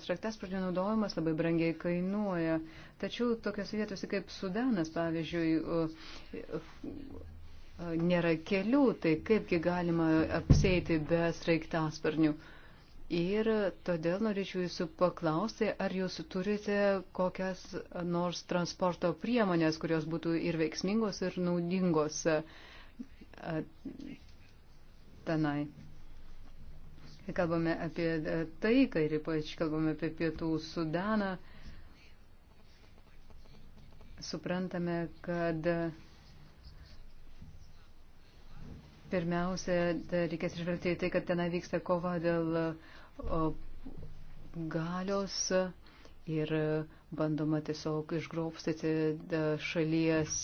sraigtasparnių naudojimas labai brangiai kainuoja. Tačiau tokios vietose kaip Sudanas, pavyzdžiui, nėra kelių, tai kaipgi galima apsėti be sraigtasparnių. Ir todėl norėčiau jūsų paklausti, ar jūs turite kokias nors transporto priemonės, kurios būtų ir veiksmingos, ir naudingos tenai. Kalbame apie e, taiką ir ypač kalbame apie pietų Sudaną. Suprantame, kad pirmiausia, reikės išvelgti į tai, kad tenai vyksta kova dėl galios ir bandoma tiesiog išgrobstyti šalies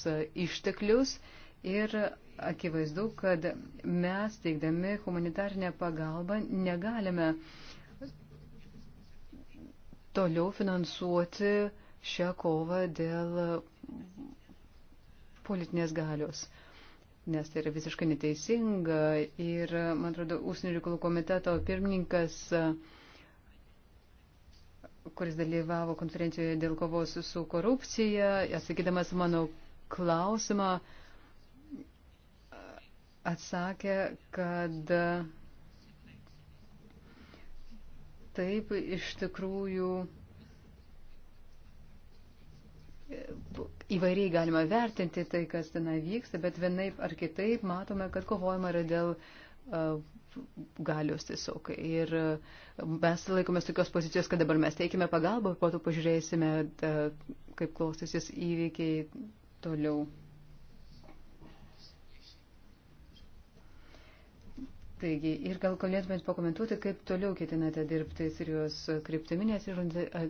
išteklius ir akivaizdu, kad mes teikdami humanitarnę pagalbą negalime toliau finansuoti šią kovą dėl politinės galios. Nes tai yra visiškai neteisinga ir, man atrodo, Ūsinių reikalų komiteto pirmininkas kuris dalyvavo konferencijoje dėl kovos su korupcija, atsakydamas mano klausimą, uh, atsakė, kad taip iš tikrųjų įvairiai galima vertinti tai, kas ten vyksta, bet vienaip ar kitaip matome, kad kovojama yra dėl uh, galios tiesiog. Ir uh, mes laikomės tokios pozicijos, kad dabar mes teikime pagalbą, po to pažiūrėsime, uh, kaip klostysis įvykiai toliau. Taigi, ir gal galėtumėt pakomentuoti, kaip toliau ketinate dirbti Sirijos kryptiminės ir e,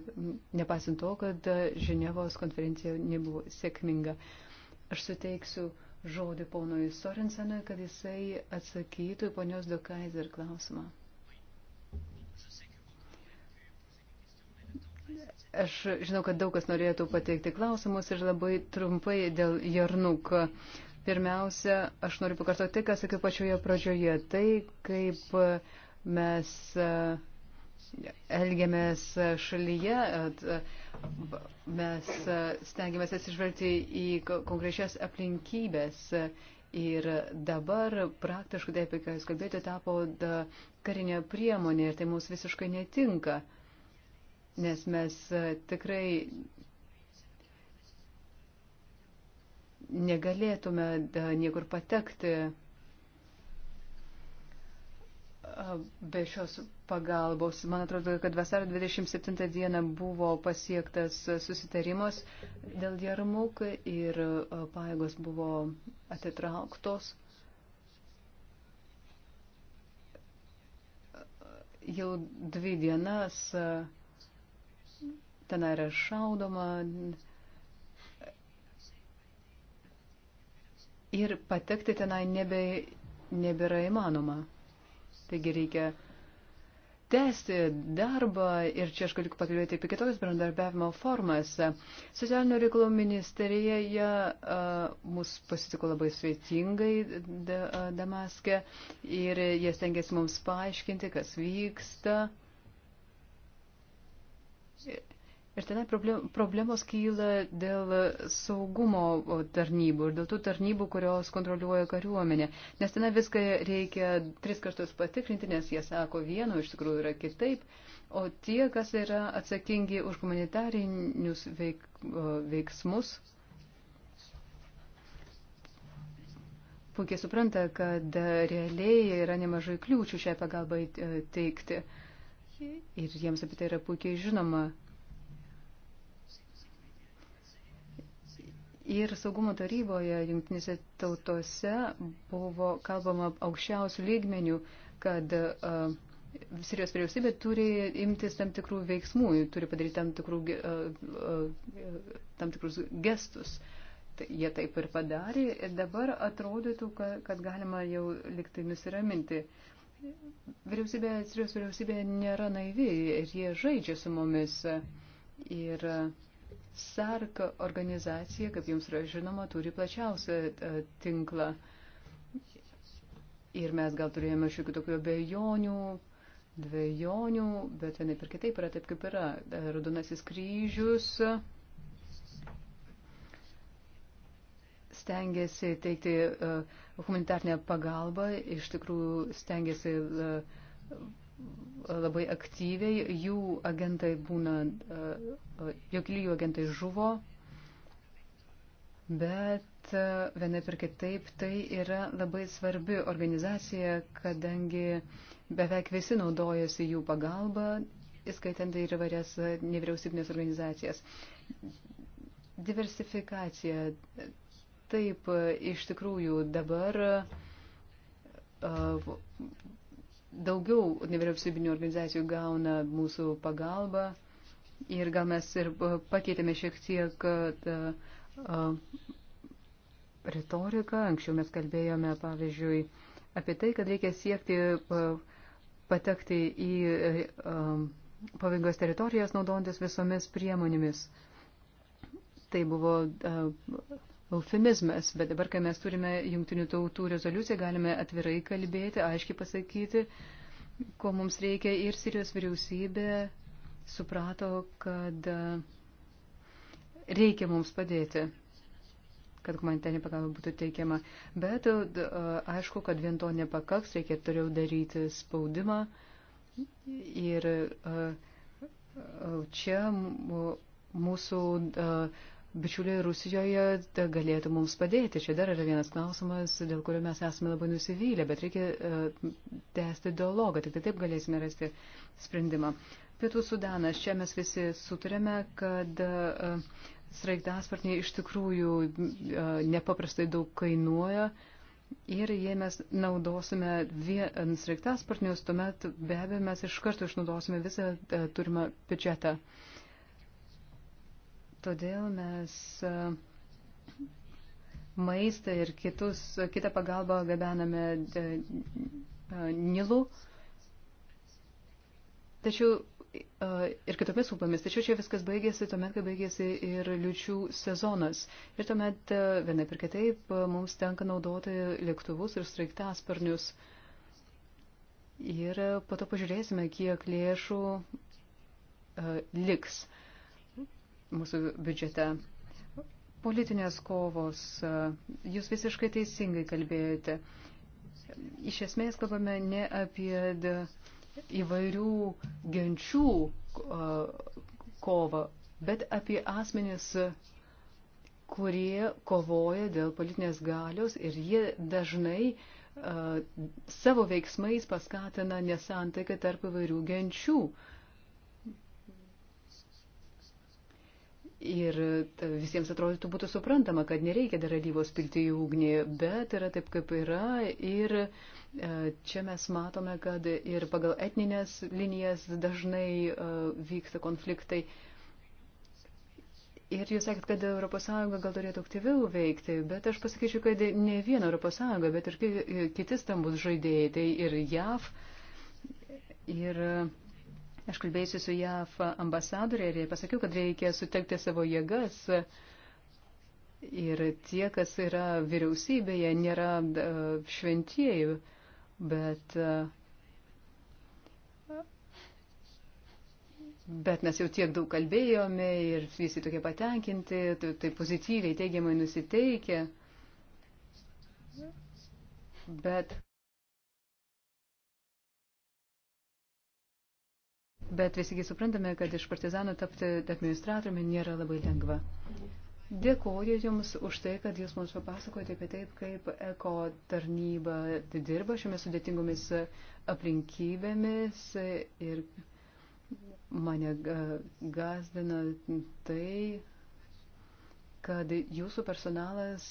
nepasint to, kad e, Ženevos konferencija nebuvo sėkminga. Aš suteiksiu žodį ponui Sorensenui, kad jisai atsakytų į ponios Dokaiser klausimą. Aš žinau, kad daug kas norėtų pateikti klausimus ir labai trumpai dėl Jarnuko. Uh, Pirmiausia, aš noriu pakartoti tai, ką sakiau pačioje pradžioje. Tai, kaip mes e, elgiamės šalyje, e, mes e, stengiamės atsižvelgti į konkrečias aplinkybės. Ir dabar praktiškai tai, apie ką jūs kalbėjote, tapo karinė priemonė ir tai mums visiškai netinka, nes mes tikrai negalėtume e, niekur patekti e, be šios pagalbos. Man atrodo, kad vasario 27 dieną buvo pasiektas susitarimas dėl Jarmuk ir e, paėgos buvo atitrauktos. Jau dvi dienas ten yra šaudoma, ir patekti tenai nebe, nebėra įmanoma. Taigi reikia tęsti darbą ir čia aš galiu pakalbėti apie kitokias bendradarbiavimo formas. Socialinio reikalų ministerija mus pasitiko labai svetingai Damaske ir jie stengiasi mums paaiškinti, kas vyksta. Ir tenai problemos kyla dėl saugumo tarnybų ir dėl tų tarnybų, kurios kontroliuoja kariuomenė. Nes tenai viską reikia tris kartus patikrinti, nes jie sako vieno, iš tikrųjų yra kitaip. O tie, kas yra atsakingi už humanitarinius veik, veiksmus, puikiai supranta, kad realiai yra nemažai kliūčių šiai pagalbai e, teikti. Ir jiems apie tai yra puikiai žinoma. Ir saugumo taryboje jungtinėse tautose buvo kalbama aukščiausių lygmenių, kad uh, Sirijos vyriausybė turi imtis tam tikrų veiksmų, turi padaryti tam, tikrų, e, e, tam tikrus gestus. Tai jie taip ir padarė ir dabar atrodytų, kad galima jau liktai nusiraminti. Vyriausybė, Sirijos vyriausybė nėra naivi ir jie žaidžia su mumis. Ir uh, SARK organizacija, kaip jums yra žinoma, turi plačiausią e, tinklą. Ir mes gal turėjome šiokių tokių abejonių, dvejonių, bet vienai per kitaip yra taip, kaip yra. E, Rudonasis kryžius stengiasi teikti e, humanitarnę pagalbą, iš tikrųjų stengiasi labai aktyviai, jų agentai būna, e, e, jokilių jų agentai žuvo, bet e, vienaip ir kitaip tai yra labai svarbi organizacija, kadangi beveik visi naudojasi jų pagalba, įskaitant ir įvairias nevyriausybinės organizacijas. Diversifikacija. Taip, iš tikrųjų dabar daugiau nevyriausybinių organizacijų gauna mūsų pagalbą ir gal mes ir e, pakeitėme šiek tiek e, e, retoriką. Anksčiau mes kalbėjome, pavyzdžiui, apie tai, kad reikia siekti patekti į pavojingas teritorijas naudojantis visomis priemonėmis. Tai buvo uh, eufemizmas, bet dabar, kai mes turime jungtinių tautų rezoliuciją, galime atvirai kalbėti, aiškiai pasakyti, ko mums reikia. Ir Sirijos vyriausybė suprato, kad e, reikia mums padėti kad humanitarinė pagalba būtų teikiama. Bet e, e, aišku, kad vien to nepakaks, reikia toliau daryti spaudimą. Ir čia mūsų uh, bičiuliai Rusijoje galėtų mums padėti. Čia dar yra vienas klausimas, dėl kurio mes esame labai nusivylę, bet reikia uh, tęsti dialogą, tik tai taip galėsime rasti sprendimą. Pietų Sudanas, čia mes visi sutarėme, kad uh, sraigtasparniai iš tikrųjų uh, nepaprastai daug kainuoja. Ir jei mes naudosime vien sraigtasparnius, tuomet be abejo mes iš karto išnaudosime visą uh, turimą biudžetą. Uh, Todėl mes e, maistą ir kitus, kitą pagalbą gabename e, e, Nilu. Tačiau ir kitomis upomis. Tačiau čia viskas baigėsi tuomet, kai baigėsi ir liučių sezonas. Ir tuomet vienai per kitaip mums tenka naudoti lėktuvus ir straiktasparnius. Ir po to pažiūrėsime, kiek lėšų uh, liks. Uh, mūsų biudžete. Politinės kovos, jūs visiškai teisingai kalbėjote. Iš esmės kalbame ne apie įvairių genčių kovą, bet apie asmenis, kurie kovoja dėl politinės galios ir jie dažnai uh, savo veiksmais paskatina nesantaiką tarp įvairių genčių. Uh, Ir e, visiems atrodytų būtų suprantama, kad nereikia dar alyvos pilti į ugnį, bet yra taip, kaip yra. Ir e, čia mes matome, kad ir pagal etninės linijas dažnai e, vyksta konfliktai. Ir jūs sakėt, kad ES gal turėtų aktyviau veikti, bet aš pasakyčiau, kad ne viena ES, bet ir kiti stambus žaidėjai, tai ir JAV. Ir, ir Aš kalbėjusiu su JAF ambasadorė ir pasakiau, kad reikia sutelkti savo jėgas. Ir tie, kas yra vyriausybėje, nėra e, šventieji, bet, e, bet mes jau tiek daug kalbėjome ir visi tokie patenkinti, tai pozityviai, teigiamai nusiteikę. Bet Bet visgi suprantame, kad iš partizano tapti administratoriumi nėra labai lengva. Dėkuoju Jums už tai, kad Jūs mums papasakote apie taip, kaip eko tarnyba dirba šiomis sudėtingomis aplinkybėmis ir mane gazdina tai, kad Jūsų personalas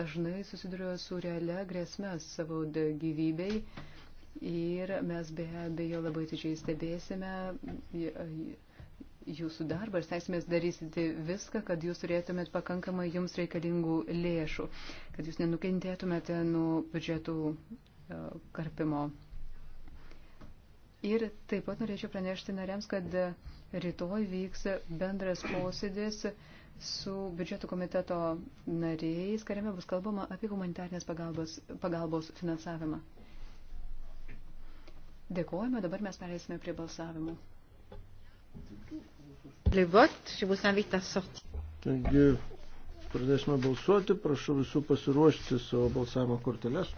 dažnai susiduria su realia grėsme savo gyvybei ir mes be abejo labai didžiai stebėsime jūsų darbą ir stengsimės darysite viską, kad jūs turėtumėt pakankamai jums reikalingų lėšų, kad jūs nenukentėtumėte nuo biudžetų e, karpimo. Ir taip pat norėčiau pranešti nariams, kad rytoj vyks bendras posėdis su biudžeto komiteto nariais, kuriame bus kalbama apie humanitarnės pagalbos, pagalbos finansavimą. Dėkojame, dabar mes perėsime prie balsavimo. Taigi, pradėsime balsuoti, prašau visų pasiruošti savo balsavimo korteles.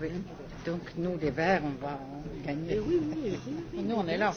Oui. Donc nous, les Verts, on va gagner. Et eh oui, oui, oui, oui, nous, on est là.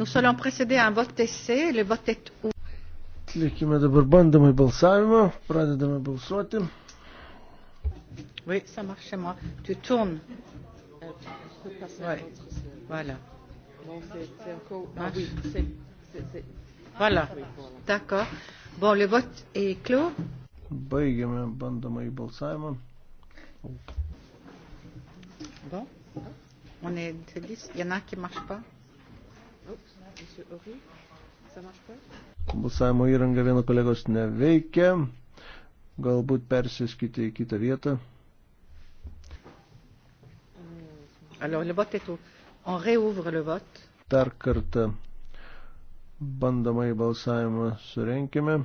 Nous allons procéder à un vote essai. Le vote est ouvert. Likime dabar bandomai balsavimą, pradedame balsuoti. Oui, ça marche chez moi. Tu tournes. Ouais. Voilà. Non, c'est encore. Ah oui, c'est. Voilà. D'accord. Bon, le vote est clos. Baigiame bandomąjį balsavimą. Bon. On est 10. Il y en a qui ne marchent pas. Balsavimo įranga vieno kolegos neveikia. Galbūt persiskite į kitą vietą. Alors, le vote est tout. On réouvre le vote. Dar kartą bandomai balsavimą surenkime.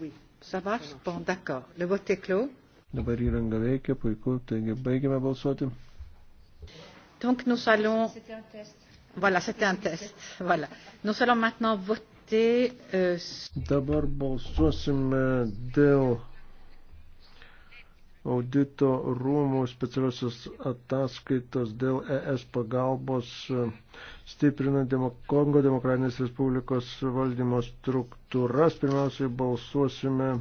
Oui, ça marche? Bon, d'accord. Le vote est clos. Dabar įranga veikia, puiku, taigi baigiame balsuoti. Donc nous allons. C'était un test. Voilà, c'était un test. Voilà. Nous allons maintenant voter. Euh... Dabar balsuosime dėl audito rūmų specialiosios ataskaitos dėl ES pagalbos e, stiprinant Demo Kongo Demokratinės Respublikos valdymo struktūras. Pirmiausiai balsuosime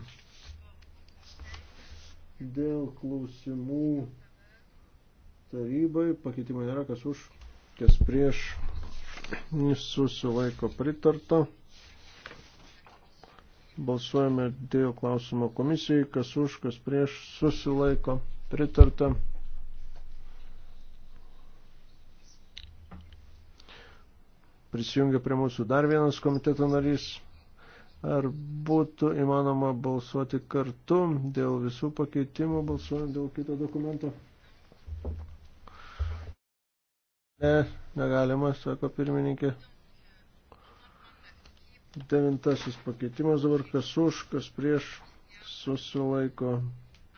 dėl klausimų tarybai. Pakeitimai nėra, kas už, kas prieš. Susilaiko pritarta. Balsuojame dėl klausimo komisijai, kas už, kas prieš. Susilaiko pritarta. Prisijungia prie mūsų dar vienas komiteto narys ar būtų įmanoma balsuoti kartu dėl visų pakeitimų, balsuojant dėl kito dokumento. Ne, negalima, sako pirmininkė. Devintasis pakeitimas dabar kas už, kas prieš susilaiko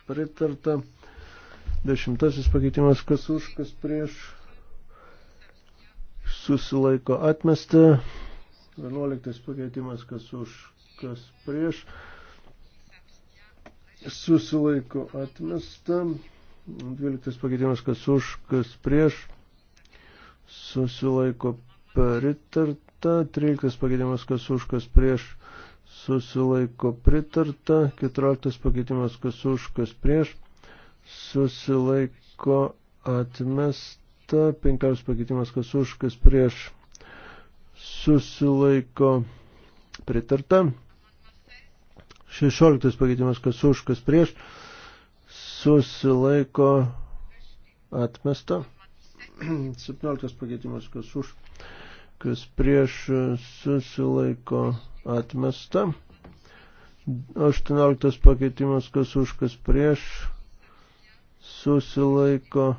pritarta. Dešimtasis pakeitimas kas už, kas prieš susilaiko atmesta. Vienuoliktas pakeitimas kas už, kas prieš susilaiko atmesta. Dvyliktas pakeitimas kas už, kas prieš susilaiko pritarta, 13 pakeitimas kas už, kas prieš susilaiko pritarta, 14 pakeitimas kas už, kas prieš susilaiko atmesta, 15 pakeitimas kas už, kas prieš susilaiko pritarta, 16 pakeitimas kas už, kas prieš susilaiko atmesta. 17 pakeitimas, kas už, kas prieš susilaiko atmesta. 18 pakeitimas, kas už, kas prieš susilaiko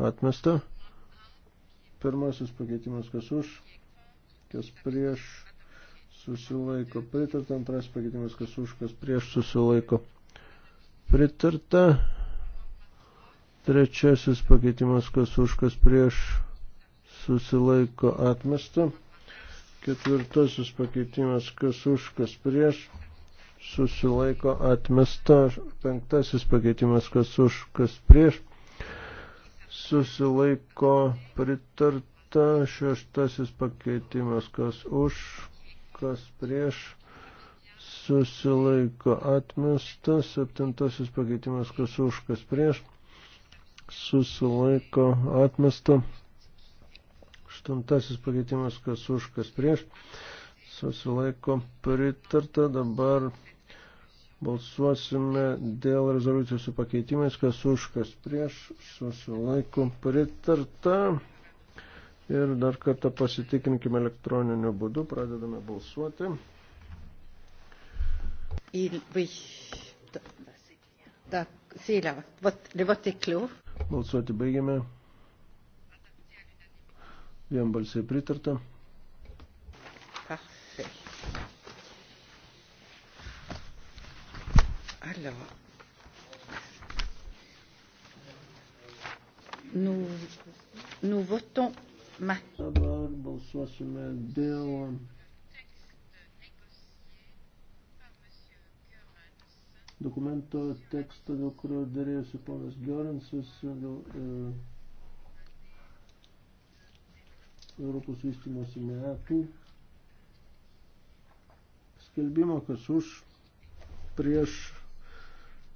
atmesta. Pirmasis pakeitimas, kas už, kas prieš susilaiko pritarta. Antrasis pakeitimas, kas už, kas prieš susilaiko pritarta. Trečiasis pakeitimas, kas už, kas prieš susilaiko atmesta. Ketvirtasis pakeitimas, kas už, kas prieš susilaiko atmesta. Penktasis pakeitimas, kas už, kas prieš susilaiko pritarta. Šeštasis pakeitimas, kas už, kas prieš susilaiko atmesta. Septintasis pakeitimas, kas už, kas prieš susilaiko atmesta. Aštuntasis pakeitimas, kas už, kas prieš, susilaiko pritarta. Dabar balsuosime dėl rezoliucijos su pakeitimais, kas už, kas prieš, susilaiko pritarta. Ir dar kartą pasitikrinkime elektroniniu būdu, pradedame balsuoti. Il, oui. Da, si, la, vot, le vote est clos. Balsuoti baigiame. Vienbalsiai pritarta. Alors, nous, nous votons maintenant. Dabar balsuosime dėl dokumento tekstą, dėl kurio dėrėjusi ponas Giorinsas, dėl e, Europos vystimosi metų skelbimo, kas už prieš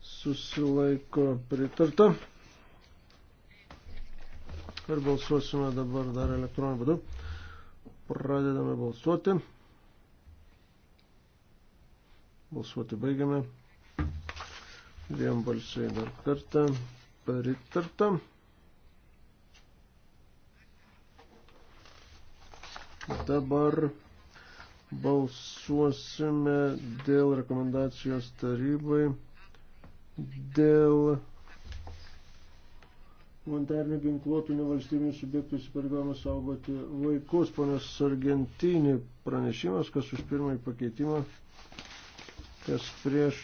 susilaiko pritarta. Ir balsuosime dabar dar elektroniniu būdu. Pradedame balsuoti. Balsuoti baigiame vienbalsiai dar kartą pritarta. Dabar balsuosime dėl rekomendacijos tarybai, dėl humanitarnių ginkluotų nevalstybinių subjektų įsipareigojimą saugoti vaikus. Ponas Sargentinį pranešimas, kas už pirmąjį pakeitimą, kas prieš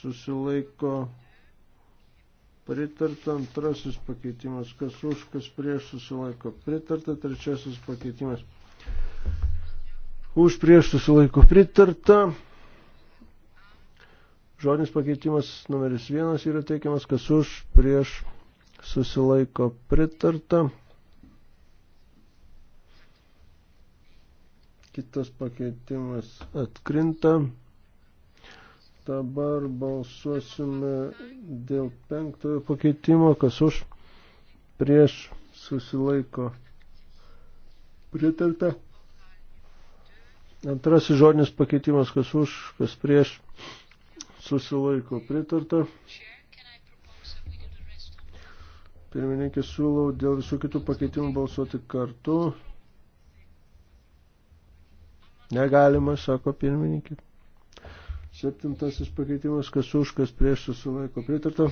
susilaiko pritarta, antrasis pakeitimas, kas už, kas prieš susilaiko pritarta, trečiasis pakeitimas, už prieš susilaiko pritarta. Žodinis pakeitimas numeris vienas yra teikiamas, kas už, prieš susilaiko pritarta. Kitas pakeitimas atkrinta. Dabar balsuosime dėl penktojo pakeitimo, kas už prieš susilaiko pritarta. Antrasis žodinis pakeitimas, kas už, kas prieš susilaiko pritarta. Pirmininkė siūlau dėl visų kitų pakeitimų balsuoti kartu. Negalima, sako pirmininkė. Septintasis pakeitimas, kas už, kas prieš susilaiko pritarta.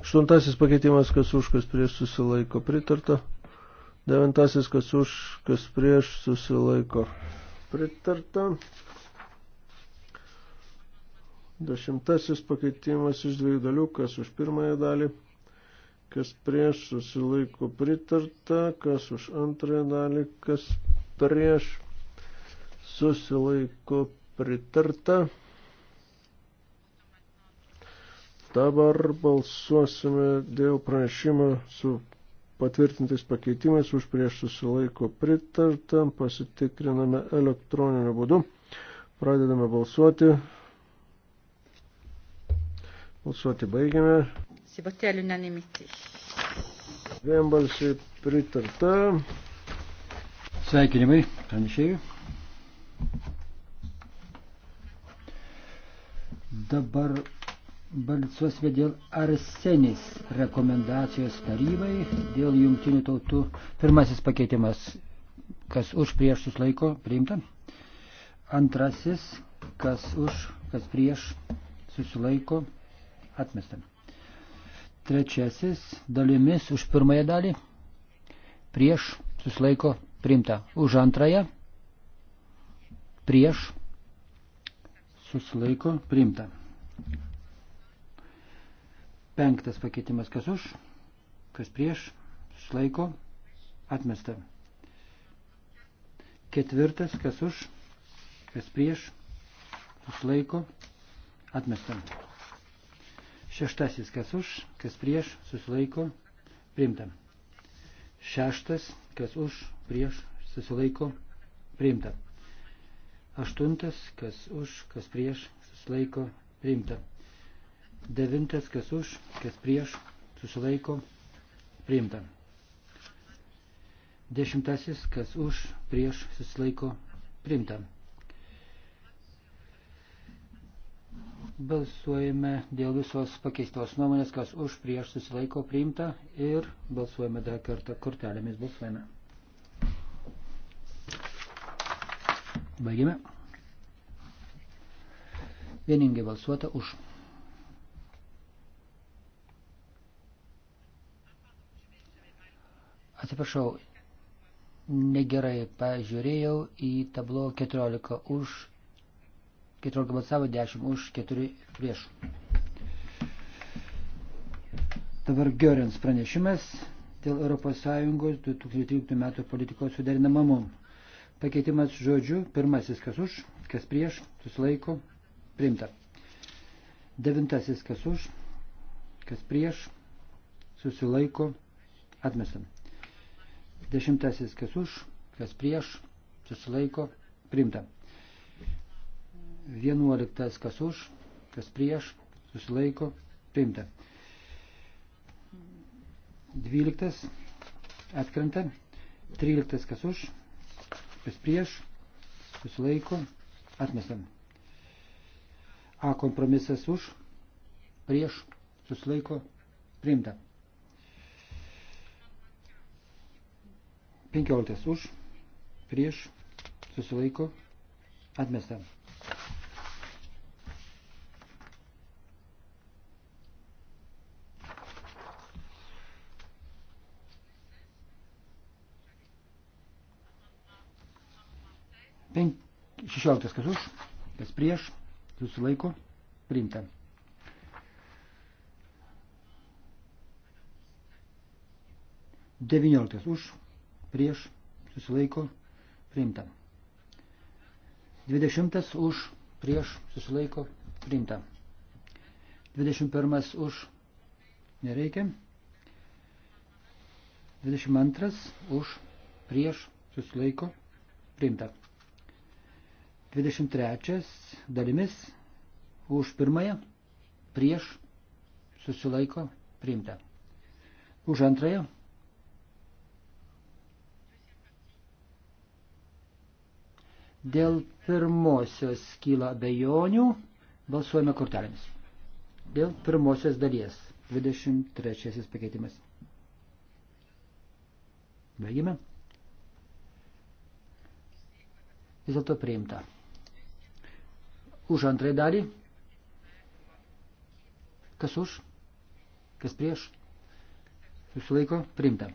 Aštuntasis pakeitimas, kas už, kas prieš susilaiko pritarta. Devintasis, kas už, kas prieš susilaiko pritarta. Dešimtasis pakeitimas iš dviejų dalių, kas už pirmąją dalį, kas prieš susilaiko pritarta, kas už antrąją dalį, kas prieš susilaiko pritarta. Dabar balsuosime dėl pranešimo su patvirtintais pakeitimais už prieš susilaiko pritartą. Pasitikriname elektroniniu būdu. Pradedame balsuoti. Balsuoti baigiame. Sivotėlių nenimitį. Vienbalsiai pritarta. Sveikinimai pranešėjų. Dabar balsuosime dėl arsenis rekomendacijos tarybai, dėl jungtinių tautų. Pirmasis pakeitimas, kas už prieš susilaiko, priimta. Antrasis, kas už, kas prieš susilaiko, atmesta. Trečiasis, dalimis už pirmąją dalį, prieš susilaiko, priimta. Už antrąją, prieš susilaiko priimta. Penktas pakeitimas kas už, kas prieš, susilaiko atmesta. Ketvirtas kas už, kas prieš, susilaiko atmesta. Šeštasis kas už, kas prieš, susilaiko priimta. Šeštas kas už, prieš, susilaiko priimta. Aštuntas, kas už, kas prieš, susilaiko, priimta. Devintas, kas už, kas prieš, susilaiko, priimta. Dešimtasis, kas už, prieš, susilaiko, priimta. Balsuojame dėl visos pakeistos nuomonės, kas už, prieš, susilaiko, priimta ir balsuojame dar kartą kortelėmis balsuojame. Baigime. Vieningai balsuota už. Atsiprašau, negerai pažiūrėjau į tablo 14 už, 14 balsavo 10 už, 4 prieš. Dabar Görens pranešimas dėl ES 2013 metų politikos suderinamamų. Pakeitimas žodžiu, pirmasis kas už, kas prieš, susilaiko, priimta. Devintasis kas už, kas prieš, susilaiko, atmestam. Dešimtasis kas už, kas prieš, susilaiko, priimta. Vienuoliktas kas už, kas prieš, susilaiko, priimta. Dvyliktas atkrenta, tryliktas kas už, kas prieš, susilaiko, atmestam. A kompromisas už, prieš, susilaiko, priimta. 15 už, prieš, susilaiko, atmestam. 16 kas už, kas prieš, susilaiko, priimta. Devynioliktas už, prieš, susilaiko, priimta. Dvidešimtas už, prieš, susilaiko, priimta. Dvidešimt pirmas už, nereikia. Dvidešimt antras už, prieš, susilaiko, priimta. 23 dalimis už pirmąją prieš susilaiko priimta. Už antrąją dėl pirmosios kyla abejonių, balsuojame kortelėmis. Dėl pirmosios dalies 23 pakeitimas. Baigime. Vis dėlto priimta. Už antrąją dalį. Kas už? Kas prieš? Susilaiko priimta.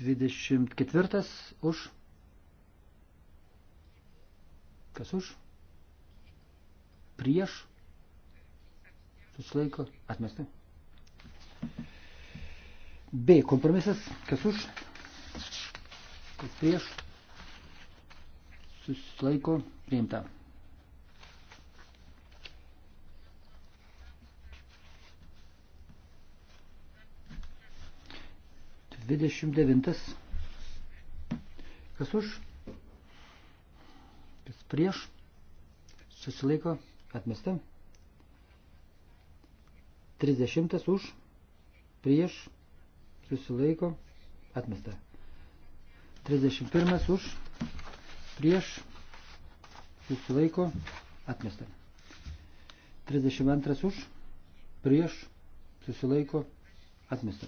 24 už. Kas už? Prieš. Susilaiko. Atmesta. B. Kompromisas. Kas už? Kas prieš? susilaiko priimta. Dvidešimt devintas. Kas už? Kas prieš? Susilaiko atmesta. Trisdešimtas už? Prieš? Susilaiko atmesta. Trisdešimt pirmas už? prieš, susilaiko, atmesta. 32 už, prieš, susilaiko, atmesta.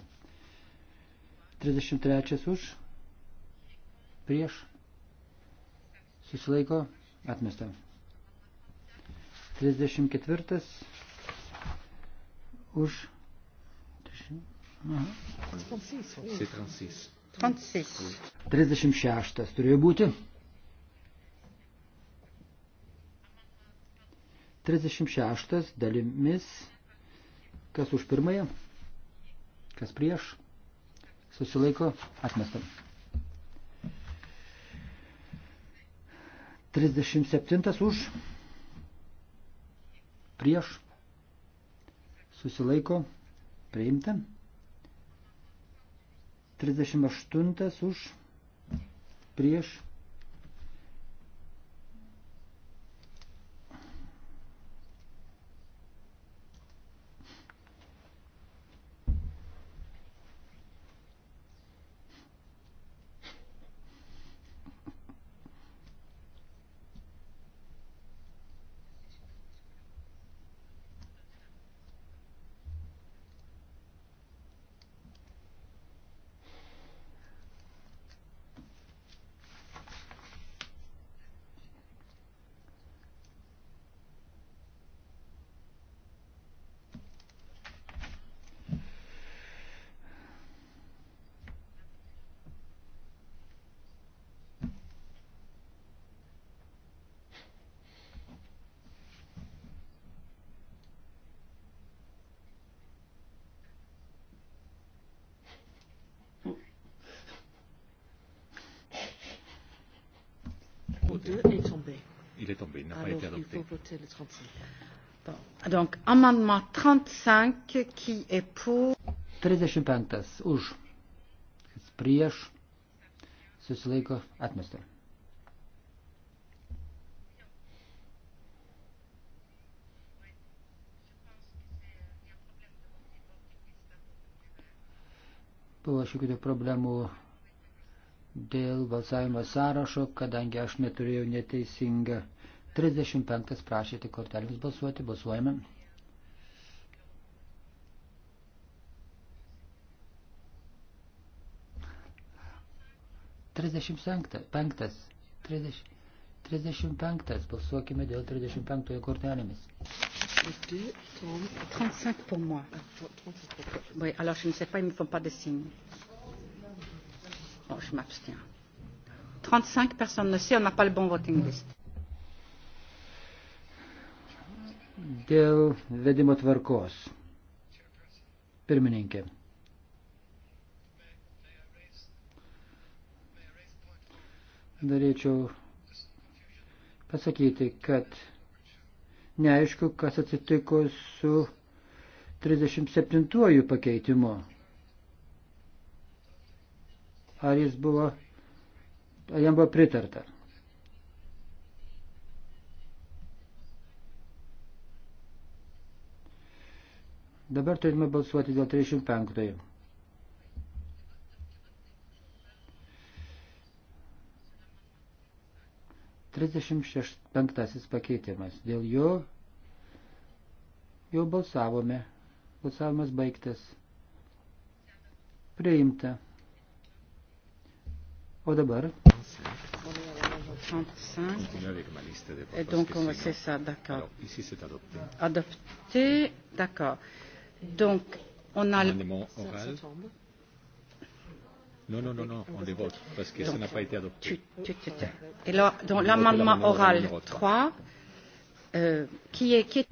33 už, prieš, susilaiko, atmesta. 34 už. C'est 36. 36. 36 turėjo būti. 36 dalimis, kas už pirmąją, kas prieš, susilaiko atmestam. 37 už, prieš, susilaiko priimta. 38 už, prieš, c'était le 35. Bon. Donc, amendement 35, qui est pour... 35 už. Kas prieš susilaiko atmestą. Buvo šiokių problemų dėl balsavimo sąrašo, kadangi aš neturėjau neteisingą 35 prašėte kortelėmis balsuoti, balsuojame. Trisdešimt penktas, trisdešimt penktas, balsuokime dėl trisdešimt penktojo kortelėmis. Trente-cinq pour moi. Oui, alors je ne sais pas, ils ne me font pas de signes. Bon, je m'abstiens. 35 personnes ne sait, on n'a pas le bon voting list. dėl vedimo tvarkos. Pirmininkė. Norėčiau pasakyti, kad neaišku, kas atsitiko su 37 pakeitimu. Ar jis buvo, ar jam buvo pritarta? Dabar turime balsuoti dėl 35. Trisdešimt penktasis pakeitimas. Dėl jo jau balsavome. Balsavimas baigtas. Priimta. O dabar. 35. Et donc, c'est ça, d'accord. Ici, c'est adopté. Adopté, d'accord. Donc, on a... Amendement oral. Ça, ça non, non, non, non, on les vote, parce que donc, ça n'a pas été adopté. Tu, tu, tu, tu. Et là, donc l'amendement oral 3, euh, qui est... Qui est...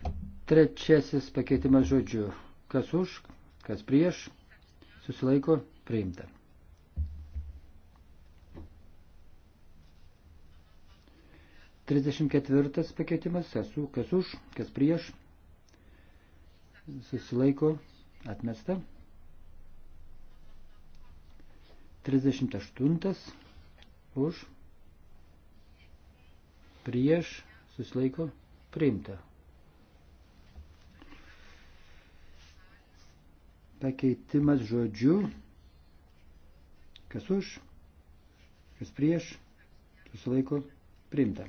Trečiasis pakeitimas žodžiu. Kas už, kas prieš, susilaiko, priimta. Trisdešimt ketvirtas pakeitimas, kas už, kas prieš, susilaiko atmesta. 38 už prieš susilaiko priimta. Pakeitimas žodžiu, kas už, kas prieš, susilaiko priimta.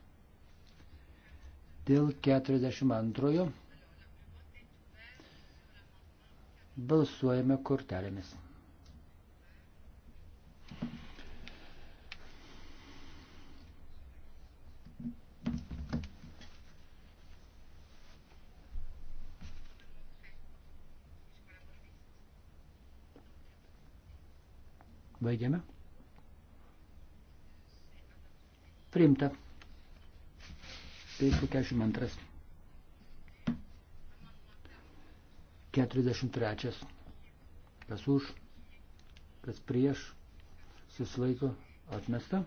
Dėl 42 balsuojame kortelėmis. Baigiame. Priimta. 42. 43. Kas už, kas prieš, susilaiko atmesta.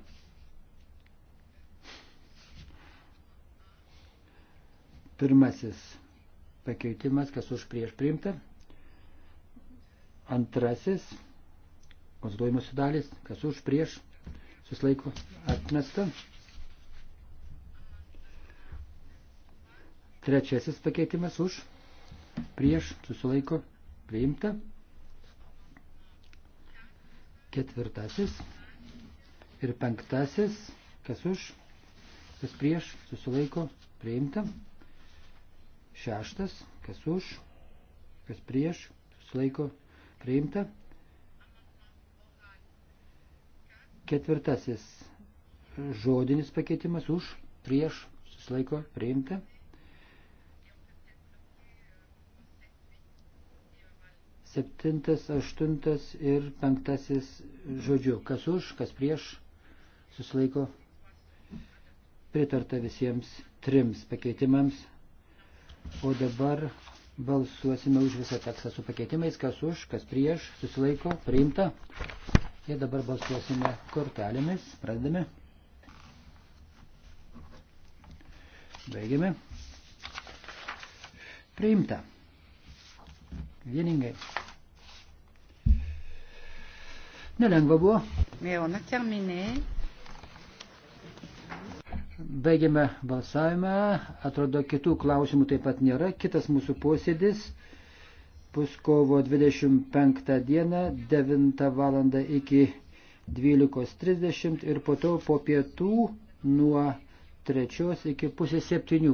Pirmasis pakeitimas, kas už prieš priimta. Antrasis, konsultuojimosi dalis, kas už prieš, susilaiko atmesta. Trečiasis pakeitimas už, prieš, susilaiko, priimta. Ketvirtasis ir penktasis, kas už, kas prieš, susilaiko, priimta. Šeštas, kas už, kas prieš, susilaiko, priimta. Ketvirtasis žodinis pakeitimas už, prieš, susilaiko, priimta. Septintas, aštuntas ir penktasis žodžiu. Kas už, kas prieš, susilaiko. Pritarta visiems trims pakeitimams. O dabar balsuosime už visą tekstą su pakeitimais, kas už, kas prieš, susilaiko, priimta. Ir dabar balsuosime kortelėmis. Pradedame. Baigiame. Priimta. Vieningai. Nelengva buvo. Baigiame balsavimą. Atrodo, kitų klausimų taip pat nėra. Kitas mūsų posėdis bus kovo 25 dieną, 9 val. iki 12.30 ir po to po pietų nuo 3 iki pusės 7.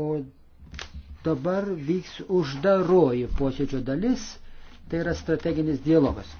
O Dabar vyks uždaroji posėdžio dalis, tai yra strateginis dialogas.